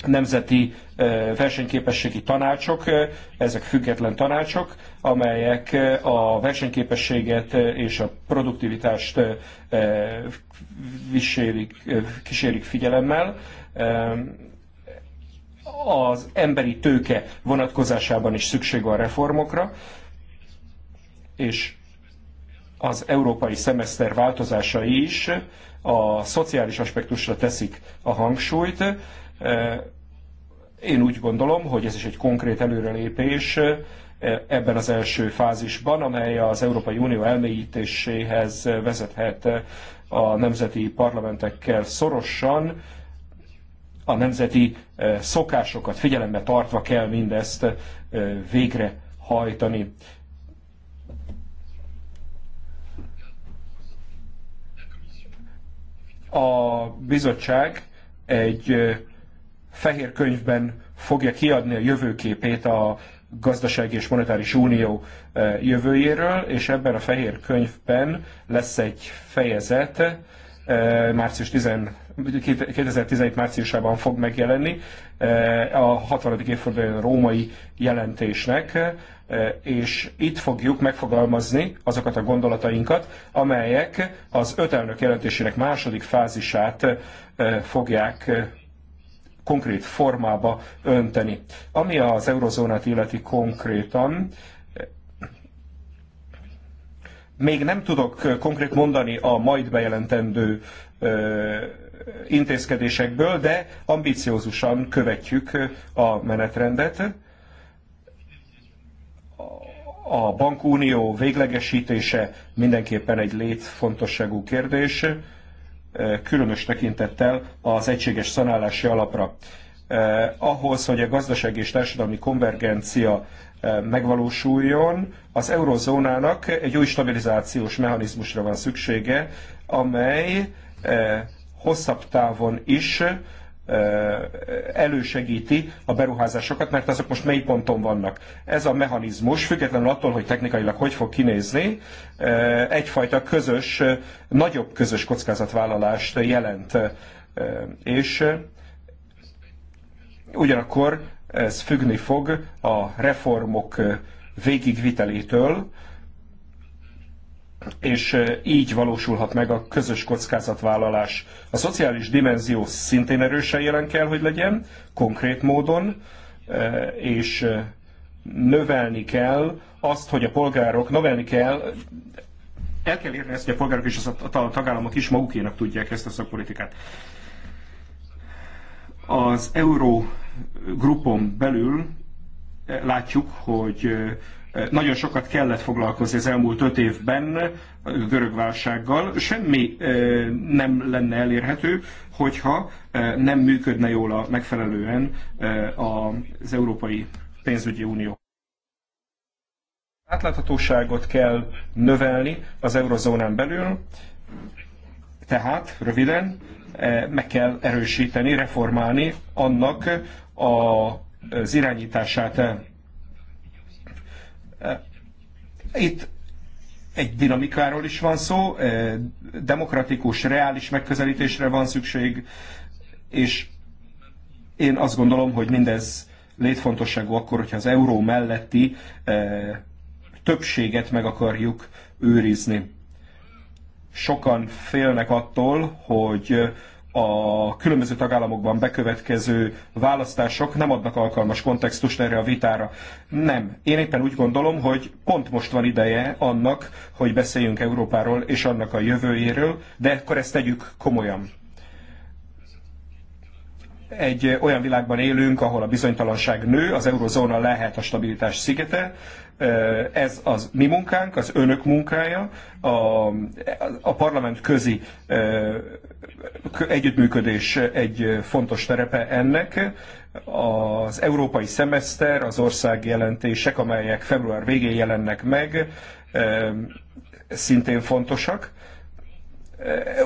Speaker 4: nemzeti eh, versenyképességi tanácsok, ezek független tanácsok, amelyek a versenyképességet és a produktivitást visérik, kísérik figyelemmel. Az emberi tőke vonatkozásában is szükség van reformokra, és az európai szemeszter változása is a szociális aspektusra teszik a hangsúlyt. E, én úgy gondolom, hogy ez is egy konkrét előrelépés e, ebben az első fázisban, amely az Európai Unió elmélyítéséhez vezethet a nemzeti parlamentekkel szorosan, a nemzeti e, szokásokat figyelembe tartva kell mindezt végrehajtani. a bizottság egy fehér könyvben fogja kiadni a jövőképét a gazdasági és monetáris unió jövőjéről, és ebben a fehér könyvben lesz egy fejezet március 10 2017 márciusában fog megjelenni eh, a 60. évfordulóan római jelentésnek, eh, és itt fogjuk megfogalmazni azokat a gondolatainkat, amelyek az öt elnök jelentésének második fázisát eh, fogják konkrét formába önteni. Ami az eurozónát illeti konkrétan, még nem tudok konkrét mondani a majd bejelentendő intézkedésekből, de ambiciózusan követjük a menetrendet. A bankunió véglegesítése mindenképpen egy létfontosságú kérdés, különös tekintettel az egységes szanálási alapra. Ahhoz, hogy a gazdasági és társadalmi konvergencia megvalósuljon, az eurozónának egy új stabilizációs mechanizmusra van szüksége, amely hosszabb távon is elősegíti a beruházásokat, mert azok most mely ponton vannak. Ez a mechanizmus, függetlenül attól, hogy technikailag hogy fog kinézni, egyfajta közös, nagyobb közös kockázatvállalást jelent. És ugyanakkor ez függni fog a reformok végigvitelétől, és így valósulhat meg a közös kockázatvállalás. A szociális dimenzió szintén erősen jelen kell, hogy legyen, konkrét módon, és növelni kell azt, hogy a polgárok, növelni kell, el kell érni ezt, hogy a polgárok és a tagállamok is magukénak tudják ezt a szakpolitikát. Az euró grupon belül látjuk, hogy nagyon sokat kellett foglalkozni az elmúlt öt évben görög válsággal. Semmi e, nem lenne elérhető, hogyha e, nem működne jól a, megfelelően e, az Európai Pénzügyi Unió. Átláthatóságot kell növelni az eurozónán belül, tehát röviden meg kell erősíteni, reformálni annak a, az irányítását. Eh, itt egy dinamikáról is van szó, eh, demokratikus, reális megközelítésre van szükség, és én azt gondolom, hogy mindez létfontosságú akkor, hogyha az euró melletti eh, többséget meg akarjuk őrizni. Sokan félnek attól, hogy a különböző tagállamokban bekövetkező választások nem adnak alkalmas kontextust erre a vitára. Nem. Én éppen úgy gondolom, hogy pont most van ideje annak, hogy beszéljünk Európáról és annak a jövőjéről, de akkor ezt tegyük komolyan egy olyan világban élünk, ahol a bizonytalanság nő, az eurozóna lehet a stabilitás szigete, ez az mi munkánk, az önök munkája, a, a parlament közi együttműködés egy fontos terepe ennek, az európai szemeszter, az országjelentések, amelyek február végén jelennek meg, szintén fontosak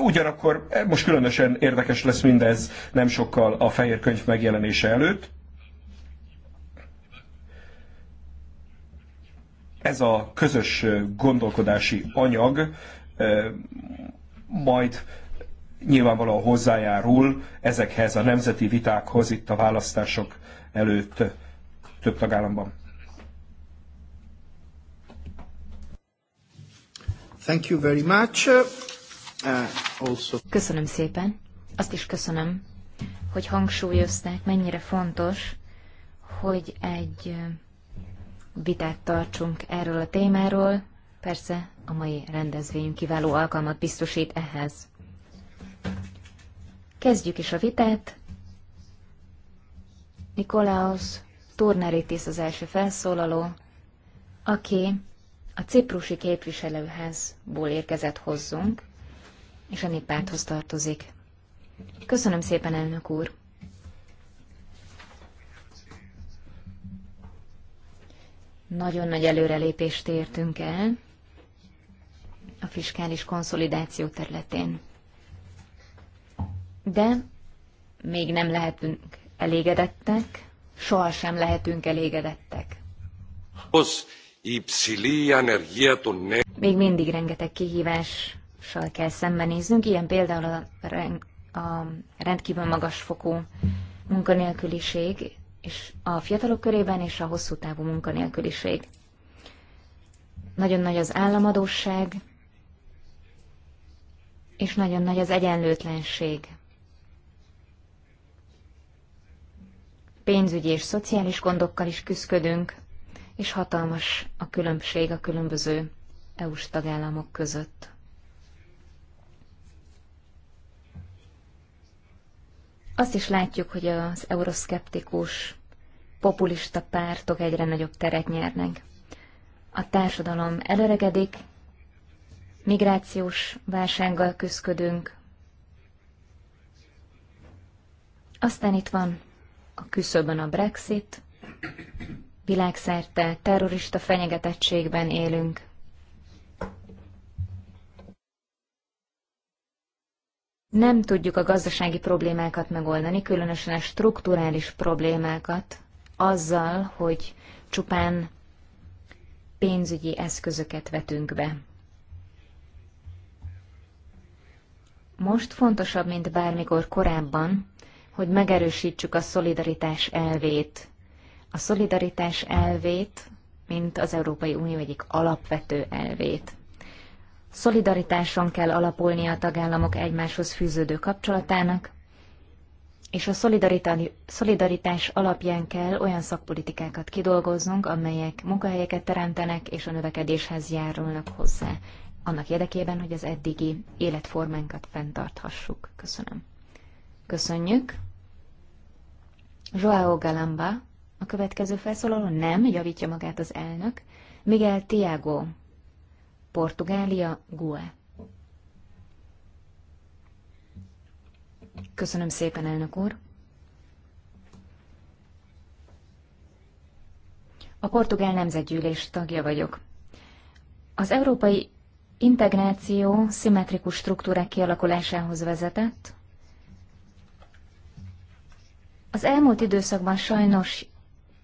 Speaker 4: Ugyanakkor eh, most különösen érdekes lesz mindez nem sokkal a fehér könyv megjelenése előtt. Ez a közös eh, gondolkodási anyag eh, majd nyilvánvalóan hozzájárul ezekhez a nemzeti vitákhoz itt a választások előtt több tagállamban. Thank you very much. Uh,
Speaker 2: köszönöm szépen. Azt is köszönöm, hogy hangsúlyozták, mennyire fontos, hogy egy vitát tartsunk erről a témáról. Persze a mai rendezvényünk kiváló alkalmat biztosít ehhez. Kezdjük is a vitát. Nikolaos Torneritis az első felszólaló, aki a ciprusi képviselőházból érkezett hozzunk és a néppárthoz tartozik. Köszönöm szépen, elnök úr! Nagyon nagy előrelépést értünk el a fiskális konszolidáció területén. De még nem lehetünk elégedettek, sohasem lehetünk elégedettek. Még mindig rengeteg kihívás hatással kell szembenéznünk, ilyen például a, rend, a rendkívül magas fokú munkanélküliség és a fiatalok körében és a hosszú távú munkanélküliség. Nagyon nagy az államadóság, és nagyon nagy az egyenlőtlenség. Pénzügyi és szociális gondokkal is küzdködünk, és hatalmas a különbség a különböző EU-s tagállamok között. Azt is látjuk, hogy az euroszkeptikus, populista pártok egyre nagyobb teret nyernek. A társadalom előregedik, migrációs válsággal küzdködünk. Aztán itt van a küszöbön a Brexit, világszerte terrorista fenyegetettségben élünk. nem tudjuk a gazdasági problémákat megoldani, különösen a strukturális problémákat azzal, hogy csupán pénzügyi eszközöket vetünk be. Most fontosabb, mint bármikor korábban, hogy megerősítsük a szolidaritás elvét. A szolidaritás elvét, mint az Európai Unió egyik alapvető elvét. Szolidaritáson kell alapulnia a tagállamok egymáshoz fűződő kapcsolatának, és a szolidaritás alapján kell olyan szakpolitikákat kidolgoznunk, amelyek munkahelyeket teremtenek és a növekedéshez járulnak hozzá, annak érdekében, hogy az eddigi életformánkat fenntarthassuk. Köszönöm. Köszönjük. Joao Galamba, a következő felszólaló nem, javítja magát az elnök. Miguel Tiago Portugália, GUE. Köszönöm szépen, elnök úr. A portugál nemzetgyűlés tagja vagyok. Az európai integráció szimmetrikus struktúrák kialakulásához vezetett. Az elmúlt időszakban sajnos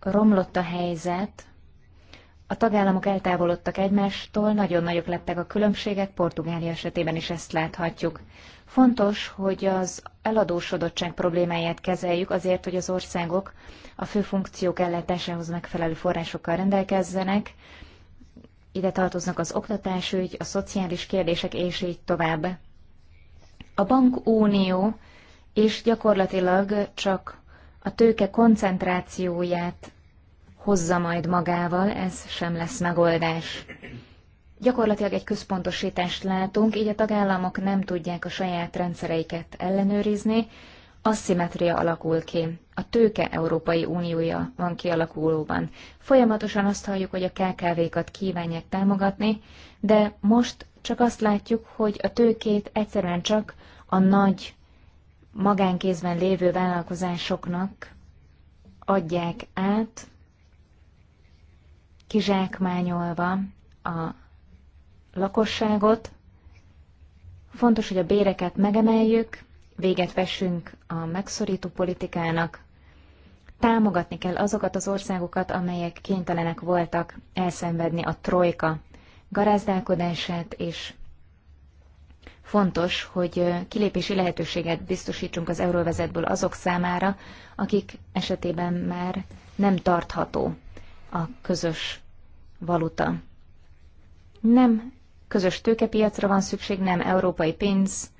Speaker 2: romlott a helyzet a tagállamok eltávolodtak egymástól, nagyon nagyok lettek a különbségek, Portugália esetében is ezt láthatjuk. Fontos, hogy az eladósodottság problémáját kezeljük azért, hogy az országok a fő funkciók ellátásához megfelelő forrásokkal rendelkezzenek. Ide tartoznak az oktatásügy, a szociális kérdések és így tovább. A bankunió és gyakorlatilag csak a tőke koncentrációját hozza majd magával, ez sem lesz megoldás. Gyakorlatilag egy központosítást látunk, így a tagállamok nem tudják a saját rendszereiket ellenőrizni, asszimetria alakul ki. A tőke Európai Uniója van kialakulóban. Folyamatosan azt halljuk, hogy a KKV-kat kívánják támogatni, de most csak azt látjuk, hogy a tőkét egyszerűen csak a nagy magánkézben lévő vállalkozásoknak adják át, kizsákmányolva a lakosságot. Fontos, hogy a béreket megemeljük, véget vessünk a megszorító politikának, támogatni kell azokat az országokat, amelyek kénytelenek voltak elszenvedni a trojka garázdálkodását, és fontos, hogy kilépési lehetőséget biztosítsunk az euróvezetből azok számára, akik esetében már nem tartható a közös valuta. Nem közös tőkepiacra van szükség, nem európai pénz,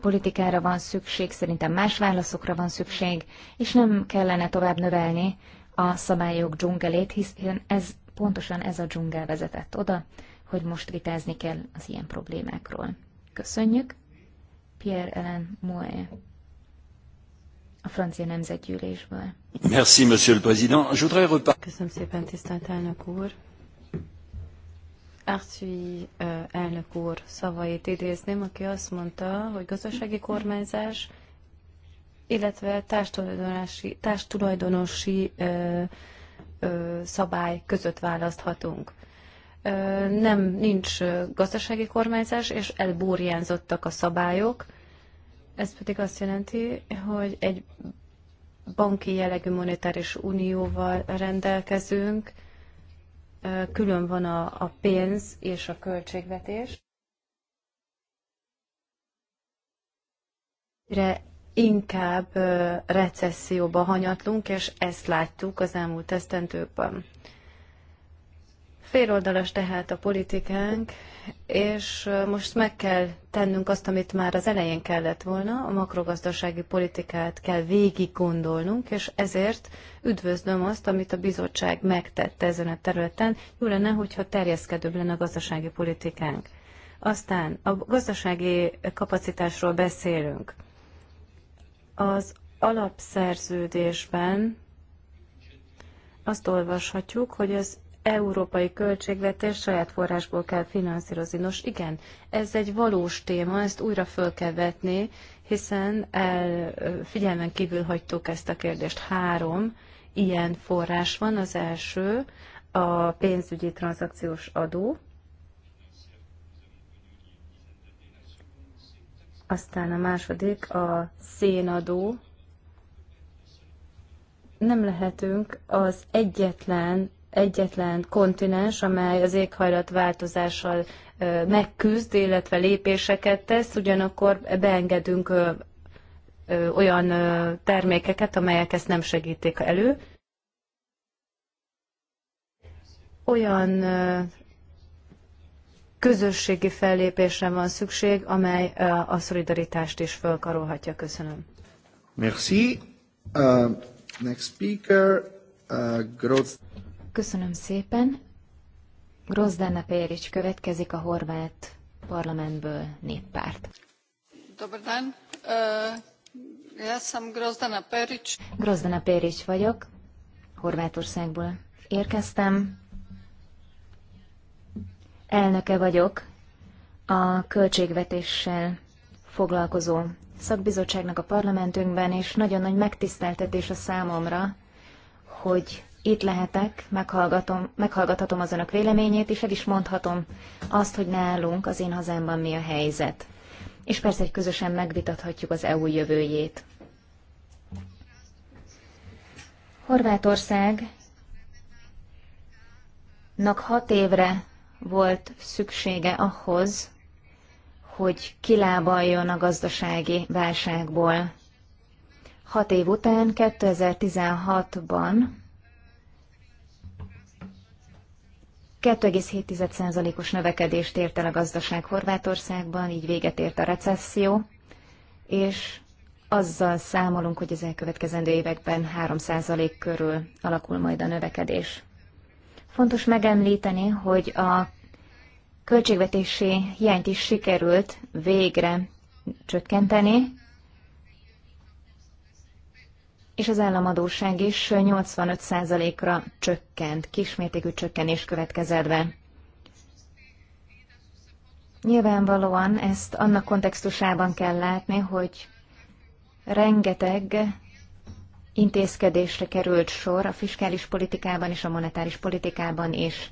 Speaker 2: politikára van szükség, szerintem más válaszokra van szükség, és nem kellene tovább növelni a szabályok dzsungelét, hiszen ez pontosan ez a dzsungel vezetett oda, hogy most vitázni kell az ilyen problémákról. Köszönjük! Pierre Ellen Moe a francia nemzetgyűlésből.
Speaker 4: Merci, monsieur le président. Je voudrais repartir.
Speaker 3: Köszönöm szépen, tisztelt elnök úr. Arthur elnök úr szavait idézném, aki azt mondta, hogy gazdasági kormányzás, illetve társtulajdonosi, társtulajdonosi ö, ö, szabály között választhatunk. Ö, nem, nincs gazdasági kormányzás, és elbúrjánzottak a szabályok, ez pedig azt jelenti, hogy egy banki jellegű monetáris unióval rendelkezünk, külön van a, a pénz és a költségvetés. inkább recesszióba hanyatlunk, és ezt láttuk az elmúlt esztendőkben. Féloldalas tehát a politikánk, és most meg kell tennünk azt, amit már az elején kellett volna, a makrogazdasági politikát kell végig gondolnunk, és ezért üdvözlöm azt, amit a bizottság megtett ezen a területen. Jó lenne, hogyha terjeszkedőbb lenne a gazdasági politikánk. Aztán a gazdasági kapacitásról beszélünk. Az alapszerződésben azt olvashatjuk, hogy az európai költségvetés saját forrásból kell finanszírozni. Nos igen, ez egy valós téma, ezt újra föl kell vetni, hiszen el, figyelmen kívül hagytuk ezt a kérdést. Három ilyen forrás van. Az első a pénzügyi tranzakciós adó, aztán a második a szénadó. Nem lehetünk az egyetlen egyetlen kontinens, amely az éghajlatváltozással megküzd, illetve lépéseket tesz, ugyanakkor beengedünk olyan termékeket, amelyek ezt nem segítik elő. Olyan közösségi fellépésre van szükség, amely a szolidaritást is fölkarolhatja. Köszönöm.
Speaker 1: Merci. Uh, next speaker,
Speaker 4: uh, Grosz.
Speaker 2: Köszönöm szépen. Grozdana Pérics következik a horvát parlamentből néppárt.
Speaker 1: Dobar én e, Grozdana Pérics.
Speaker 2: Grozdana Pérics vagyok. Horvátországból érkeztem. Elnöke vagyok a költségvetéssel foglalkozó szakbizottságnak a parlamentünkben, és nagyon nagy megtiszteltetés a számomra, hogy itt lehetek, meghallgatom, meghallgathatom az önök véleményét, és el is mondhatom azt, hogy nálunk, az én hazámban mi a helyzet. És persze, hogy közösen megvitathatjuk az EU jövőjét. Horvátországnak hat évre volt szüksége ahhoz, hogy kilábaljon a gazdasági válságból. Hat év után, 2016-ban 2,7%-os növekedést ért el a gazdaság Horvátországban, így véget ért a recesszió, és azzal számolunk, hogy az elkövetkezendő években 3% körül alakul majd a növekedés. Fontos megemlíteni, hogy a költségvetési hiányt is sikerült végre csökkenteni, és az államadóság is 85%-ra csökkent, kismértékű csökkenés következett be. Nyilvánvalóan ezt annak kontextusában kell látni, hogy rengeteg intézkedésre került sor a fiskális politikában és a monetáris politikában is.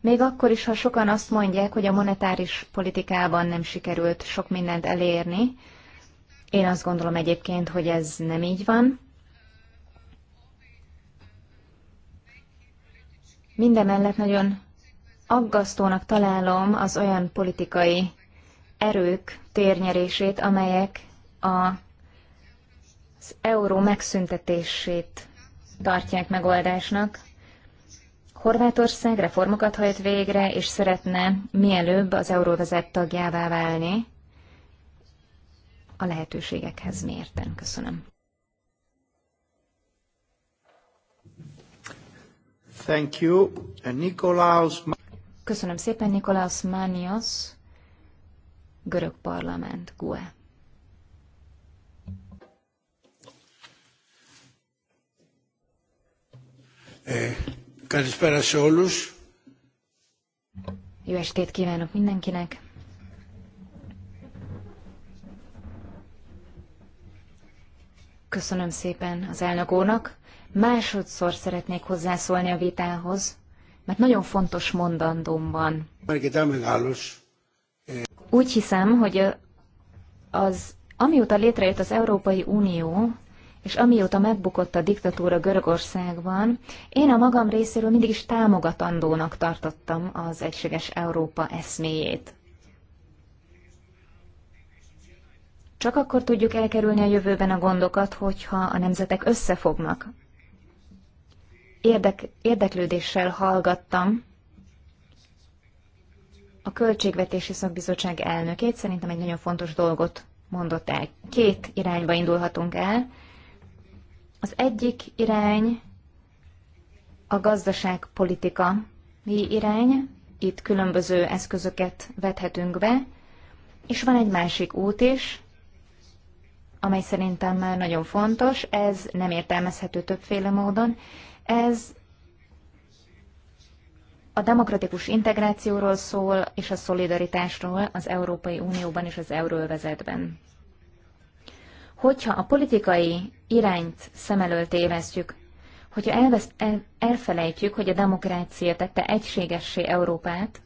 Speaker 2: Még akkor is, ha sokan azt mondják, hogy a monetáris politikában nem sikerült sok mindent elérni, én azt gondolom egyébként, hogy ez nem így van. Mindemellett nagyon aggasztónak találom az olyan politikai erők térnyerését, amelyek a, az euró megszüntetését tartják megoldásnak. Horvátország reformokat hajt végre, és szeretne mielőbb az euróvezet tagjává válni a lehetőségekhez mérten. Köszönöm.
Speaker 1: Thank you. Nikolaus...
Speaker 2: Köszönöm szépen, Nikolaus Manios, görög parlament, GUE. Eh, Jó estét kívánok mindenkinek! Köszönöm szépen az elnök úrnak. Másodszor szeretnék hozzászólni a vitához, mert nagyon fontos mondandóm van. Úgy hiszem, hogy az, amióta létrejött az Európai Unió, és amióta megbukott a diktatúra Görögországban, én a magam részéről mindig is támogatandónak tartottam az egységes Európa eszméjét. Csak akkor tudjuk elkerülni a jövőben a gondokat, hogyha a nemzetek összefognak érdek, érdeklődéssel hallgattam a Költségvetési Szakbizottság elnökét. Szerintem egy nagyon fontos dolgot mondott el. Két irányba indulhatunk el. Az egyik irány a gazdaságpolitika irány, itt különböző eszközöket vethetünk be, és van egy másik út is, amely szerintem már nagyon fontos, ez nem értelmezhető többféle módon, ez a demokratikus integrációról szól, és a szolidaritásról az Európai Unióban és az euróvezetben. Hogyha a politikai irányt szem elől tévesztjük, hogyha elvesz, el, elfelejtjük, hogy a demokrácia tette egységessé Európát,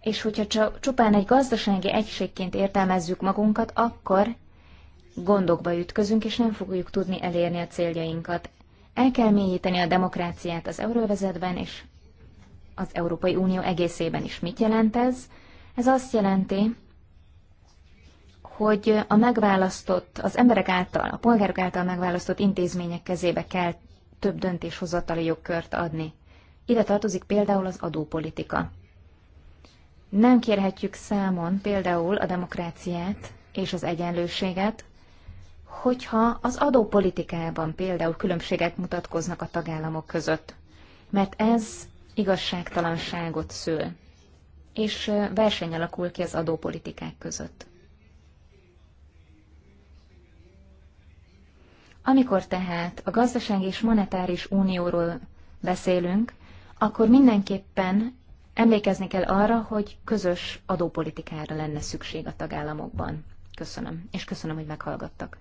Speaker 2: és hogyha csupán egy gazdasági egységként értelmezzük magunkat, akkor gondokba ütközünk, és nem fogjuk tudni elérni a céljainkat. El kell mélyíteni a demokráciát az euróvezetben és az Európai Unió egészében is. Mit jelent ez? Ez azt jelenti, hogy a megválasztott, az emberek által, a polgárok által megválasztott intézmények kezébe kell több döntéshozatali jogkört adni. Ide tartozik például az adópolitika. Nem kérhetjük számon például a demokráciát és az egyenlőséget, hogyha az adópolitikában például különbségek mutatkoznak a tagállamok között, mert ez igazságtalanságot szül, és verseny alakul ki az adópolitikák között. Amikor tehát a gazdasági és monetáris unióról beszélünk, akkor mindenképpen emlékezni kell arra, hogy közös adópolitikára lenne szükség a tagállamokban. Köszönöm, és köszönöm, hogy meghallgattak.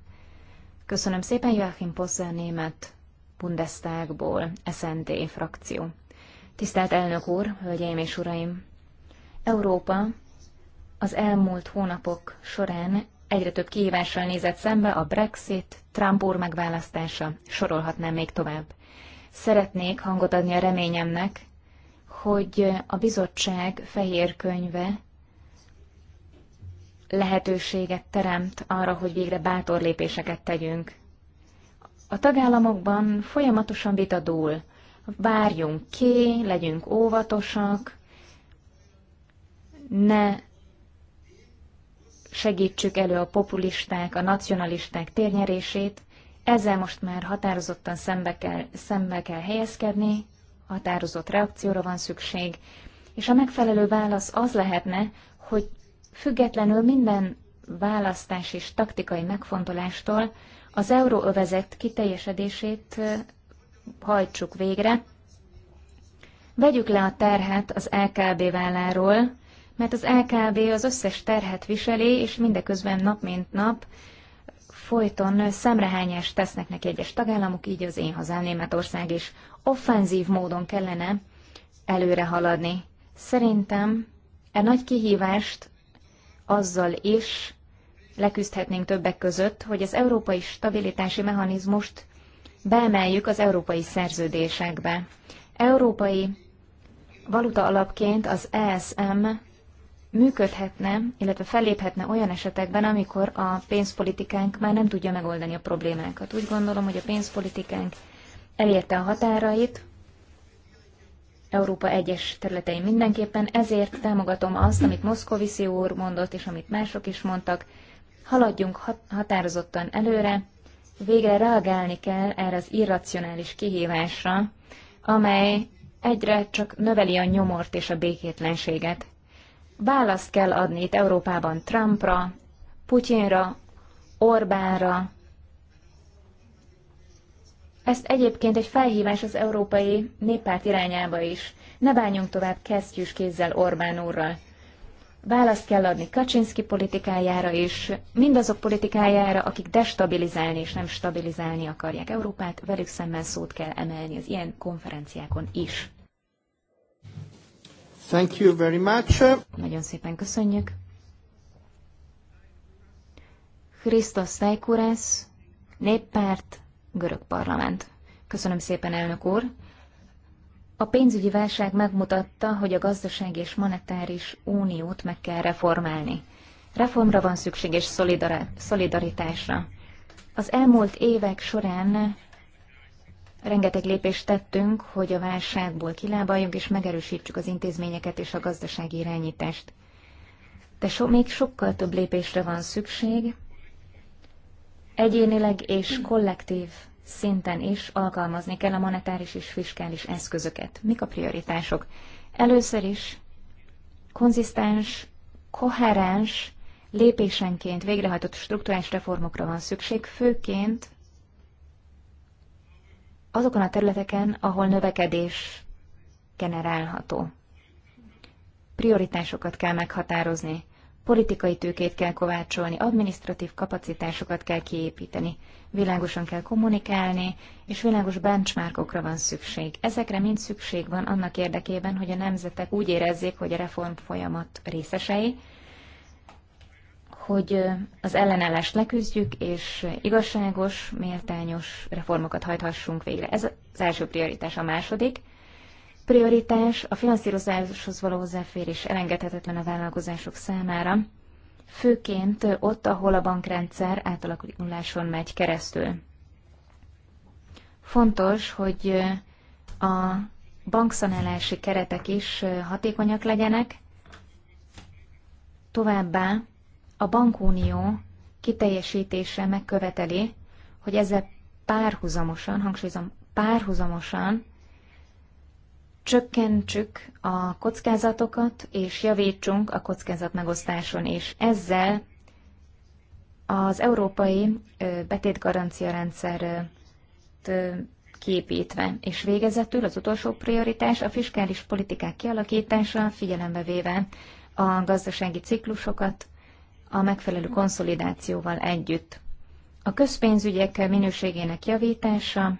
Speaker 2: Köszönöm szépen, Joachim Posse, német Bundestagból, SND frakció. Tisztelt elnök úr, hölgyeim és uraim! Európa az elmúlt hónapok során egyre több kihívással nézett szembe a Brexit, Trump úr megválasztása, sorolhatnám még tovább. Szeretnék hangot adni a reményemnek, hogy a bizottság fehér könyve lehetőséget teremt arra, hogy végre bátor lépéseket tegyünk. A tagállamokban folyamatosan vita dúl. Várjunk ki, legyünk óvatosak, ne segítsük elő a populisták, a nacionalisták térnyerését, ezzel most már határozottan szembe kell, szembe kell helyezkedni, határozott reakcióra van szükség, és a megfelelő válasz az lehetne, hogy Függetlenül minden választás és taktikai megfontolástól az euróövezet kiteljesedését hajtsuk végre. Vegyük le a terhet az LKB válláról, mert az LKB az összes terhet viseli, és mindeközben nap mint nap folyton szemrehányást tesznek neki egyes tagállamok, így az én hazám Németország is. Offenzív módon kellene előre haladni. Szerintem e nagy kihívást azzal is leküzdhetnénk többek között, hogy az európai stabilitási mechanizmust beemeljük az európai szerződésekbe. Európai valuta alapként az ESM működhetne, illetve felléphetne olyan esetekben, amikor a pénzpolitikánk már nem tudja megoldani a problémákat. Úgy gondolom, hogy a pénzpolitikánk elérte a határait, Európa egyes területein mindenképpen, ezért támogatom azt, amit Moszkoviszi úr mondott, és amit mások is mondtak, haladjunk határozottan előre, végre reagálni kell erre az irracionális kihívásra, amely egyre csak növeli a nyomort és a békétlenséget. Választ kell adni itt Európában Trumpra, Putyinra, Orbánra, ez egyébként egy felhívás az európai néppárt irányába is. Ne bánjunk tovább kesztyűs kézzel Orbán úrral. Választ kell adni Kaczynszki politikájára is, mindazok politikájára, akik destabilizálni és nem stabilizálni akarják Európát, velük szemben szót kell emelni az ilyen konferenciákon is. Thank you very much. Nagyon szépen köszönjük. Christos Szájkurász, néppárt, görög parlament. Köszönöm szépen, elnök úr! A pénzügyi válság megmutatta, hogy a gazdaság és monetáris uniót meg kell reformálni. Reformra van szükség és szolidaritásra. Az elmúlt évek során rengeteg lépést tettünk, hogy a válságból kilábaljunk és megerősítsük az intézményeket és a gazdasági irányítást. De so, még sokkal több lépésre van szükség, Egyénileg és kollektív szinten is alkalmazni kell a monetáris és fiskális eszközöket. Mik a prioritások? Először is konzisztens, koherens, lépésenként végrehajtott struktúrális reformokra van szükség, főként azokon a területeken, ahol növekedés generálható. Prioritásokat kell meghatározni. Politikai tőkét kell kovácsolni, administratív kapacitásokat kell kiépíteni, világosan kell kommunikálni, és világos benchmarkokra van szükség. Ezekre mind szükség van annak érdekében, hogy a nemzetek úgy érezzék, hogy a reform folyamat részesei, hogy az ellenállást leküzdjük, és igazságos, méltányos reformokat hajthassunk végre. Ez az első prioritás. A második – Prioritás a finanszírozáshoz való hozzáférés elengedhetetlen a vállalkozások számára, főként ott, ahol a bankrendszer átalakuláson megy keresztül. Fontos, hogy a bankszanálási keretek is hatékonyak legyenek, továbbá a bankunió kiteljesítése megköveteli, hogy ezzel párhuzamosan, hangsúlyozom, párhuzamosan csökkentsük a kockázatokat, és javítsunk a kockázatmegosztáson, és ezzel az európai betétgarancia rendszert képítve. És végezetül az utolsó prioritás a fiskális politikák kialakítása, figyelembe véve a gazdasági ciklusokat a megfelelő konszolidációval együtt. A közpénzügyek minőségének javítása,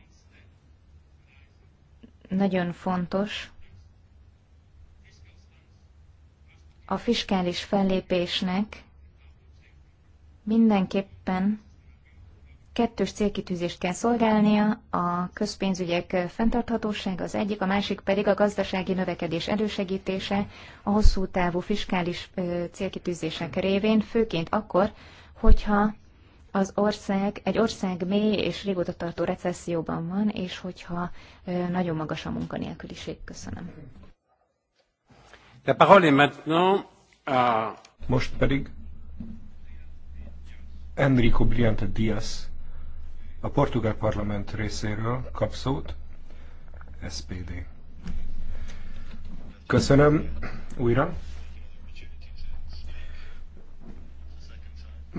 Speaker 2: nagyon fontos a fiskális fellépésnek mindenképpen kettős célkitűzést kell szolgálnia, a közpénzügyek fenntarthatósága az egyik, a másik pedig a gazdasági növekedés elősegítése a hosszú távú fiskális célkitűzések révén, főként akkor, hogyha az ország, egy ország mély és régóta tartó recesszióban van, és hogyha nagyon magas a munkanélküliség. Köszönöm.
Speaker 4: La parole est maintenant à... Most pedig Enrico Briante Dias a portugál parlament részéről kap szót, SPD. Köszönöm újra.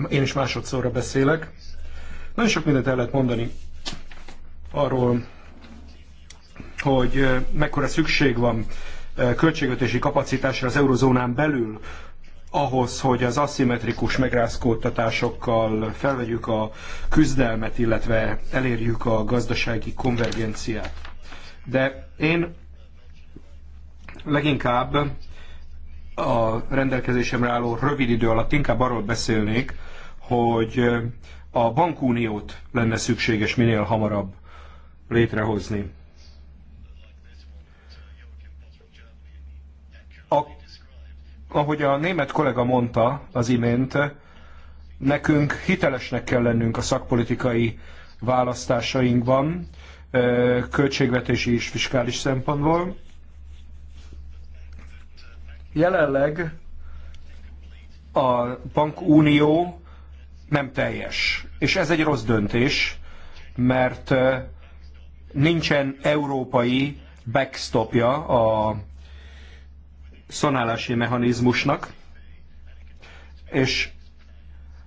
Speaker 4: Én is másodszorra beszélek. Nagyon sok mindent el lehet mondani arról, hogy eh, mekkora szükség van eh, költségvetési kapacitásra az eurozónán belül, ahhoz, hogy az aszimmetrikus megrázkódtatásokkal felvegyük a küzdelmet, illetve elérjük a gazdasági konvergenciát. De én leginkább a rendelkezésemre álló rövid idő alatt inkább arról beszélnék, hogy a bankuniót lenne szükséges minél hamarabb létrehozni. A, ahogy a német kollega mondta az imént, nekünk hitelesnek kell lennünk a szakpolitikai választásainkban, költségvetési és fiskális szempontból. Jelenleg a bankunió nem teljes. És ez egy rossz döntés, mert nincsen európai backstopja a szonálási mechanizmusnak, és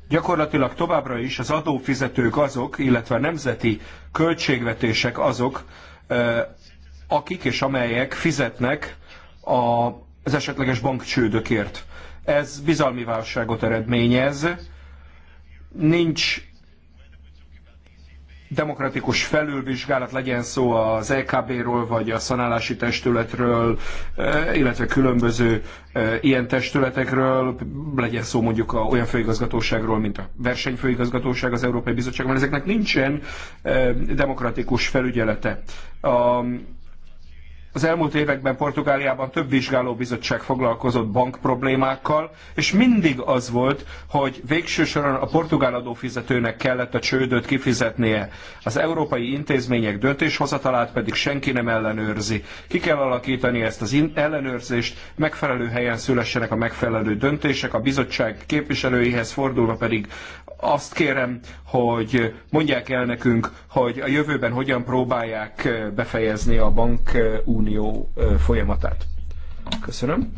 Speaker 4: gyakorlatilag továbbra is az adófizetők azok, illetve a nemzeti költségvetések azok, akik és amelyek fizetnek az esetleges bankcsődökért. Ez bizalmi válságot eredményez, nincs demokratikus felülvizsgálat, legyen szó az EKB-ról, vagy a szanálási testületről, illetve különböző ilyen testületekről, legyen szó mondjuk a, olyan főigazgatóságról, mint a versenyfőigazgatóság az Európai Bizottságban, ezeknek nincsen demokratikus felügyelete. A, az elmúlt években Portugáliában több vizsgálóbizottság foglalkozott bank problémákkal, és mindig az volt, hogy végső soron a portugál adófizetőnek kellett a csődöt kifizetnie. Az európai intézmények döntéshozatalát pedig senki nem ellenőrzi. Ki kell alakítani ezt az ellenőrzést, megfelelő helyen szülessenek a megfelelő döntések, a bizottság képviselőihez fordulva pedig azt kérem, hogy mondják el nekünk, hogy a jövőben hogyan próbálják eh, befejezni a bankuniót eh, Unió folyamatát. Köszönöm.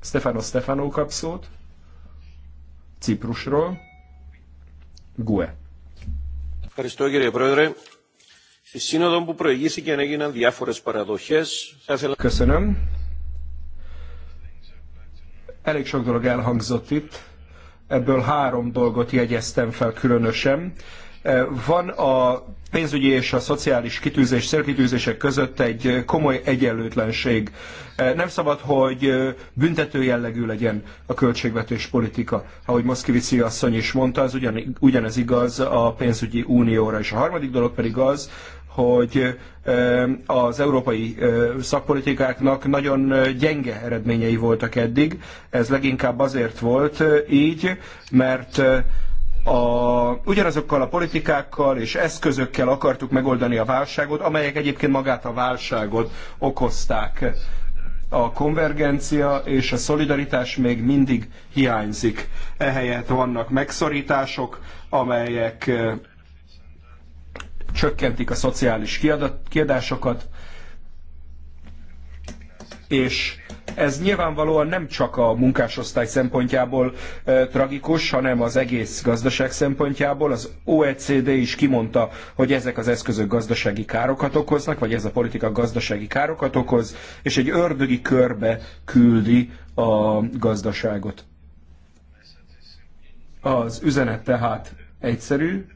Speaker 4: Stefano Stefano kap szót. Ciprusról. Gue. Ευχαριστώ κύριε Πρόεδρε. Στη σύνοδο που προηγήθηκε έγιναν διάφορες παραδοχές. Θα ήθελα... Köszönöm. Elég sok dolog elhangzott itt. Ebből három dolgot jegyeztem fel különösen. Van a pénzügyi és a szociális kitűzés, célkitűzések között egy komoly egyenlőtlenség. Eh, nem szabad, hogy eh, büntető jellegű legyen a költségvetés politika. Ahogy Moszkivici asszony is mondta, az ugyan, ugyanez igaz a pénzügyi unióra. És a harmadik dolog pedig az, hogy eh, az európai szakpolitikáknak nagyon gyenge eredményei voltak eddig. Ez leginkább azért volt így, mert a, ugyanazokkal a politikákkal és eszközökkel akartuk megoldani a válságot, amelyek egyébként magát a válságot okozták. A konvergencia és a szolidaritás még mindig hiányzik. Ehelyett vannak megszorítások, amelyek csökkentik a szociális kiadásokat, és ez nyilvánvalóan nem csak a munkásosztály szempontjából e, tragikus, hanem az egész gazdaság szempontjából. Az OECD is kimondta, hogy ezek az eszközök gazdasági károkat okoznak, vagy ez a politika gazdasági károkat okoz, és egy ördögi körbe küldi a gazdaságot. Az üzenet tehát egyszerű,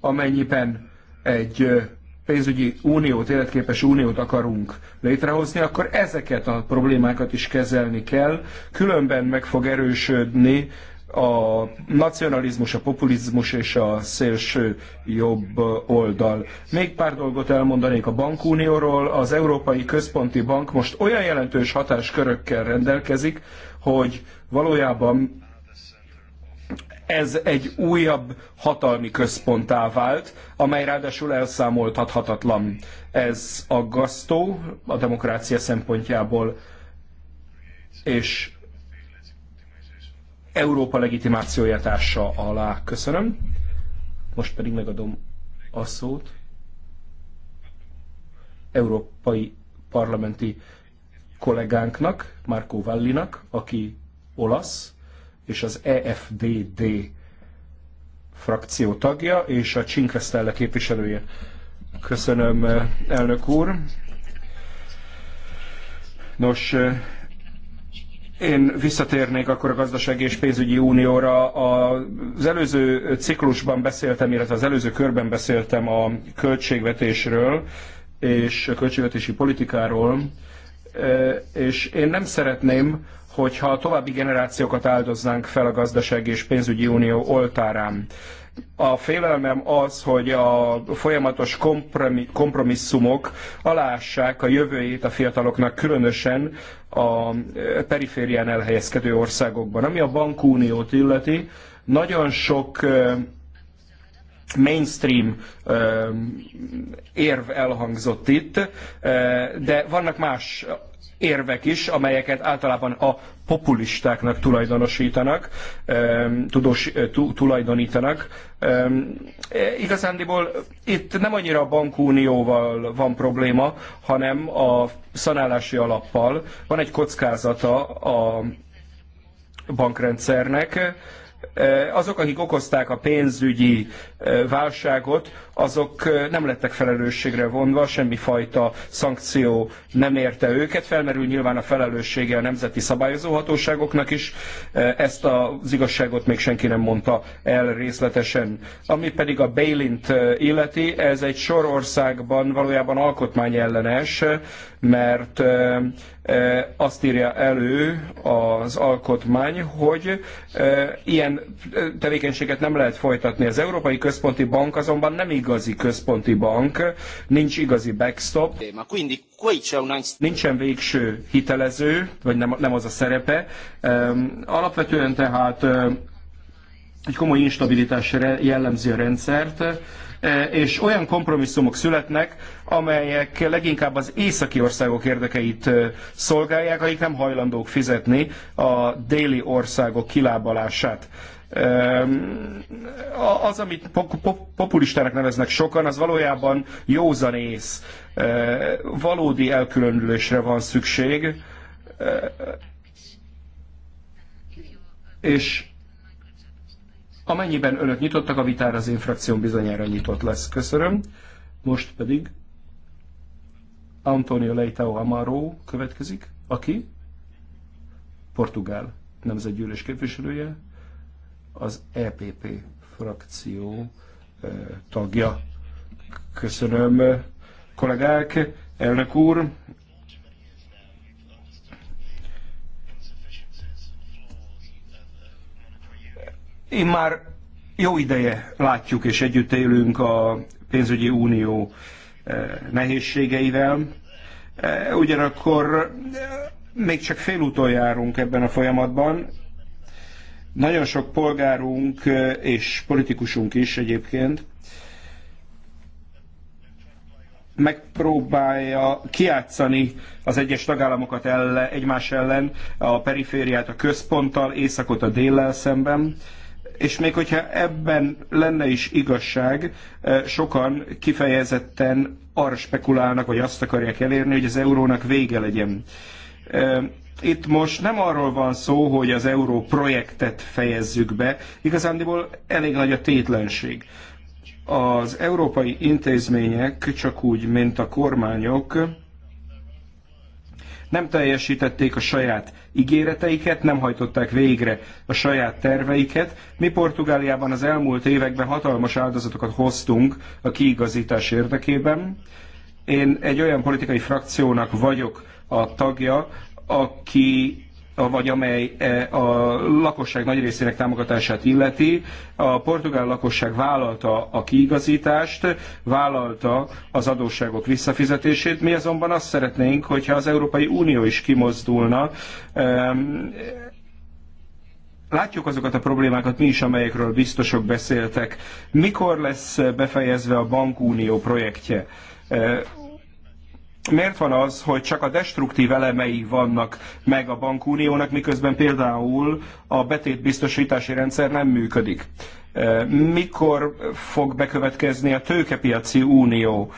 Speaker 4: amennyiben egy pénzügyi uniót, életképes uniót akarunk létrehozni, akkor ezeket a problémákat is kezelni kell, különben meg fog erősödni a nacionalizmus, a populizmus és a szélső jobb oldal. Még pár dolgot elmondanék a bankunióról. Az Európai Központi Bank most olyan jelentős hatáskörökkel rendelkezik, hogy valójában ez egy újabb hatalmi központtá vált, amely ráadásul elszámoltathatatlan. Ez aggasztó a demokrácia szempontjából, és Európa legitimációját ássa alá. Köszönöm. Most pedig megadom a szót európai parlamenti kollégánknak, Marco Vallinak, aki olasz, és az EFDD frakció tagja, és a Csinkvesztelle képviselője. Köszönöm, elnök úr. Nos, én visszatérnék akkor a gazdasági és pénzügyi unióra. Az előző ciklusban beszéltem, illetve az előző körben beszéltem a költségvetésről és a költségvetési politikáról, és én nem szeretném, hogyha további generációkat áldoznánk fel a gazdasági és pénzügyi unió oltárán. A félelmem az, hogy a folyamatos kompromisszumok alássák a jövőjét a fiataloknak, különösen a periférián elhelyezkedő országokban. Ami a bankuniót illeti, nagyon sok mainstream érv elhangzott itt, de vannak más érvek is, amelyeket általában a populistáknak tulajdonosítanak, tudós, tulajdonítanak. E, igazándiból itt nem annyira a bankunióval van probléma, hanem a szanálási alappal. Van egy kockázata a bankrendszernek, azok, akik okozták a pénzügyi válságot, azok nem lettek felelősségre vonva, semmi fajta szankció nem érte őket. Felmerül nyilván a felelőssége a nemzeti szabályozóhatóságoknak is. Ezt az igazságot még senki nem mondta el részletesen. Ami pedig a Bailint illeti, ez egy sor országban valójában alkotmányellenes, mert azt írja elő az alkotmány, hogy ilyen tevékenységet nem lehet folytatni. Az Európai központi bank azonban nem igazi központi bank, nincs igazi backstop, nincsen végső hitelező, vagy nem, nem az a szerepe. Ehm, alapvetően tehát ehm, egy komoly instabilitás jellemzi a rendszert, eh, és olyan kompromisszumok születnek, amelyek leginkább az északi országok érdekeit eh, szolgálják, akik nem hajlandók fizetni a déli országok kilábalását az, amit populistának neveznek sokan, az valójában józanész. Valódi elkülönülésre van szükség. És amennyiben önök nyitottak a vitára, az én frakcióm bizonyára nyitott lesz. Köszönöm. Most pedig Antonio Leitao Amaro következik, aki portugál nemzetgyűlés képviselője, az EPP frakció eh, tagja. Köszönöm, kollégák, elnök úr. Én már jó ideje látjuk és együtt élünk a pénzügyi unió eh, nehézségeivel. Eh, ugyanakkor még csak félúton járunk ebben a folyamatban, nagyon sok polgárunk és politikusunk is egyébként megpróbálja kiátszani az egyes tagállamokat elle, egymás ellen, a perifériát a központtal, északot a déllel szemben. És még hogyha ebben lenne is igazság, sokan kifejezetten arra spekulálnak, vagy azt akarják elérni, hogy az eurónak vége legyen itt most nem arról van szó, hogy az euró projektet fejezzük be, igazándiból elég nagy a tétlenség. Az európai intézmények, csak úgy, mint a kormányok, nem teljesítették a saját ígéreteiket, nem hajtották végre a saját terveiket. Mi Portugáliában az elmúlt években hatalmas áldozatokat hoztunk a kiigazítás érdekében. Én egy olyan politikai frakciónak vagyok a tagja, aki vagy amely e, a lakosság nagy részének támogatását illeti. A portugál lakosság vállalta a kiigazítást, vállalta az adósságok visszafizetését. Mi azonban azt szeretnénk, hogyha az Európai Unió is kimozdulna. Látjuk azokat a problémákat mi is, amelyekről biztosok beszéltek. Mikor lesz befejezve a bankunió projektje? miért van az, hogy csak a destruktív elemei vannak meg a bankuniónak, miközben például a betétbiztosítási rendszer nem működik? Mikor fog bekövetkezni a tőkepiaci unió?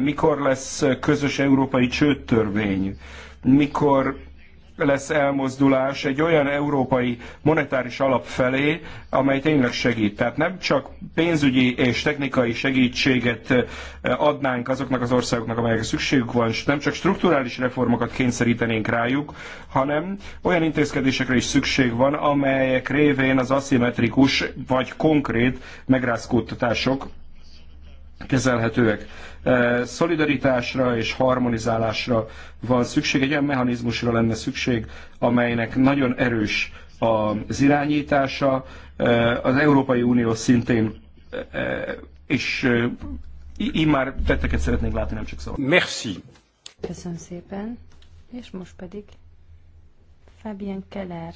Speaker 4: Mikor lesz közös európai csőttörvény? Mikor lesz elmozdulás egy olyan európai monetáris alap felé, amely tényleg segít. Tehát nem csak pénzügyi és technikai segítséget eh, adnánk azoknak az országoknak, amelyekre szükségük van, és nem csak strukturális reformokat kényszerítenénk rájuk, hanem olyan intézkedésekre is szükség van, amelyek révén az aszimmetrikus vagy konkrét megrázkódtatások kezelhetőek. E, szolidaritásra és harmonizálásra van szükség, egy olyan mechanizmusra lenne szükség, amelynek nagyon erős az irányítása. E, az Európai Unió szintén e, és immár tetteket szeretnénk látni, nem csak szóval. Merci.
Speaker 3: Köszönöm szépen. És most pedig Fabien Keller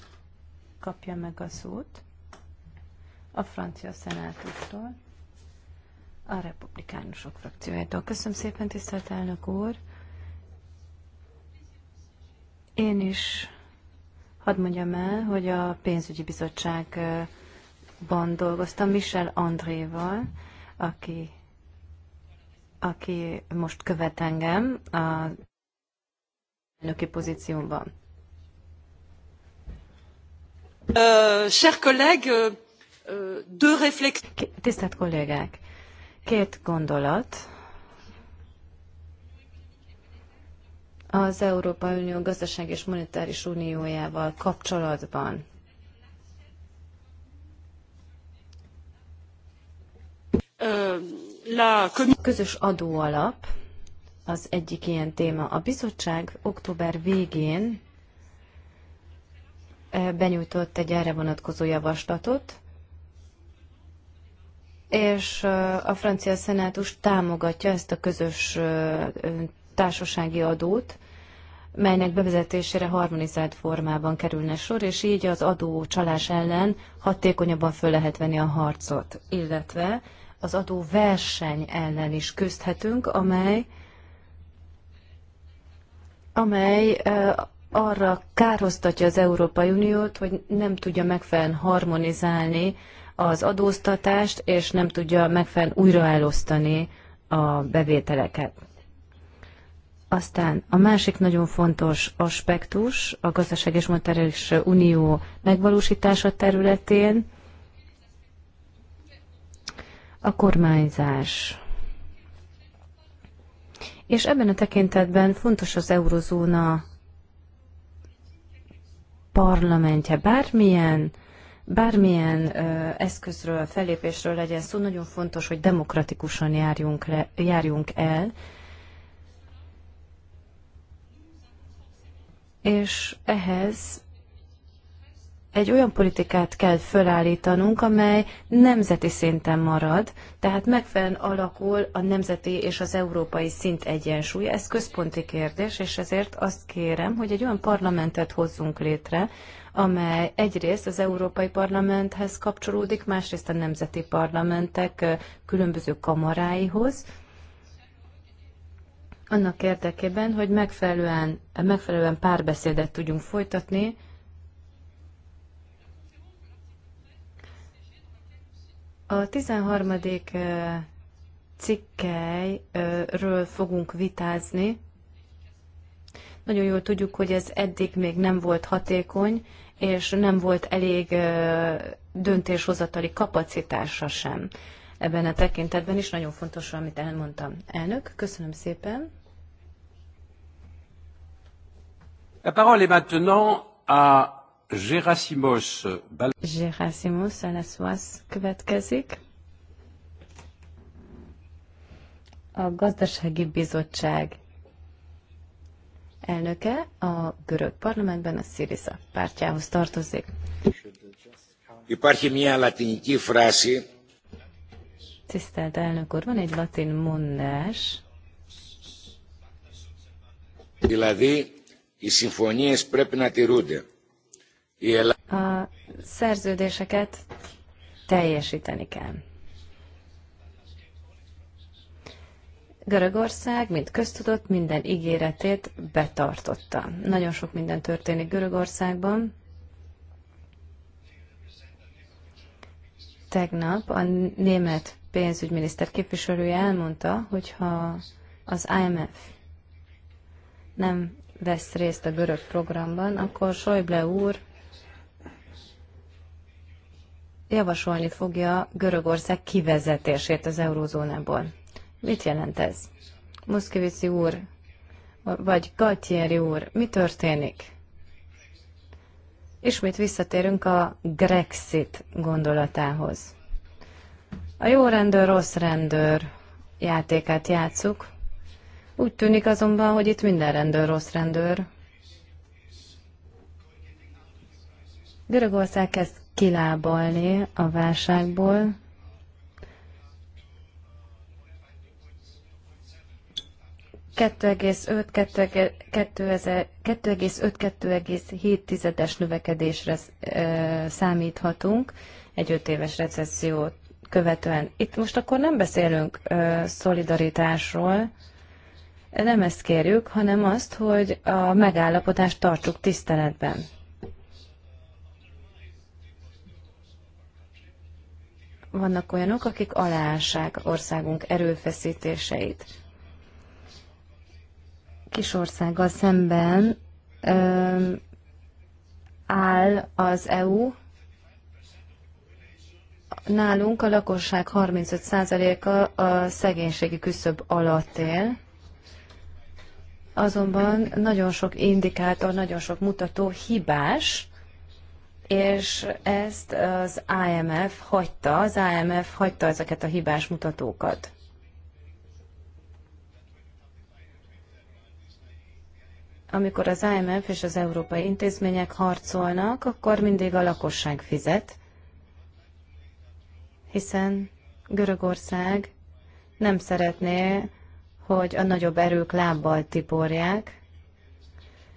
Speaker 3: kapja meg a szót a francia szenátustól a republikánusok frakciójától. Köszönöm szépen, tisztelt elnök úr! Én is hadd mondjam el, hogy a pénzügyi bizottságban dolgoztam Michel Andréval, aki, aki most követ engem a elnöki pozíciómban.
Speaker 1: Uh, chers collègues, uh, deux réflexions.
Speaker 3: Tisztelt kollégák! Két gondolat. Az Európai Unió Gazdaság és Monetáris Uniójával kapcsolatban. Közös adóalap az egyik ilyen téma. A bizottság október végén benyújtott egy erre vonatkozó javaslatot, és a francia szenátus támogatja ezt a közös társasági adót, melynek bevezetésére harmonizált formában kerülne sor, és így az adó csalás ellen hatékonyabban föl lehet venni a harcot, illetve az adó verseny ellen is küzdhetünk, amely, amely arra kárhoztatja az Európai Uniót, hogy nem tudja megfelelően harmonizálni az adóztatást, és nem tudja megfelelően újraelosztani a bevételeket. Aztán a másik nagyon fontos aspektus a Gazdaság és Monetáris Unió megvalósítása területén a kormányzás. És ebben a tekintetben fontos az eurozóna parlamentje. Bármilyen bármilyen ö, eszközről, felépésről legyen szó, nagyon fontos, hogy demokratikusan járjunk, le, járjunk el, és ehhez egy olyan politikát kell fölállítanunk, amely nemzeti szinten marad, tehát megfelelően alakul a nemzeti és az európai szint egyensúly. Ez központi kérdés, és ezért azt kérem, hogy egy olyan parlamentet hozzunk létre, amely egyrészt az Európai Parlamenthez kapcsolódik, másrészt a nemzeti parlamentek különböző kamaráihoz, annak érdekében, hogy megfelelően, megfelelően párbeszédet tudjunk folytatni, A 13. cikkelyről fogunk vitázni. Nagyon jól tudjuk, hogy ez eddig még nem volt hatékony, és nem volt elég döntéshozatali kapacitása sem ebben a tekintetben is. Nagyon fontos, amit elmondtam. Elnök, köszönöm szépen.
Speaker 1: La parole est maintenant
Speaker 4: à Gerasimos Bal
Speaker 3: Gerasimos Alassuas következik. A Gazdasági Bizottság elnöke a görög parlamentben a Syriza pártjához tartozik. Tisztelt elnök úr, van egy latin mondás. A szerződéseket teljesíteni kell. Görögország, mint köztudott, minden ígéretét betartotta. Nagyon sok minden történik Görögországban. Tegnap a német pénzügyminiszter képviselője elmondta, hogy ha az IMF nem vesz részt a görög programban, akkor Schäuble úr javasolni fogja Görögország kivezetését az eurózónából. Mit jelent ez? Muszkivici úr, vagy Galtieri úr, mi történik? Ismét visszatérünk a Grexit gondolatához. A jó rendőr, rossz rendőr játékát játszuk. Úgy tűnik azonban, hogy itt minden rendőr rossz rendőr. Görögország kezd kilábalni a válságból, 2,5-2,7-es növekedésre számíthatunk egy öt éves recessziót követően. Itt most akkor nem beszélünk szolidaritásról, nem ezt kérjük, hanem azt, hogy a megállapodást tartsuk tiszteletben. Vannak olyanok, akik aláássák országunk erőfeszítéseit kis országgal szemben ö, áll az EU. Nálunk a lakosság 35%-a a szegénységi küszöb alatt él, azonban nagyon sok indikátor, nagyon sok mutató hibás, és ezt az IMF hagyta, az IMF hagyta ezeket a hibás mutatókat. amikor az IMF és az európai intézmények harcolnak, akkor mindig a lakosság fizet, hiszen Görögország nem szeretné, hogy a nagyobb erők lábbal tiporják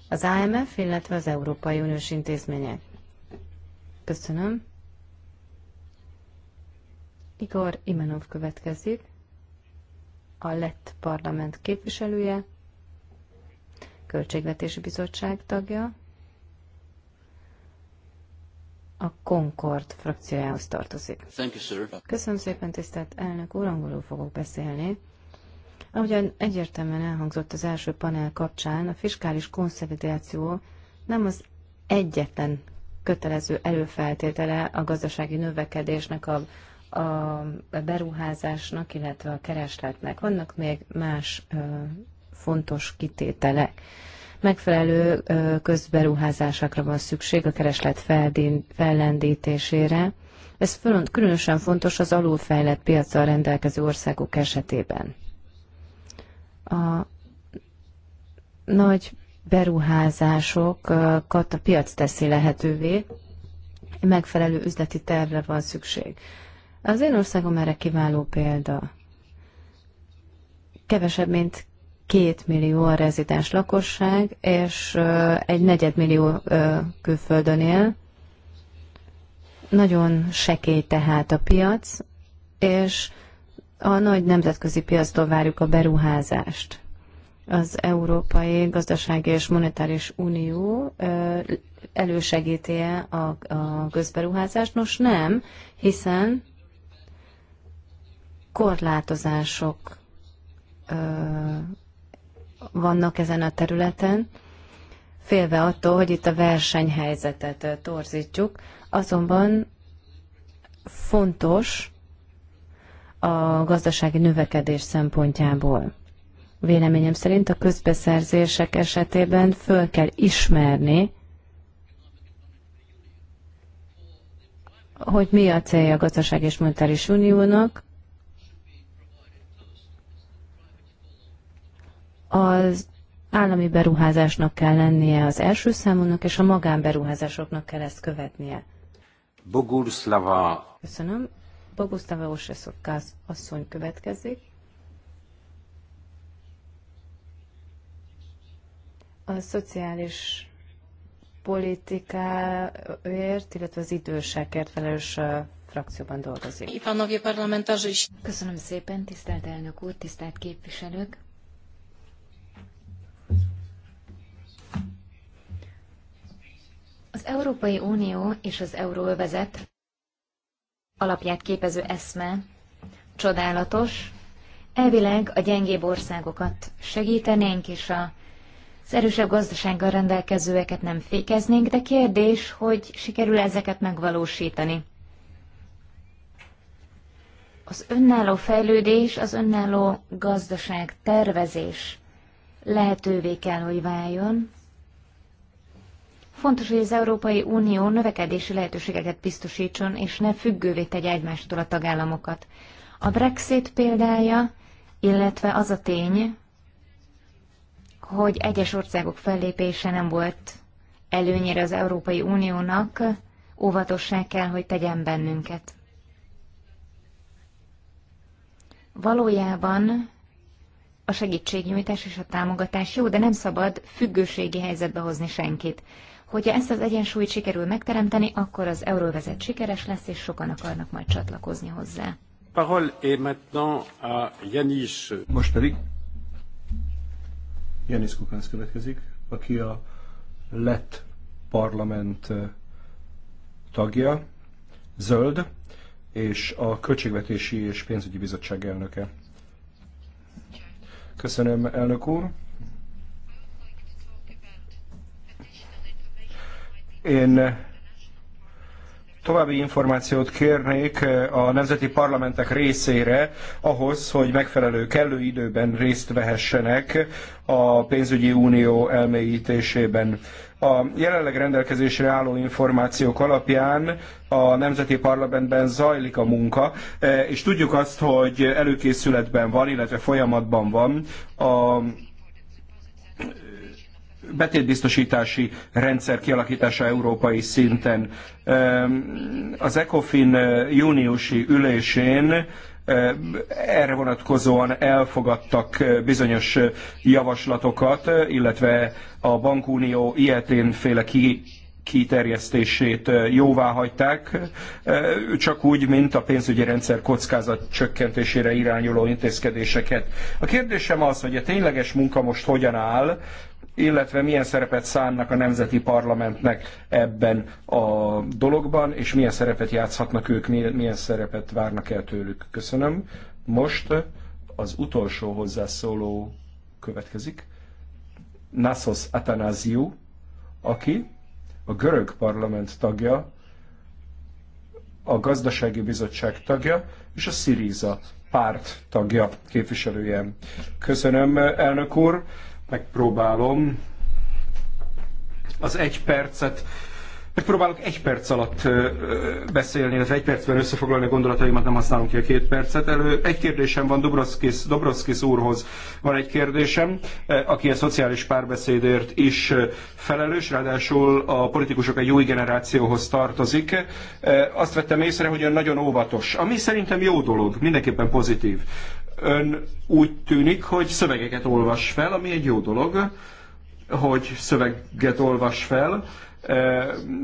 Speaker 3: az IMF, illetve az Európai Uniós intézmények. Köszönöm. Igor Imenov következik, a lett parlament képviselője. Költségvetési Bizottság tagja, a Concord frakciójához tartozik. Thank you, sir. Köszönöm szépen, tisztelt elnök úr, angolul fogok beszélni. Ahogyan egyértelműen elhangzott az első panel kapcsán, a fiskális konszolidáció nem az egyetlen kötelező előfeltétele a gazdasági növekedésnek, a, a beruházásnak, illetve a keresletnek. Vannak még más ö, fontos kitétele. Megfelelő közberuházásakra van szükség a kereslet fellendítésére. Ez különösen fontos az alulfejlett piacsal rendelkező országok esetében. A nagy beruházásokat a piac teszi lehetővé, megfelelő üzleti tervre van szükség. Az én országom erre kiváló példa. Kevesebb, mint két millió a rezidens lakosság, és egy negyedmillió külföldön él. Nagyon sekély tehát a piac, és a nagy nemzetközi piactól várjuk a beruházást. Az Európai Gazdasági és Monetáris Unió elősegíti -e a, a közberuházást? Nos nem, hiszen korlátozások vannak ezen a területen, félve attól, hogy itt a versenyhelyzetet torzítjuk, azonban fontos a gazdasági növekedés szempontjából. Véleményem szerint a közbeszerzések esetében föl kell ismerni, hogy mi a célja a gazdaság és monetáris uniónak, az állami beruházásnak kell lennie az első számúnak, és a magánberuházásoknak kell ezt követnie.
Speaker 4: Boguslava.
Speaker 3: Köszönöm. Bogurszlava Osreszokász asszony következik. A szociális politikáért, illetve az idősekért felelős frakcióban dolgozik. Köszönöm szépen, tisztelt elnök úr, tisztelt képviselők!
Speaker 2: Európai Unió és az euróvezet alapját képező eszme csodálatos, elvileg a gyengébb országokat segítenénk, és a az erősebb gazdasággal rendelkezőeket nem fékeznénk, de kérdés, hogy sikerül ezeket megvalósítani. Az önálló fejlődés, az önálló gazdaság tervezés lehetővé kell, hogy váljon, Fontos, hogy az Európai Unió növekedési lehetőségeket biztosítson, és ne függővé tegye egymástól a tagállamokat. A Brexit példája, illetve az a tény, hogy egyes országok fellépése nem volt előnyére az Európai Uniónak, óvatossá kell, hogy tegyen bennünket. Valójában a segítségnyújtás és a támogatás jó, de nem szabad függőségi helyzetbe hozni senkit. Hogyha ezt az egyensúlyt sikerül megteremteni, akkor az euróvezet sikeres lesz, és sokan akarnak majd csatlakozni hozzá.
Speaker 4: Parole est maintenant à Yanis. Most pedig Janis Kukánsz következik, aki a lett parlament tagja, zöld, és a Költségvetési és Pénzügyi Bizottság elnöke. Köszönöm, elnök úr! Én további információt kérnék eh, a nemzeti parlamentek részére ahhoz, hogy megfelelő kellő időben részt vehessenek a pénzügyi unió elmélyítésében. A jelenleg rendelkezésre álló információk alapján a Nemzeti Parlamentben zajlik a munka, eh, és tudjuk azt, hogy előkészületben van, illetve folyamatban van a betétbiztosítási rendszer kialakítása európai szinten. Az ECOFIN júniusi ülésén erre vonatkozóan elfogadtak bizonyos javaslatokat, illetve a bankunió ilyetén féle ki kiterjesztését jóvá hagyták, csak úgy, mint a pénzügyi rendszer kockázat csökkentésére irányuló intézkedéseket. A kérdésem az, hogy a tényleges munka most hogyan áll, illetve milyen szerepet szánnak a nemzeti parlamentnek ebben a dologban, és milyen szerepet játszhatnak ők, milyen szerepet várnak el tőlük. Köszönöm. Most az utolsó hozzászóló következik, Nassos Atanaziu, aki a görög parlament tagja, a gazdasági bizottság tagja és a Syriza párt tagja, képviselője. Köszönöm, elnök úr! Megpróbálom az egy percet, megpróbálok egy perc alatt beszélni, illetve egy percben összefoglalni a gondolataimat, nem használom ki a két percet. Elő egy kérdésem van Dobroszkis, Dobroszkis úrhoz. Van egy kérdésem, aki a szociális párbeszédért is felelős, ráadásul a politikusok egy új generációhoz tartozik. Azt vettem észre, hogy ön nagyon óvatos, ami szerintem jó dolog, mindenképpen pozitív ön úgy tűnik, hogy szövegeket olvas fel, ami egy jó dolog, hogy szöveget olvas fel.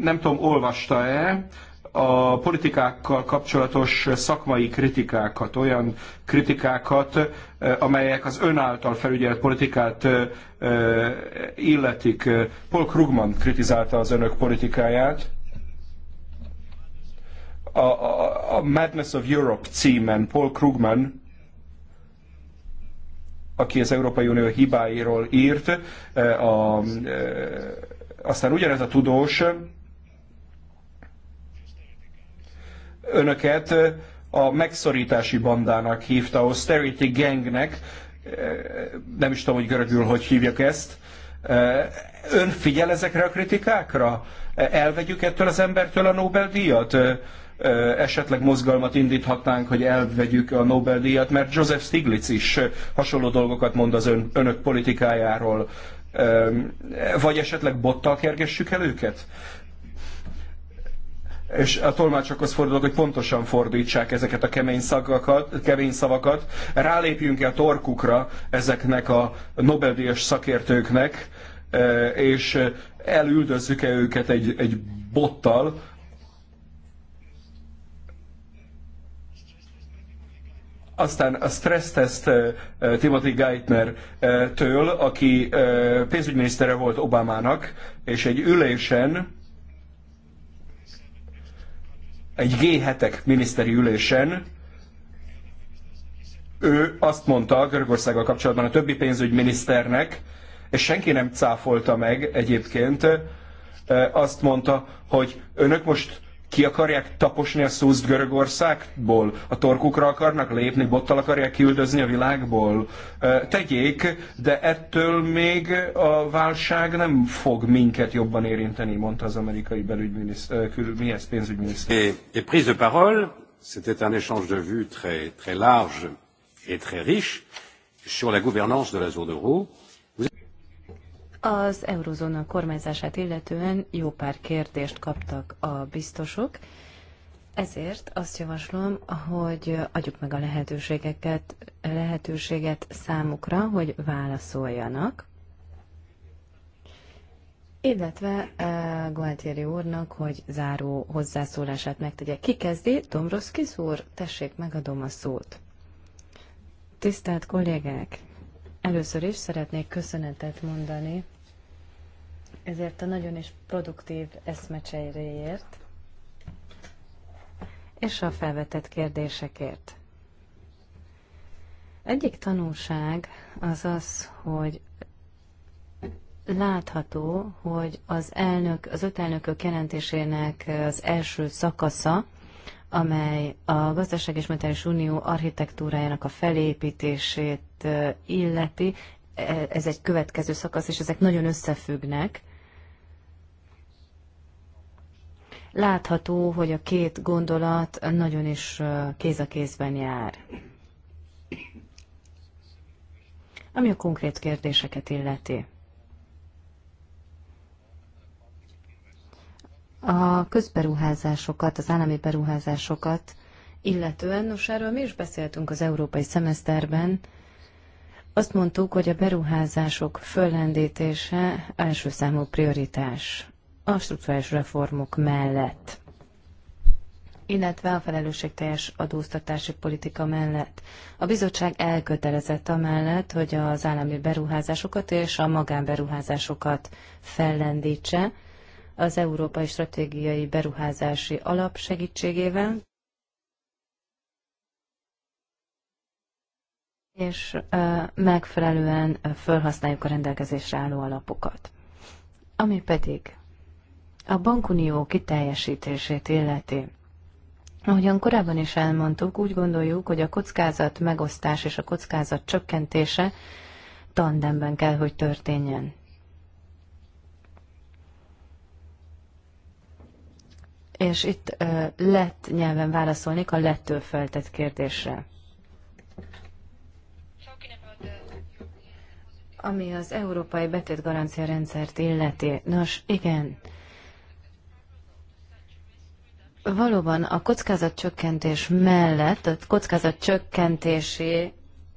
Speaker 4: Nem tudom, olvasta-e a politikákkal kapcsolatos szakmai kritikákat, olyan kritikákat, amelyek az ön által felügyelt politikát illetik. Paul Krugman kritizálta az önök politikáját. A, a, a Madness of Europe címen Paul Krugman aki az Európai Unió hibáiról írt, e, a, e, aztán ugyanez a tudós önöket a megszorítási bandának hívta, austerity gangnek, e, nem is tudom, hogy görögül hogy hívjak ezt. Ön figyel ezekre a kritikákra? Elvegyük ettől az embertől a Nobel-díjat? esetleg mozgalmat indíthatnánk, hogy elvegyük a Nobel-díjat, mert Joseph Stiglitz is hasonló dolgokat mond az ön, önök politikájáról. Vagy esetleg bottal kergessük el őket? és a tolmácsokhoz fordulok, hogy pontosan fordítsák ezeket a kemény, szavakat, kemény szavakat. Rálépjünk-e a torkukra ezeknek a Nobel-díjas szakértőknek, és elüldözzük-e őket egy, egy bottal, Aztán a stresszteszt Timothy Geithner-től, aki pénzügyminisztere volt Obamának, és egy ülésen, egy G7-ek miniszteri ülésen, ő azt mondta Görögországgal kapcsolatban a többi pénzügyminiszternek, és senki nem cáfolta meg egyébként, azt mondta, hogy önök most ki akarják taposni a szószt Görögországból? A torkukra akarnak lépni, bottal akarják küldözni a világból? Tegyék, de ettől még a válság nem fog minket jobban érinteni, mondta az amerikai belügyminiszter, kül, mi ez, pénzügyminiszter. Et, et prise de parole, c'était un échange
Speaker 3: de vues très, très large et très riche sur la gouvernance de la zone euro az eurozóna kormányzását illetően jó pár kérdést kaptak a biztosok, ezért azt javaslom, hogy adjuk meg a lehetőségeket, lehetőséget számukra, hogy válaszoljanak. Illetve uh, Gualtieri úrnak, hogy záró hozzászólását megtegye. Ki kezdi? Domroszkis úr, tessék, meg a szót. Tisztelt kollégák! Először is szeretnék köszönetet mondani ezért a nagyon is produktív eszmecseiréért és a felvetett kérdésekért. Egyik tanulság az az, hogy látható, hogy az elnök, az öt elnökök jelentésének az első szakasza amely a Gazdaság és Monetáris Unió architektúrájának a felépítését illeti. E, ez egy következő szakasz, és ezek nagyon összefüggnek. Látható, hogy a két gondolat nagyon is kéz a kézben jár. Ami a konkrét kérdéseket illeti. a közberuházásokat, az állami beruházásokat illetően, nos erről mi is beszéltünk az európai szemeszterben, azt mondtuk, hogy a beruházások föllendítése első számú prioritás a struktúrális reformok mellett, illetve a felelősségteljes adóztatási politika mellett. A bizottság elkötelezett amellett, hogy az állami beruházásokat és a magánberuházásokat fellendítse, az Európai Stratégiai Beruházási Alap segítségével. és megfelelően felhasználjuk a rendelkezésre álló alapokat. Ami pedig a bankunió kiteljesítését illeti. Ahogyan korábban is elmondtuk, úgy gondoljuk, hogy a kockázat megosztás és a kockázat csökkentése tandemben kell, hogy történjen. és itt lett nyelven válaszolnék a lettől feltett kérdésre. Ami az európai betétgarancia rendszert illeti. Nos, igen. Valóban a kockázatcsökkentés mellett a kockázatcsökkentési,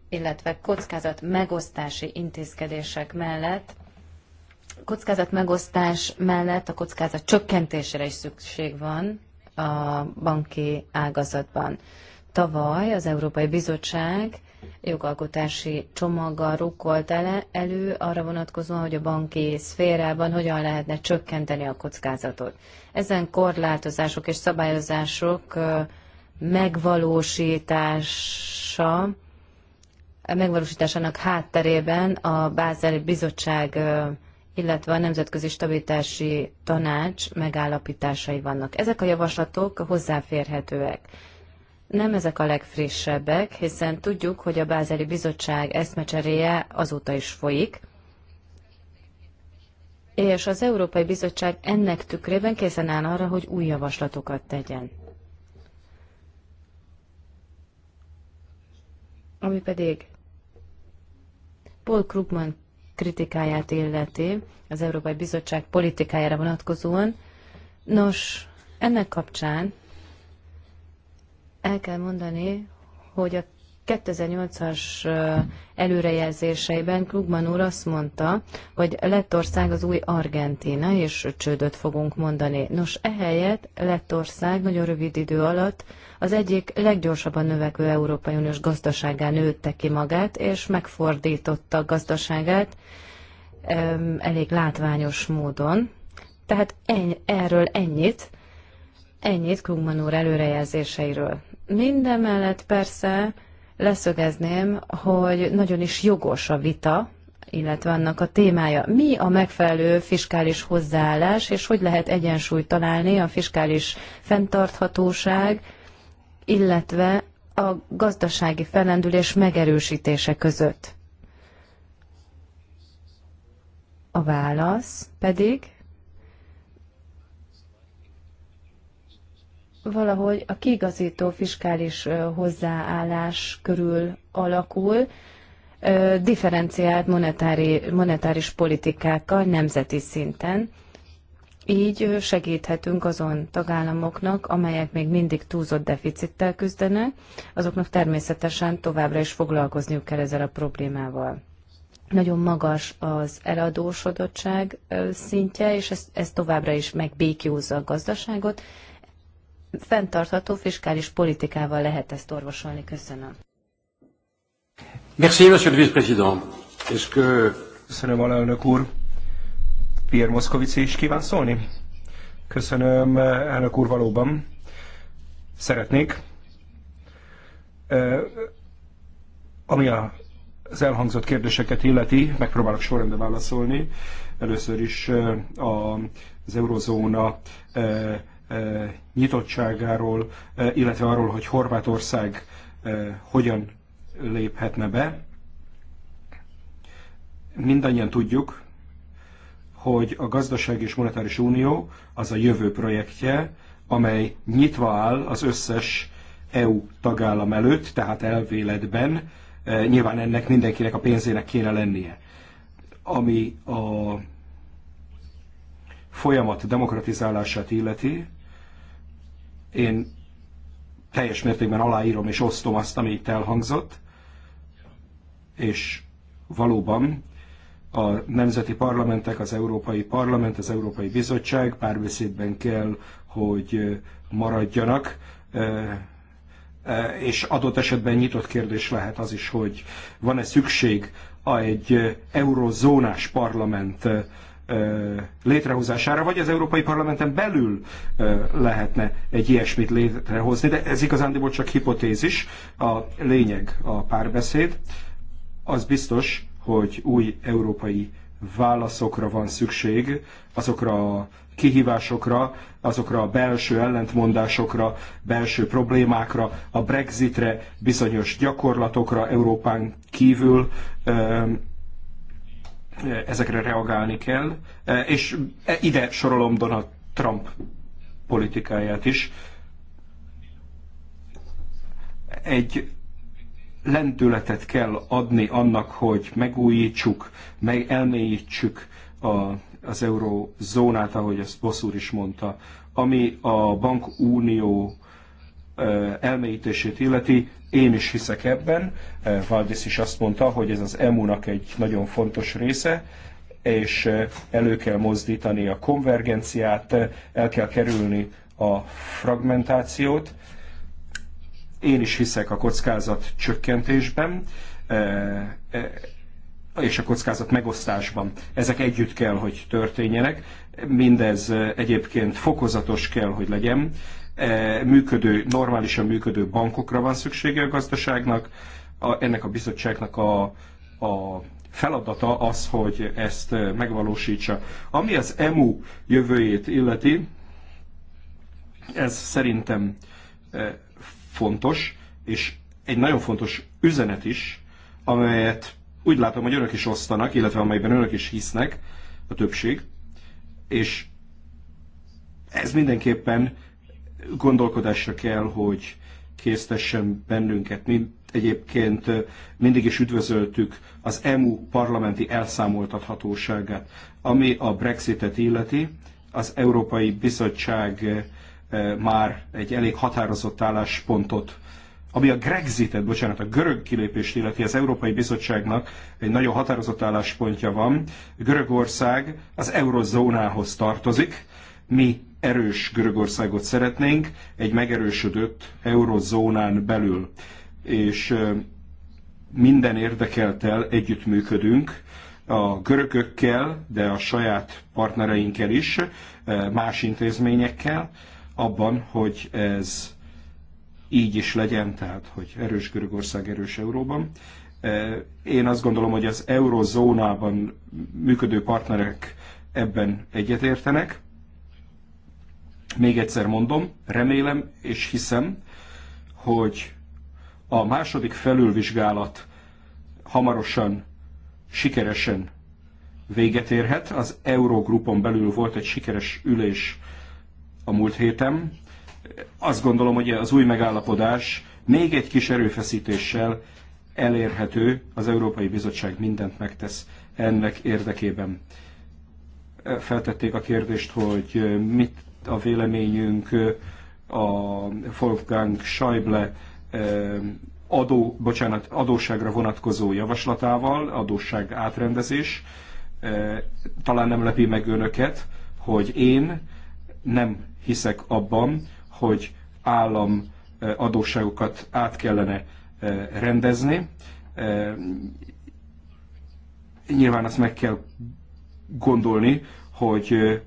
Speaker 3: illetve kockázat megosztási intézkedések mellett kockázat megosztás mellett a kockázat csökkentésére is szükség van a banki ágazatban. Tavaly az Európai Bizottság jogalkotási csomaggal rukkolt ele, elő arra vonatkozóan, hogy a banki szférában hogyan lehetne csökkenteni a kockázatot. Ezen korlátozások és szabályozások megvalósítása megvalósításának hátterében a Bázeli Bizottság illetve a Nemzetközi Stabilitási Tanács megállapításai vannak. Ezek a javaslatok hozzáférhetőek. Nem ezek a legfrissebbek, hiszen tudjuk, hogy a Bázeli Bizottság eszmecseréje azóta is folyik, és az Európai Bizottság ennek tükrében készen áll arra, hogy új javaslatokat tegyen. Ami pedig Paul Krugman kritikáját illeti, az Európai Bizottság politikájára vonatkozóan. Nos, ennek kapcsán el kell mondani, hogy a 2008-as előrejelzéseiben Krugman úr azt mondta, hogy Lettország az új Argentína, és csődöt fogunk mondani. Nos, ehelyett Lettország nagyon rövid idő alatt az egyik leggyorsabban növekvő Európai Uniós gazdaságán nőtte ki magát, és megfordította gazdaságát elég látványos módon. Tehát enny- erről ennyit, ennyit Krugman úr előrejelzéseiről. Mindemellett persze leszögezném, hogy nagyon is jogos a vita, illetve annak a témája. Mi a megfelelő fiskális hozzáállás, és hogy lehet egyensúlyt találni a fiskális fenntarthatóság, illetve a gazdasági fellendülés megerősítése között? A válasz pedig valahogy a kigazító fiskális hozzáállás körül alakul, differenciált monetári, monetáris politikákkal nemzeti szinten. Így segíthetünk azon tagállamoknak, amelyek még mindig túlzott deficittel küzdenek, azoknak természetesen továbbra is foglalkozniuk kell ezzel a problémával. Nagyon magas az eladósodottság szintje, és ez, ez továbbra is megbékiózza a gazdaságot, fenntartható fiskális politikával lehet ezt orvosolni. Köszönöm.
Speaker 4: Merci, monsieur le vice-président. Est-ce que... Köszönöm, alelnök úr. Pierre Moszkovici is kíván szólni? Köszönöm, elnök úr, valóban. Szeretnék. Ami az elhangzott kérdéseket illeti, megpróbálok sorrendben válaszolni. Először is az eurozóna nyitottságáról, illetve arról, hogy Horvátország hogyan léphetne be. Mindannyian tudjuk, hogy a gazdaság és monetáris unió az a jövő projektje, amely nyitva áll az összes EU tagállam előtt, tehát elvéletben nyilván ennek mindenkinek a pénzének kéne lennie. Ami a folyamat demokratizálását illeti, én teljes mértékben aláírom és osztom azt, ami itt elhangzott, és valóban a nemzeti parlamentek, az Európai Parlament, az Európai Bizottság párbeszédben kell, hogy maradjanak, eh, és adott esetben nyitott kérdés lehet az is, hogy van-e szükség a egy eurozónás parlament létrehozására, vagy az Európai Parlamenten belül lehetne egy ilyesmit létrehozni, de ez igazándiból csak hipotézis, a lényeg a párbeszéd. Az biztos, hogy új európai válaszokra van szükség, azokra a kihívásokra, azokra a belső ellentmondásokra, belső problémákra, a Brexitre, bizonyos gyakorlatokra Európán kívül, ezekre reagálni kell, e, és e, ide sorolom Donald Trump politikáját is. Egy lendületet kell adni annak, hogy megújítsuk, meg elmélyítsük a, az eurózónát, ahogy ezt Bosszúr is mondta, ami a bankunió e, elmélyítését illeti, én is hiszek ebben, eh, Valdis is azt mondta, hogy ez az EMU-nak egy nagyon fontos része, és eh, elő kell mozdítani a konvergenciát, eh, el kell kerülni a fragmentációt. Én is hiszek a kockázat csökkentésben és a kockázat megosztásban. Ezek együtt kell, hogy történjenek. Mindez egyébként fokozatos kell, hogy legyen, E, működő, normálisan működő bankokra van szüksége a gazdaságnak. A, ennek a bizottságnak a, a feladata az, hogy ezt e, megvalósítsa. Ami az EMU jövőjét illeti, ez szerintem e, fontos, és egy nagyon fontos üzenet is, amelyet úgy látom, hogy önök is osztanak, illetve amelyben önök is hisznek, a többség, és ez mindenképpen gondolkodásra kell, hogy késztessen bennünket. Mi egyébként mindig is üdvözöltük az EMU parlamenti elszámoltathatóságát. Ami a Brexitet illeti, az Európai Bizottság már egy elég határozott álláspontot ami a Grexitet, bocsánat, a görög kilépést illeti, az Európai Bizottságnak egy nagyon határozott álláspontja van. Görögország az eurozónához tartozik, mi erős Görögországot szeretnénk, egy megerősödött eurozónán belül. És minden érdekeltel együttműködünk, a görögökkel, de a saját partnereinkkel is, más intézményekkel, abban, hogy ez így is legyen, tehát hogy erős Görögország, erős Euróban. Én azt gondolom, hogy az eurozónában működő partnerek ebben egyetértenek, még egyszer mondom, remélem és hiszem, hogy a második felülvizsgálat hamarosan, sikeresen véget érhet. Az Eurogrupon belül volt egy sikeres ülés a múlt héten. Azt gondolom, hogy az új megállapodás még egy kis erőfeszítéssel elérhető, az Európai Bizottság mindent megtesz ennek érdekében. Feltették a kérdést, hogy mit a véleményünk a Wolfgang Schäuble adó, bocsánat, adósságra vonatkozó javaslatával, adósság átrendezés. Talán nem lepi meg önöket, hogy én nem hiszek abban, hogy állam adósságokat át kellene rendezni. Nyilván azt meg kell gondolni, hogy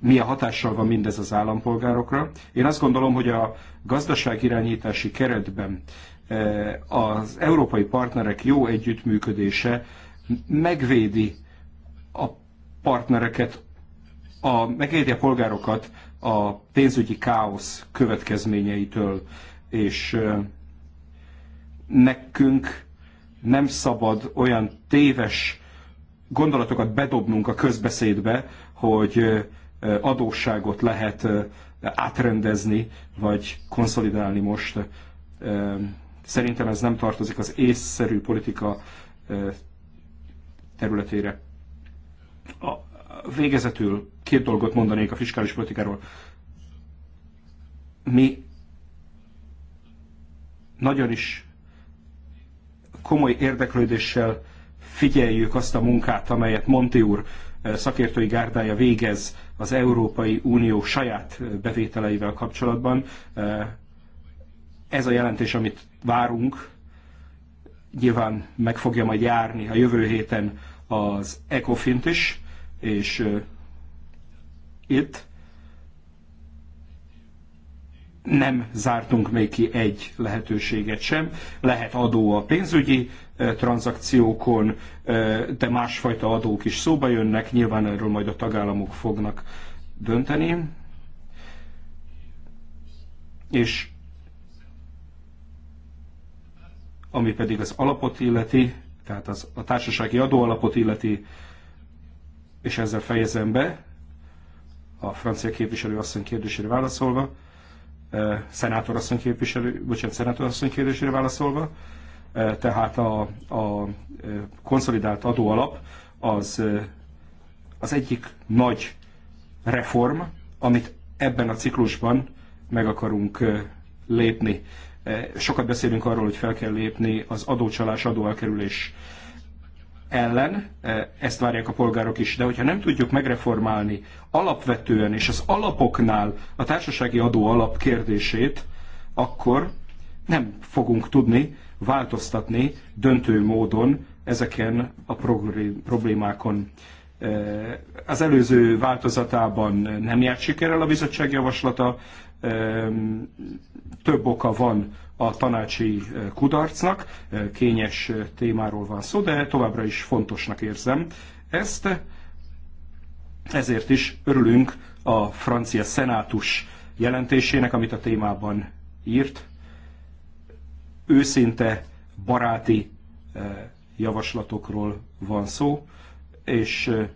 Speaker 4: milyen hatással van mindez az állampolgárokra. Én azt gondolom, hogy a gazdaságirányítási keretben e, az európai partnerek jó együttműködése megvédi a partnereket, a, megvédi a polgárokat a pénzügyi káosz következményeitől, és e, nekünk nem szabad olyan téves gondolatokat bedobnunk a közbeszédbe, hogy e, adósságot lehet átrendezni, vagy konszolidálni most. Szerintem ez nem tartozik az észszerű politika területére. A végezetül két dolgot mondanék a fiskális politikáról. Mi nagyon is komoly érdeklődéssel figyeljük azt a munkát, amelyet Monti úr szakértői gárdája végez az Európai Unió saját bevételeivel kapcsolatban. Ez a jelentés, amit várunk, nyilván meg fogja majd járni a jövő héten az ECOFINT is, és itt nem zártunk még ki egy lehetőséget sem. Lehet adó a pénzügyi tranzakciókon, de másfajta adók is szóba jönnek, nyilván erről majd a tagállamok fognak dönteni. És ami pedig az alapot illeti, tehát az, a társasági adóalapot illeti, és ezzel fejezem be, a francia képviselő asszony kérdésére válaszolva, szenátor asszony képviselő, bocsánat, szenátor asszony kérdésére válaszolva, Eh, tehát a, a eh, konszolidált adóalap az, eh, az egyik nagy reform, amit ebben a ciklusban meg akarunk lépni. Sokat beszélünk arról, hogy fel kell lépni az adócsalás, adóelkerülés ellen, ezt várják a polgárok is, de hogyha nem tudjuk megreformálni alapvetően és az alapoknál a társasági adó alap kérdését, akkor nem fogunk tudni változtatni döntő módon ezeken a problémákon. Az előző változatában nem járt sikerrel a bizottság javaslata, több oka van a tanácsi kudarcnak, kényes témáról van szó, de továbbra is fontosnak érzem ezt. Ezért is örülünk a francia szenátus jelentésének, amit a témában írt őszinte, baráti eh, javaslatokról van szó, és eh,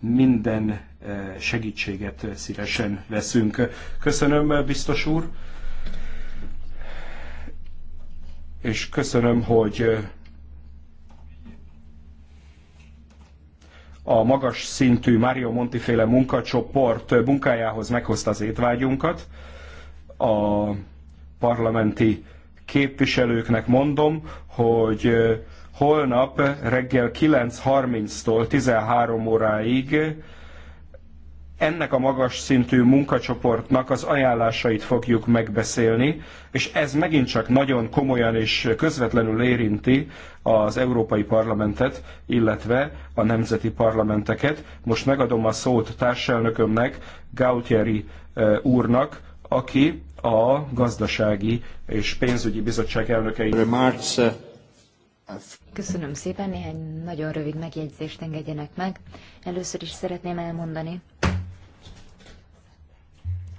Speaker 4: minden eh, segítséget szívesen veszünk. Köszönöm, biztos úr, és köszönöm, hogy a magas szintű Mário Montiféle munkacsoport munkájához meghozta az étvágyunkat. A parlamenti képviselőknek mondom, hogy holnap reggel 9.30-tól 13 óráig ennek a magas szintű munkacsoportnak az ajánlásait fogjuk megbeszélni, és ez megint csak nagyon komolyan és közvetlenül érinti az Európai Parlamentet, illetve a nemzeti parlamenteket. Most megadom a szót társelnökömnek, Gautieri úrnak, aki a gazdasági és pénzügyi bizottság elnökei. Uh,
Speaker 2: Köszönöm szépen, néhány nagyon rövid megjegyzést engedjenek meg. Először is szeretném elmondani,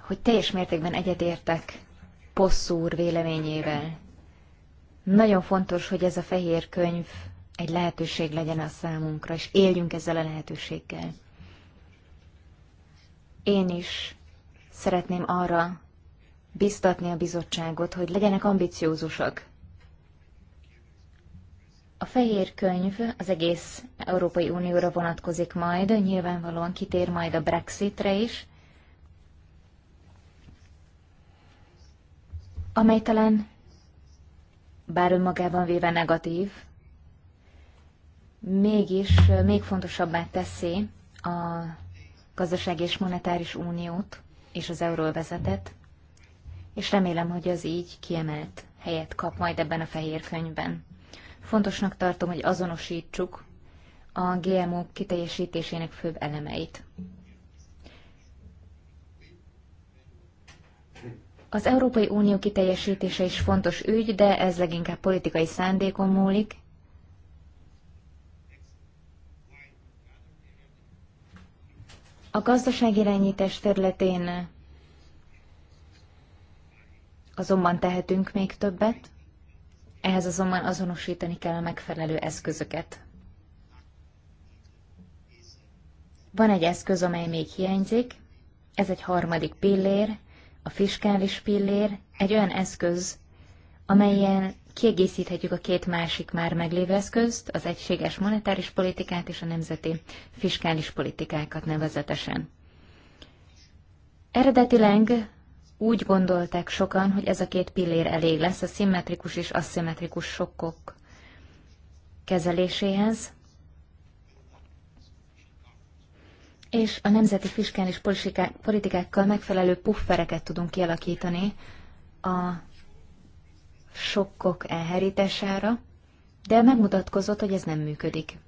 Speaker 2: hogy teljes mértékben egyetértek Posszúr véleményével. Nagyon fontos, hogy ez a fehér könyv egy lehetőség legyen a számunkra, és éljünk ezzel a lehetőséggel. Én is szeretném arra biztatni a bizottságot, hogy legyenek ambiciózusak. A fehér könyv az egész Európai Unióra vonatkozik majd, nyilvánvalóan kitér majd a Brexitre is, amely talán bár önmagában véve negatív, mégis még fontosabbá teszi a gazdaság és monetáris uniót és az euróvezetet és remélem, hogy az így kiemelt helyet kap majd ebben a fehér könyvben. Fontosnak tartom, hogy azonosítsuk a GMO kiteljesítésének főbb elemeit. Az Európai Unió kiteljesítése is fontos ügy, de ez leginkább politikai szándékon múlik. A gazdaságirányítás területén Azonban tehetünk még többet, ehhez azonban azonosítani kell a megfelelő eszközöket. Van egy eszköz, amely még hiányzik, ez egy harmadik pillér, a fiskális pillér, egy olyan eszköz, amelyen kiegészíthetjük a két másik már meglévő eszközt, az egységes monetáris politikát és a nemzeti fiskális politikákat nevezetesen. Eredetileg úgy gondolták sokan, hogy ez a két pillér elég lesz a szimmetrikus és aszimmetrikus sokkok kezeléséhez, és a nemzeti fiskális politikákkal megfelelő puffereket tudunk kialakítani a sokkok elhárítására, de megmutatkozott, hogy ez nem működik.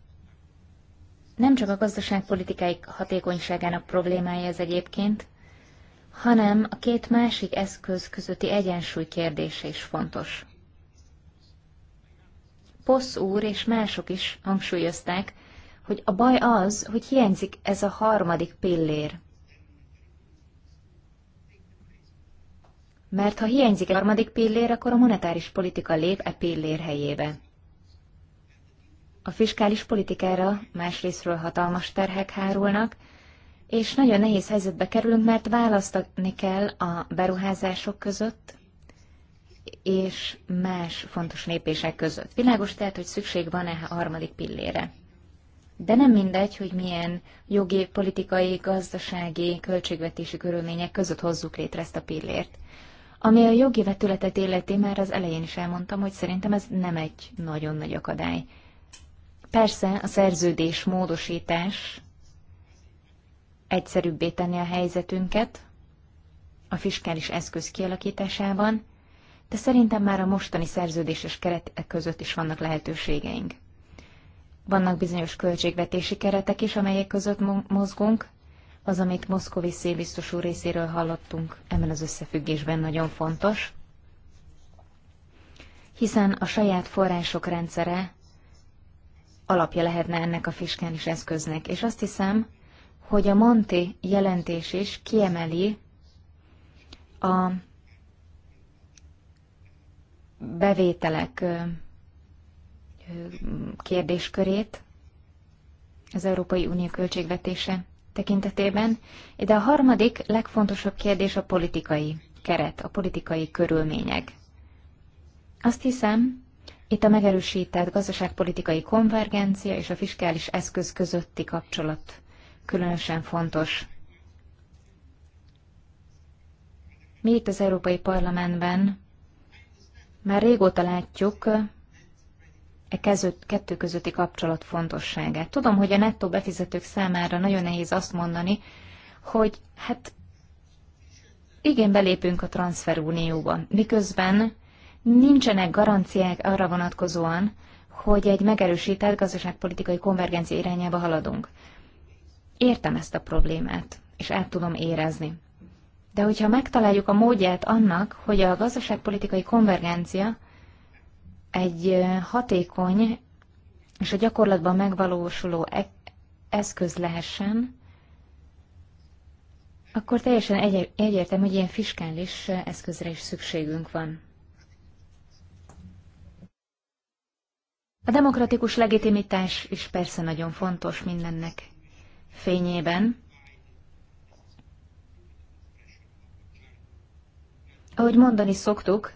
Speaker 2: Nem csak a gazdaságpolitikai hatékonyságának problémája ez egyébként, hanem a két másik eszköz közötti egyensúly kérdése is fontos. Posz úr és mások is hangsúlyozták, hogy a baj az, hogy hiányzik ez a harmadik pillér. Mert ha hiányzik a harmadik pillér, akkor a monetáris politika lép e pillér helyébe. A fiskális politikára másrésztről hatalmas terhek hárulnak, és nagyon nehéz helyzetbe kerülünk, mert választani kell a beruházások között és más fontos lépések között. Világos tehát, hogy szükség van-e a harmadik pillére. De nem mindegy, hogy milyen jogi, politikai, gazdasági, költségvetési körülmények között hozzuk létre ezt a pillért. Ami a jogi vetületet illeti, már az elején is elmondtam, hogy szerintem ez nem egy nagyon nagy akadály. Persze a szerződés módosítás egyszerűbbé tenni a helyzetünket a fiskális eszköz kialakításában, de szerintem már a mostani szerződéses keretek között is vannak lehetőségeink. Vannak bizonyos költségvetési keretek is, amelyek között mozgunk. Az, amit Moszkovi szélbiztos úr részéről hallottunk, ebben az összefüggésben nagyon fontos. Hiszen a saját források rendszere alapja lehetne ennek a fiskális eszköznek, és azt hiszem, hogy a Monti jelentés is kiemeli a bevételek kérdéskörét az Európai Unió költségvetése tekintetében. De a harmadik legfontosabb kérdés a politikai keret, a politikai körülmények. Azt hiszem, itt a megerősített gazdaságpolitikai konvergencia és a fiskális eszköz közötti kapcsolat különösen fontos. Mi itt az Európai Parlamentben már régóta látjuk e kettő közötti kapcsolat fontosságát. Tudom, hogy a nettó befizetők számára nagyon nehéz azt mondani, hogy hát igen, belépünk a transferunióba, miközben nincsenek garanciák arra vonatkozóan, hogy egy megerősített gazdaságpolitikai konvergencia irányába haladunk. Értem ezt a problémát, és át tudom érezni. De hogyha megtaláljuk a módját annak, hogy a gazdaságpolitikai konvergencia egy hatékony és a gyakorlatban megvalósuló e- eszköz lehessen, akkor teljesen egyértelmű, hogy ilyen fiskális eszközre is szükségünk van. A demokratikus legitimitás is persze nagyon fontos mindennek fényében, ahogy mondani szoktuk,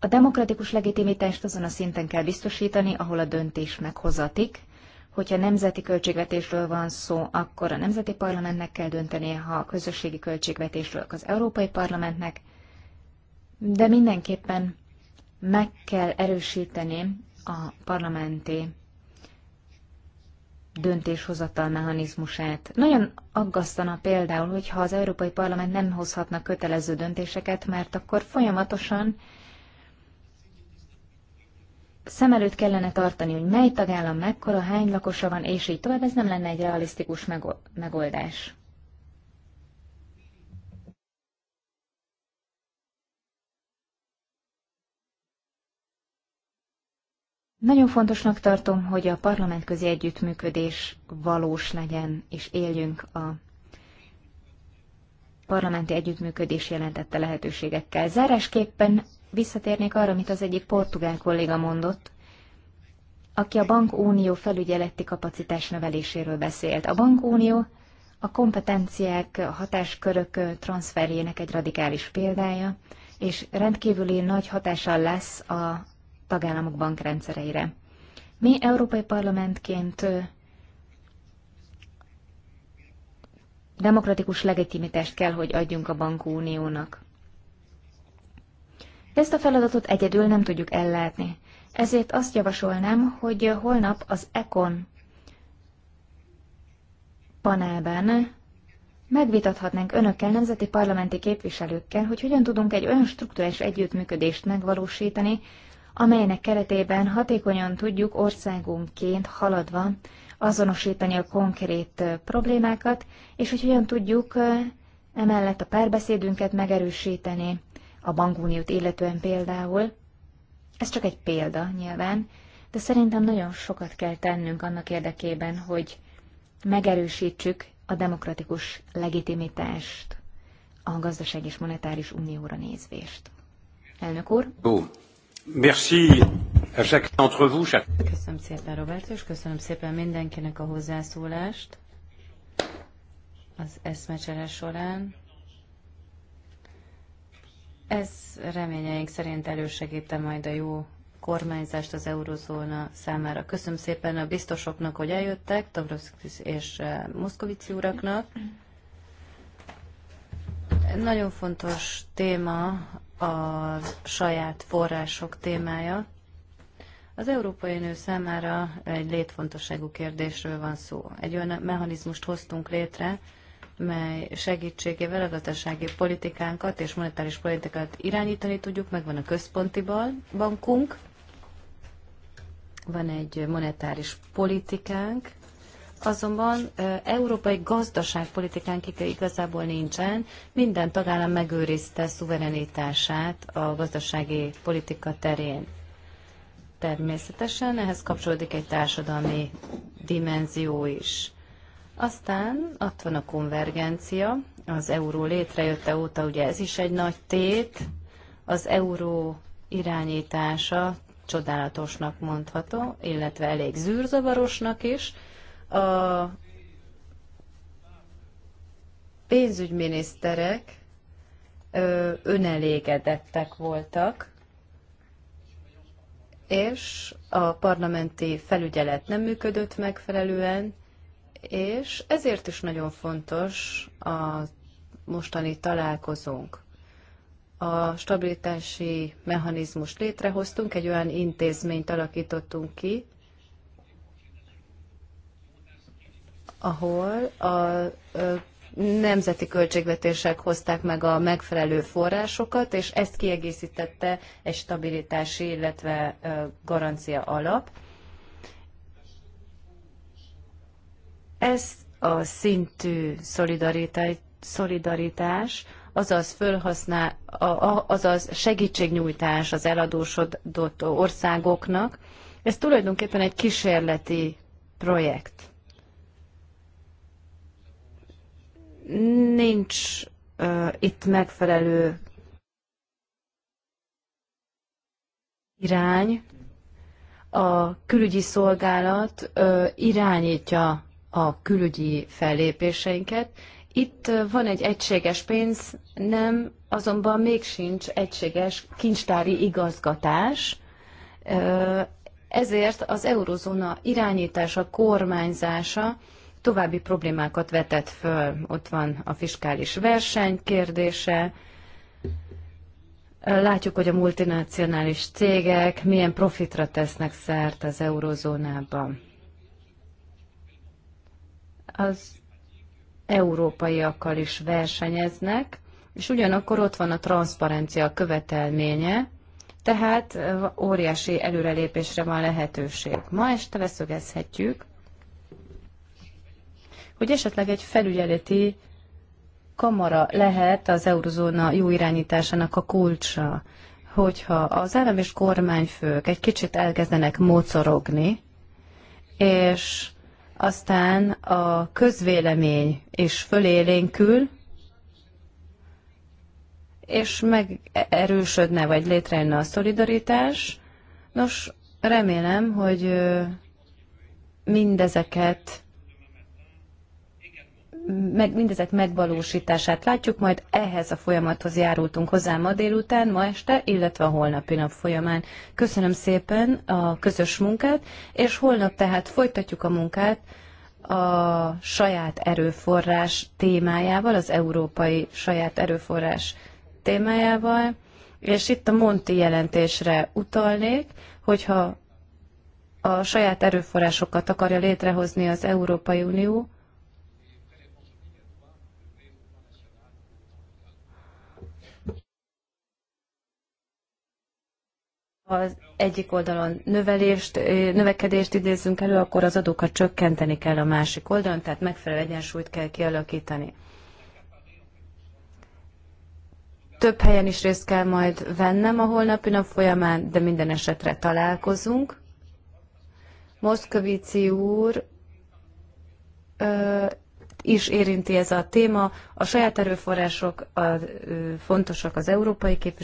Speaker 2: a demokratikus legitimitást azon a szinten kell biztosítani, ahol a döntés meghozatik. Hogyha nemzeti költségvetésről van szó, akkor a nemzeti parlamentnek kell döntenie, ha a közösségi költségvetésről, az Európai Parlamentnek, de mindenképpen meg kell erősíteni a parlamenti döntéshozatal mechanizmusát. Nagyon aggasztana például, hogyha az Európai Parlament nem hozhatna kötelező döntéseket, mert akkor folyamatosan szem előtt kellene tartani, hogy mely tagállam mekkora, hány lakosa van, és így tovább, ez nem lenne egy realisztikus megoldás. Nagyon fontosnak tartom, hogy a parlamentközi együttműködés valós legyen, és éljünk a parlamenti együttműködés jelentette lehetőségekkel. Zárásképpen visszatérnék arra, amit az egyik portugál kolléga mondott, aki a bankunió felügyeleti kapacitás növeléséről beszélt. A bankunió a kompetenciák, a hatáskörök transferjének egy radikális példája, és rendkívüli nagy hatással lesz a tagállamok bankrendszereire. Mi Európai Parlamentként demokratikus legitimitást kell, hogy adjunk a bankuniónak. Ezt a feladatot egyedül nem tudjuk ellátni. Ezért azt javasolnám, hogy holnap az ECON panelben megvitathatnánk önökkel, nemzeti parlamenti képviselőkkel, hogy hogyan tudunk egy olyan struktúrás együttműködést megvalósítani, amelynek keretében hatékonyan tudjuk országunkként haladva azonosítani a konkrét problémákat, és hogy hogyan tudjuk emellett a párbeszédünket megerősíteni, a bankuniót illetően például. Ez csak egy példa nyilván, de szerintem nagyon sokat kell tennünk annak érdekében, hogy megerősítsük a demokratikus legitimitást a gazdaság és monetáris unióra nézvést. Elnök úr?
Speaker 4: Ó, Merci à chacun d'entre vous.
Speaker 2: Köszönöm szépen, Roberto, és köszönöm szépen mindenkinek a
Speaker 3: hozzászólást az eszmecsere során. Ez reményeink szerint elősegíte majd a jó kormányzást az eurozóna számára. Köszönöm szépen a biztosoknak, hogy eljöttek, Tavroszkis és eh, Moszkovici uraknak. Nagyon fontos téma a saját források témája. Az európai nő számára egy létfontosságú kérdésről van szó. Egy olyan mechanizmust hoztunk létre, mely segítségével a gazdasági politikánkat és monetáris politikát irányítani tudjuk, Megvan a központi bankunk, van egy monetáris politikánk, azonban európai gazdaságpolitikánk igazából nincsen. Minden tagállam megőrizte szuverenitását a gazdasági politika terén. Természetesen ehhez kapcsolódik egy társadalmi dimenzió is. Aztán ott van a konvergencia, az euró létrejötte óta, ugye ez is egy nagy tét, az euró irányítása csodálatosnak mondható, illetve elég zűrzavarosnak is, a pénzügyminiszterek önelégedettek voltak, és a parlamenti felügyelet nem működött megfelelően, és ezért is nagyon fontos a mostani találkozónk. A stabilitási mechanizmust létrehoztunk, egy olyan intézményt alakítottunk ki, ahol a nemzeti költségvetések hozták meg a megfelelő forrásokat, és ezt kiegészítette egy stabilitási, illetve garancia alap. Ez a szintű szolidaritás, azaz, fölhasznál, azaz segítségnyújtás az eladósodott országoknak, ez tulajdonképpen egy kísérleti projekt. nincs uh, itt megfelelő irány. A külügyi szolgálat uh, irányítja a külügyi fellépéseinket. Itt van egy egységes pénz, nem, azonban még sincs egységes kincstári igazgatás, ezért az eurozóna irányítása, kormányzása további problémákat vetett föl. Ott van a fiskális verseny kérdése, Látjuk, hogy a multinacionális cégek milyen profitra tesznek szert az eurozónában. Az európaiakkal is versenyeznek, és ugyanakkor ott van a transzparencia követelménye, tehát óriási előrelépésre van lehetőség. Ma este leszögezhetjük, hogy esetleg egy felügyeleti kamara lehet az eurozóna jó irányításának a kulcsa, hogyha az állam és kormányfők egy kicsit elkezdenek mocorogni, és aztán a közvélemény is fölélénkül, és megerősödne, vagy létrejönne a szolidaritás. Nos, remélem, hogy mindezeket meg, mindezek megvalósítását látjuk, majd ehhez a folyamathoz járultunk hozzá ma délután, ma este, illetve a holnapi nap folyamán. Köszönöm szépen a közös munkát, és holnap tehát folytatjuk a munkát a saját erőforrás témájával, az európai saját erőforrás témájával, és itt a Monti jelentésre utalnék, hogyha a saját erőforrásokat akarja létrehozni az Európai Unió, Ha az egyik oldalon növelést, növekedést idézünk elő, akkor az adókat csökkenteni kell a másik oldalon, tehát megfelelő egyensúlyt kell kialakítani. Több helyen is részt kell majd vennem a holnapi nap folyamán, de minden esetre találkozunk. Moszkovici úr
Speaker 1: ö, is érinti ez a téma. A saját erőforrások a, ö, fontosak az európai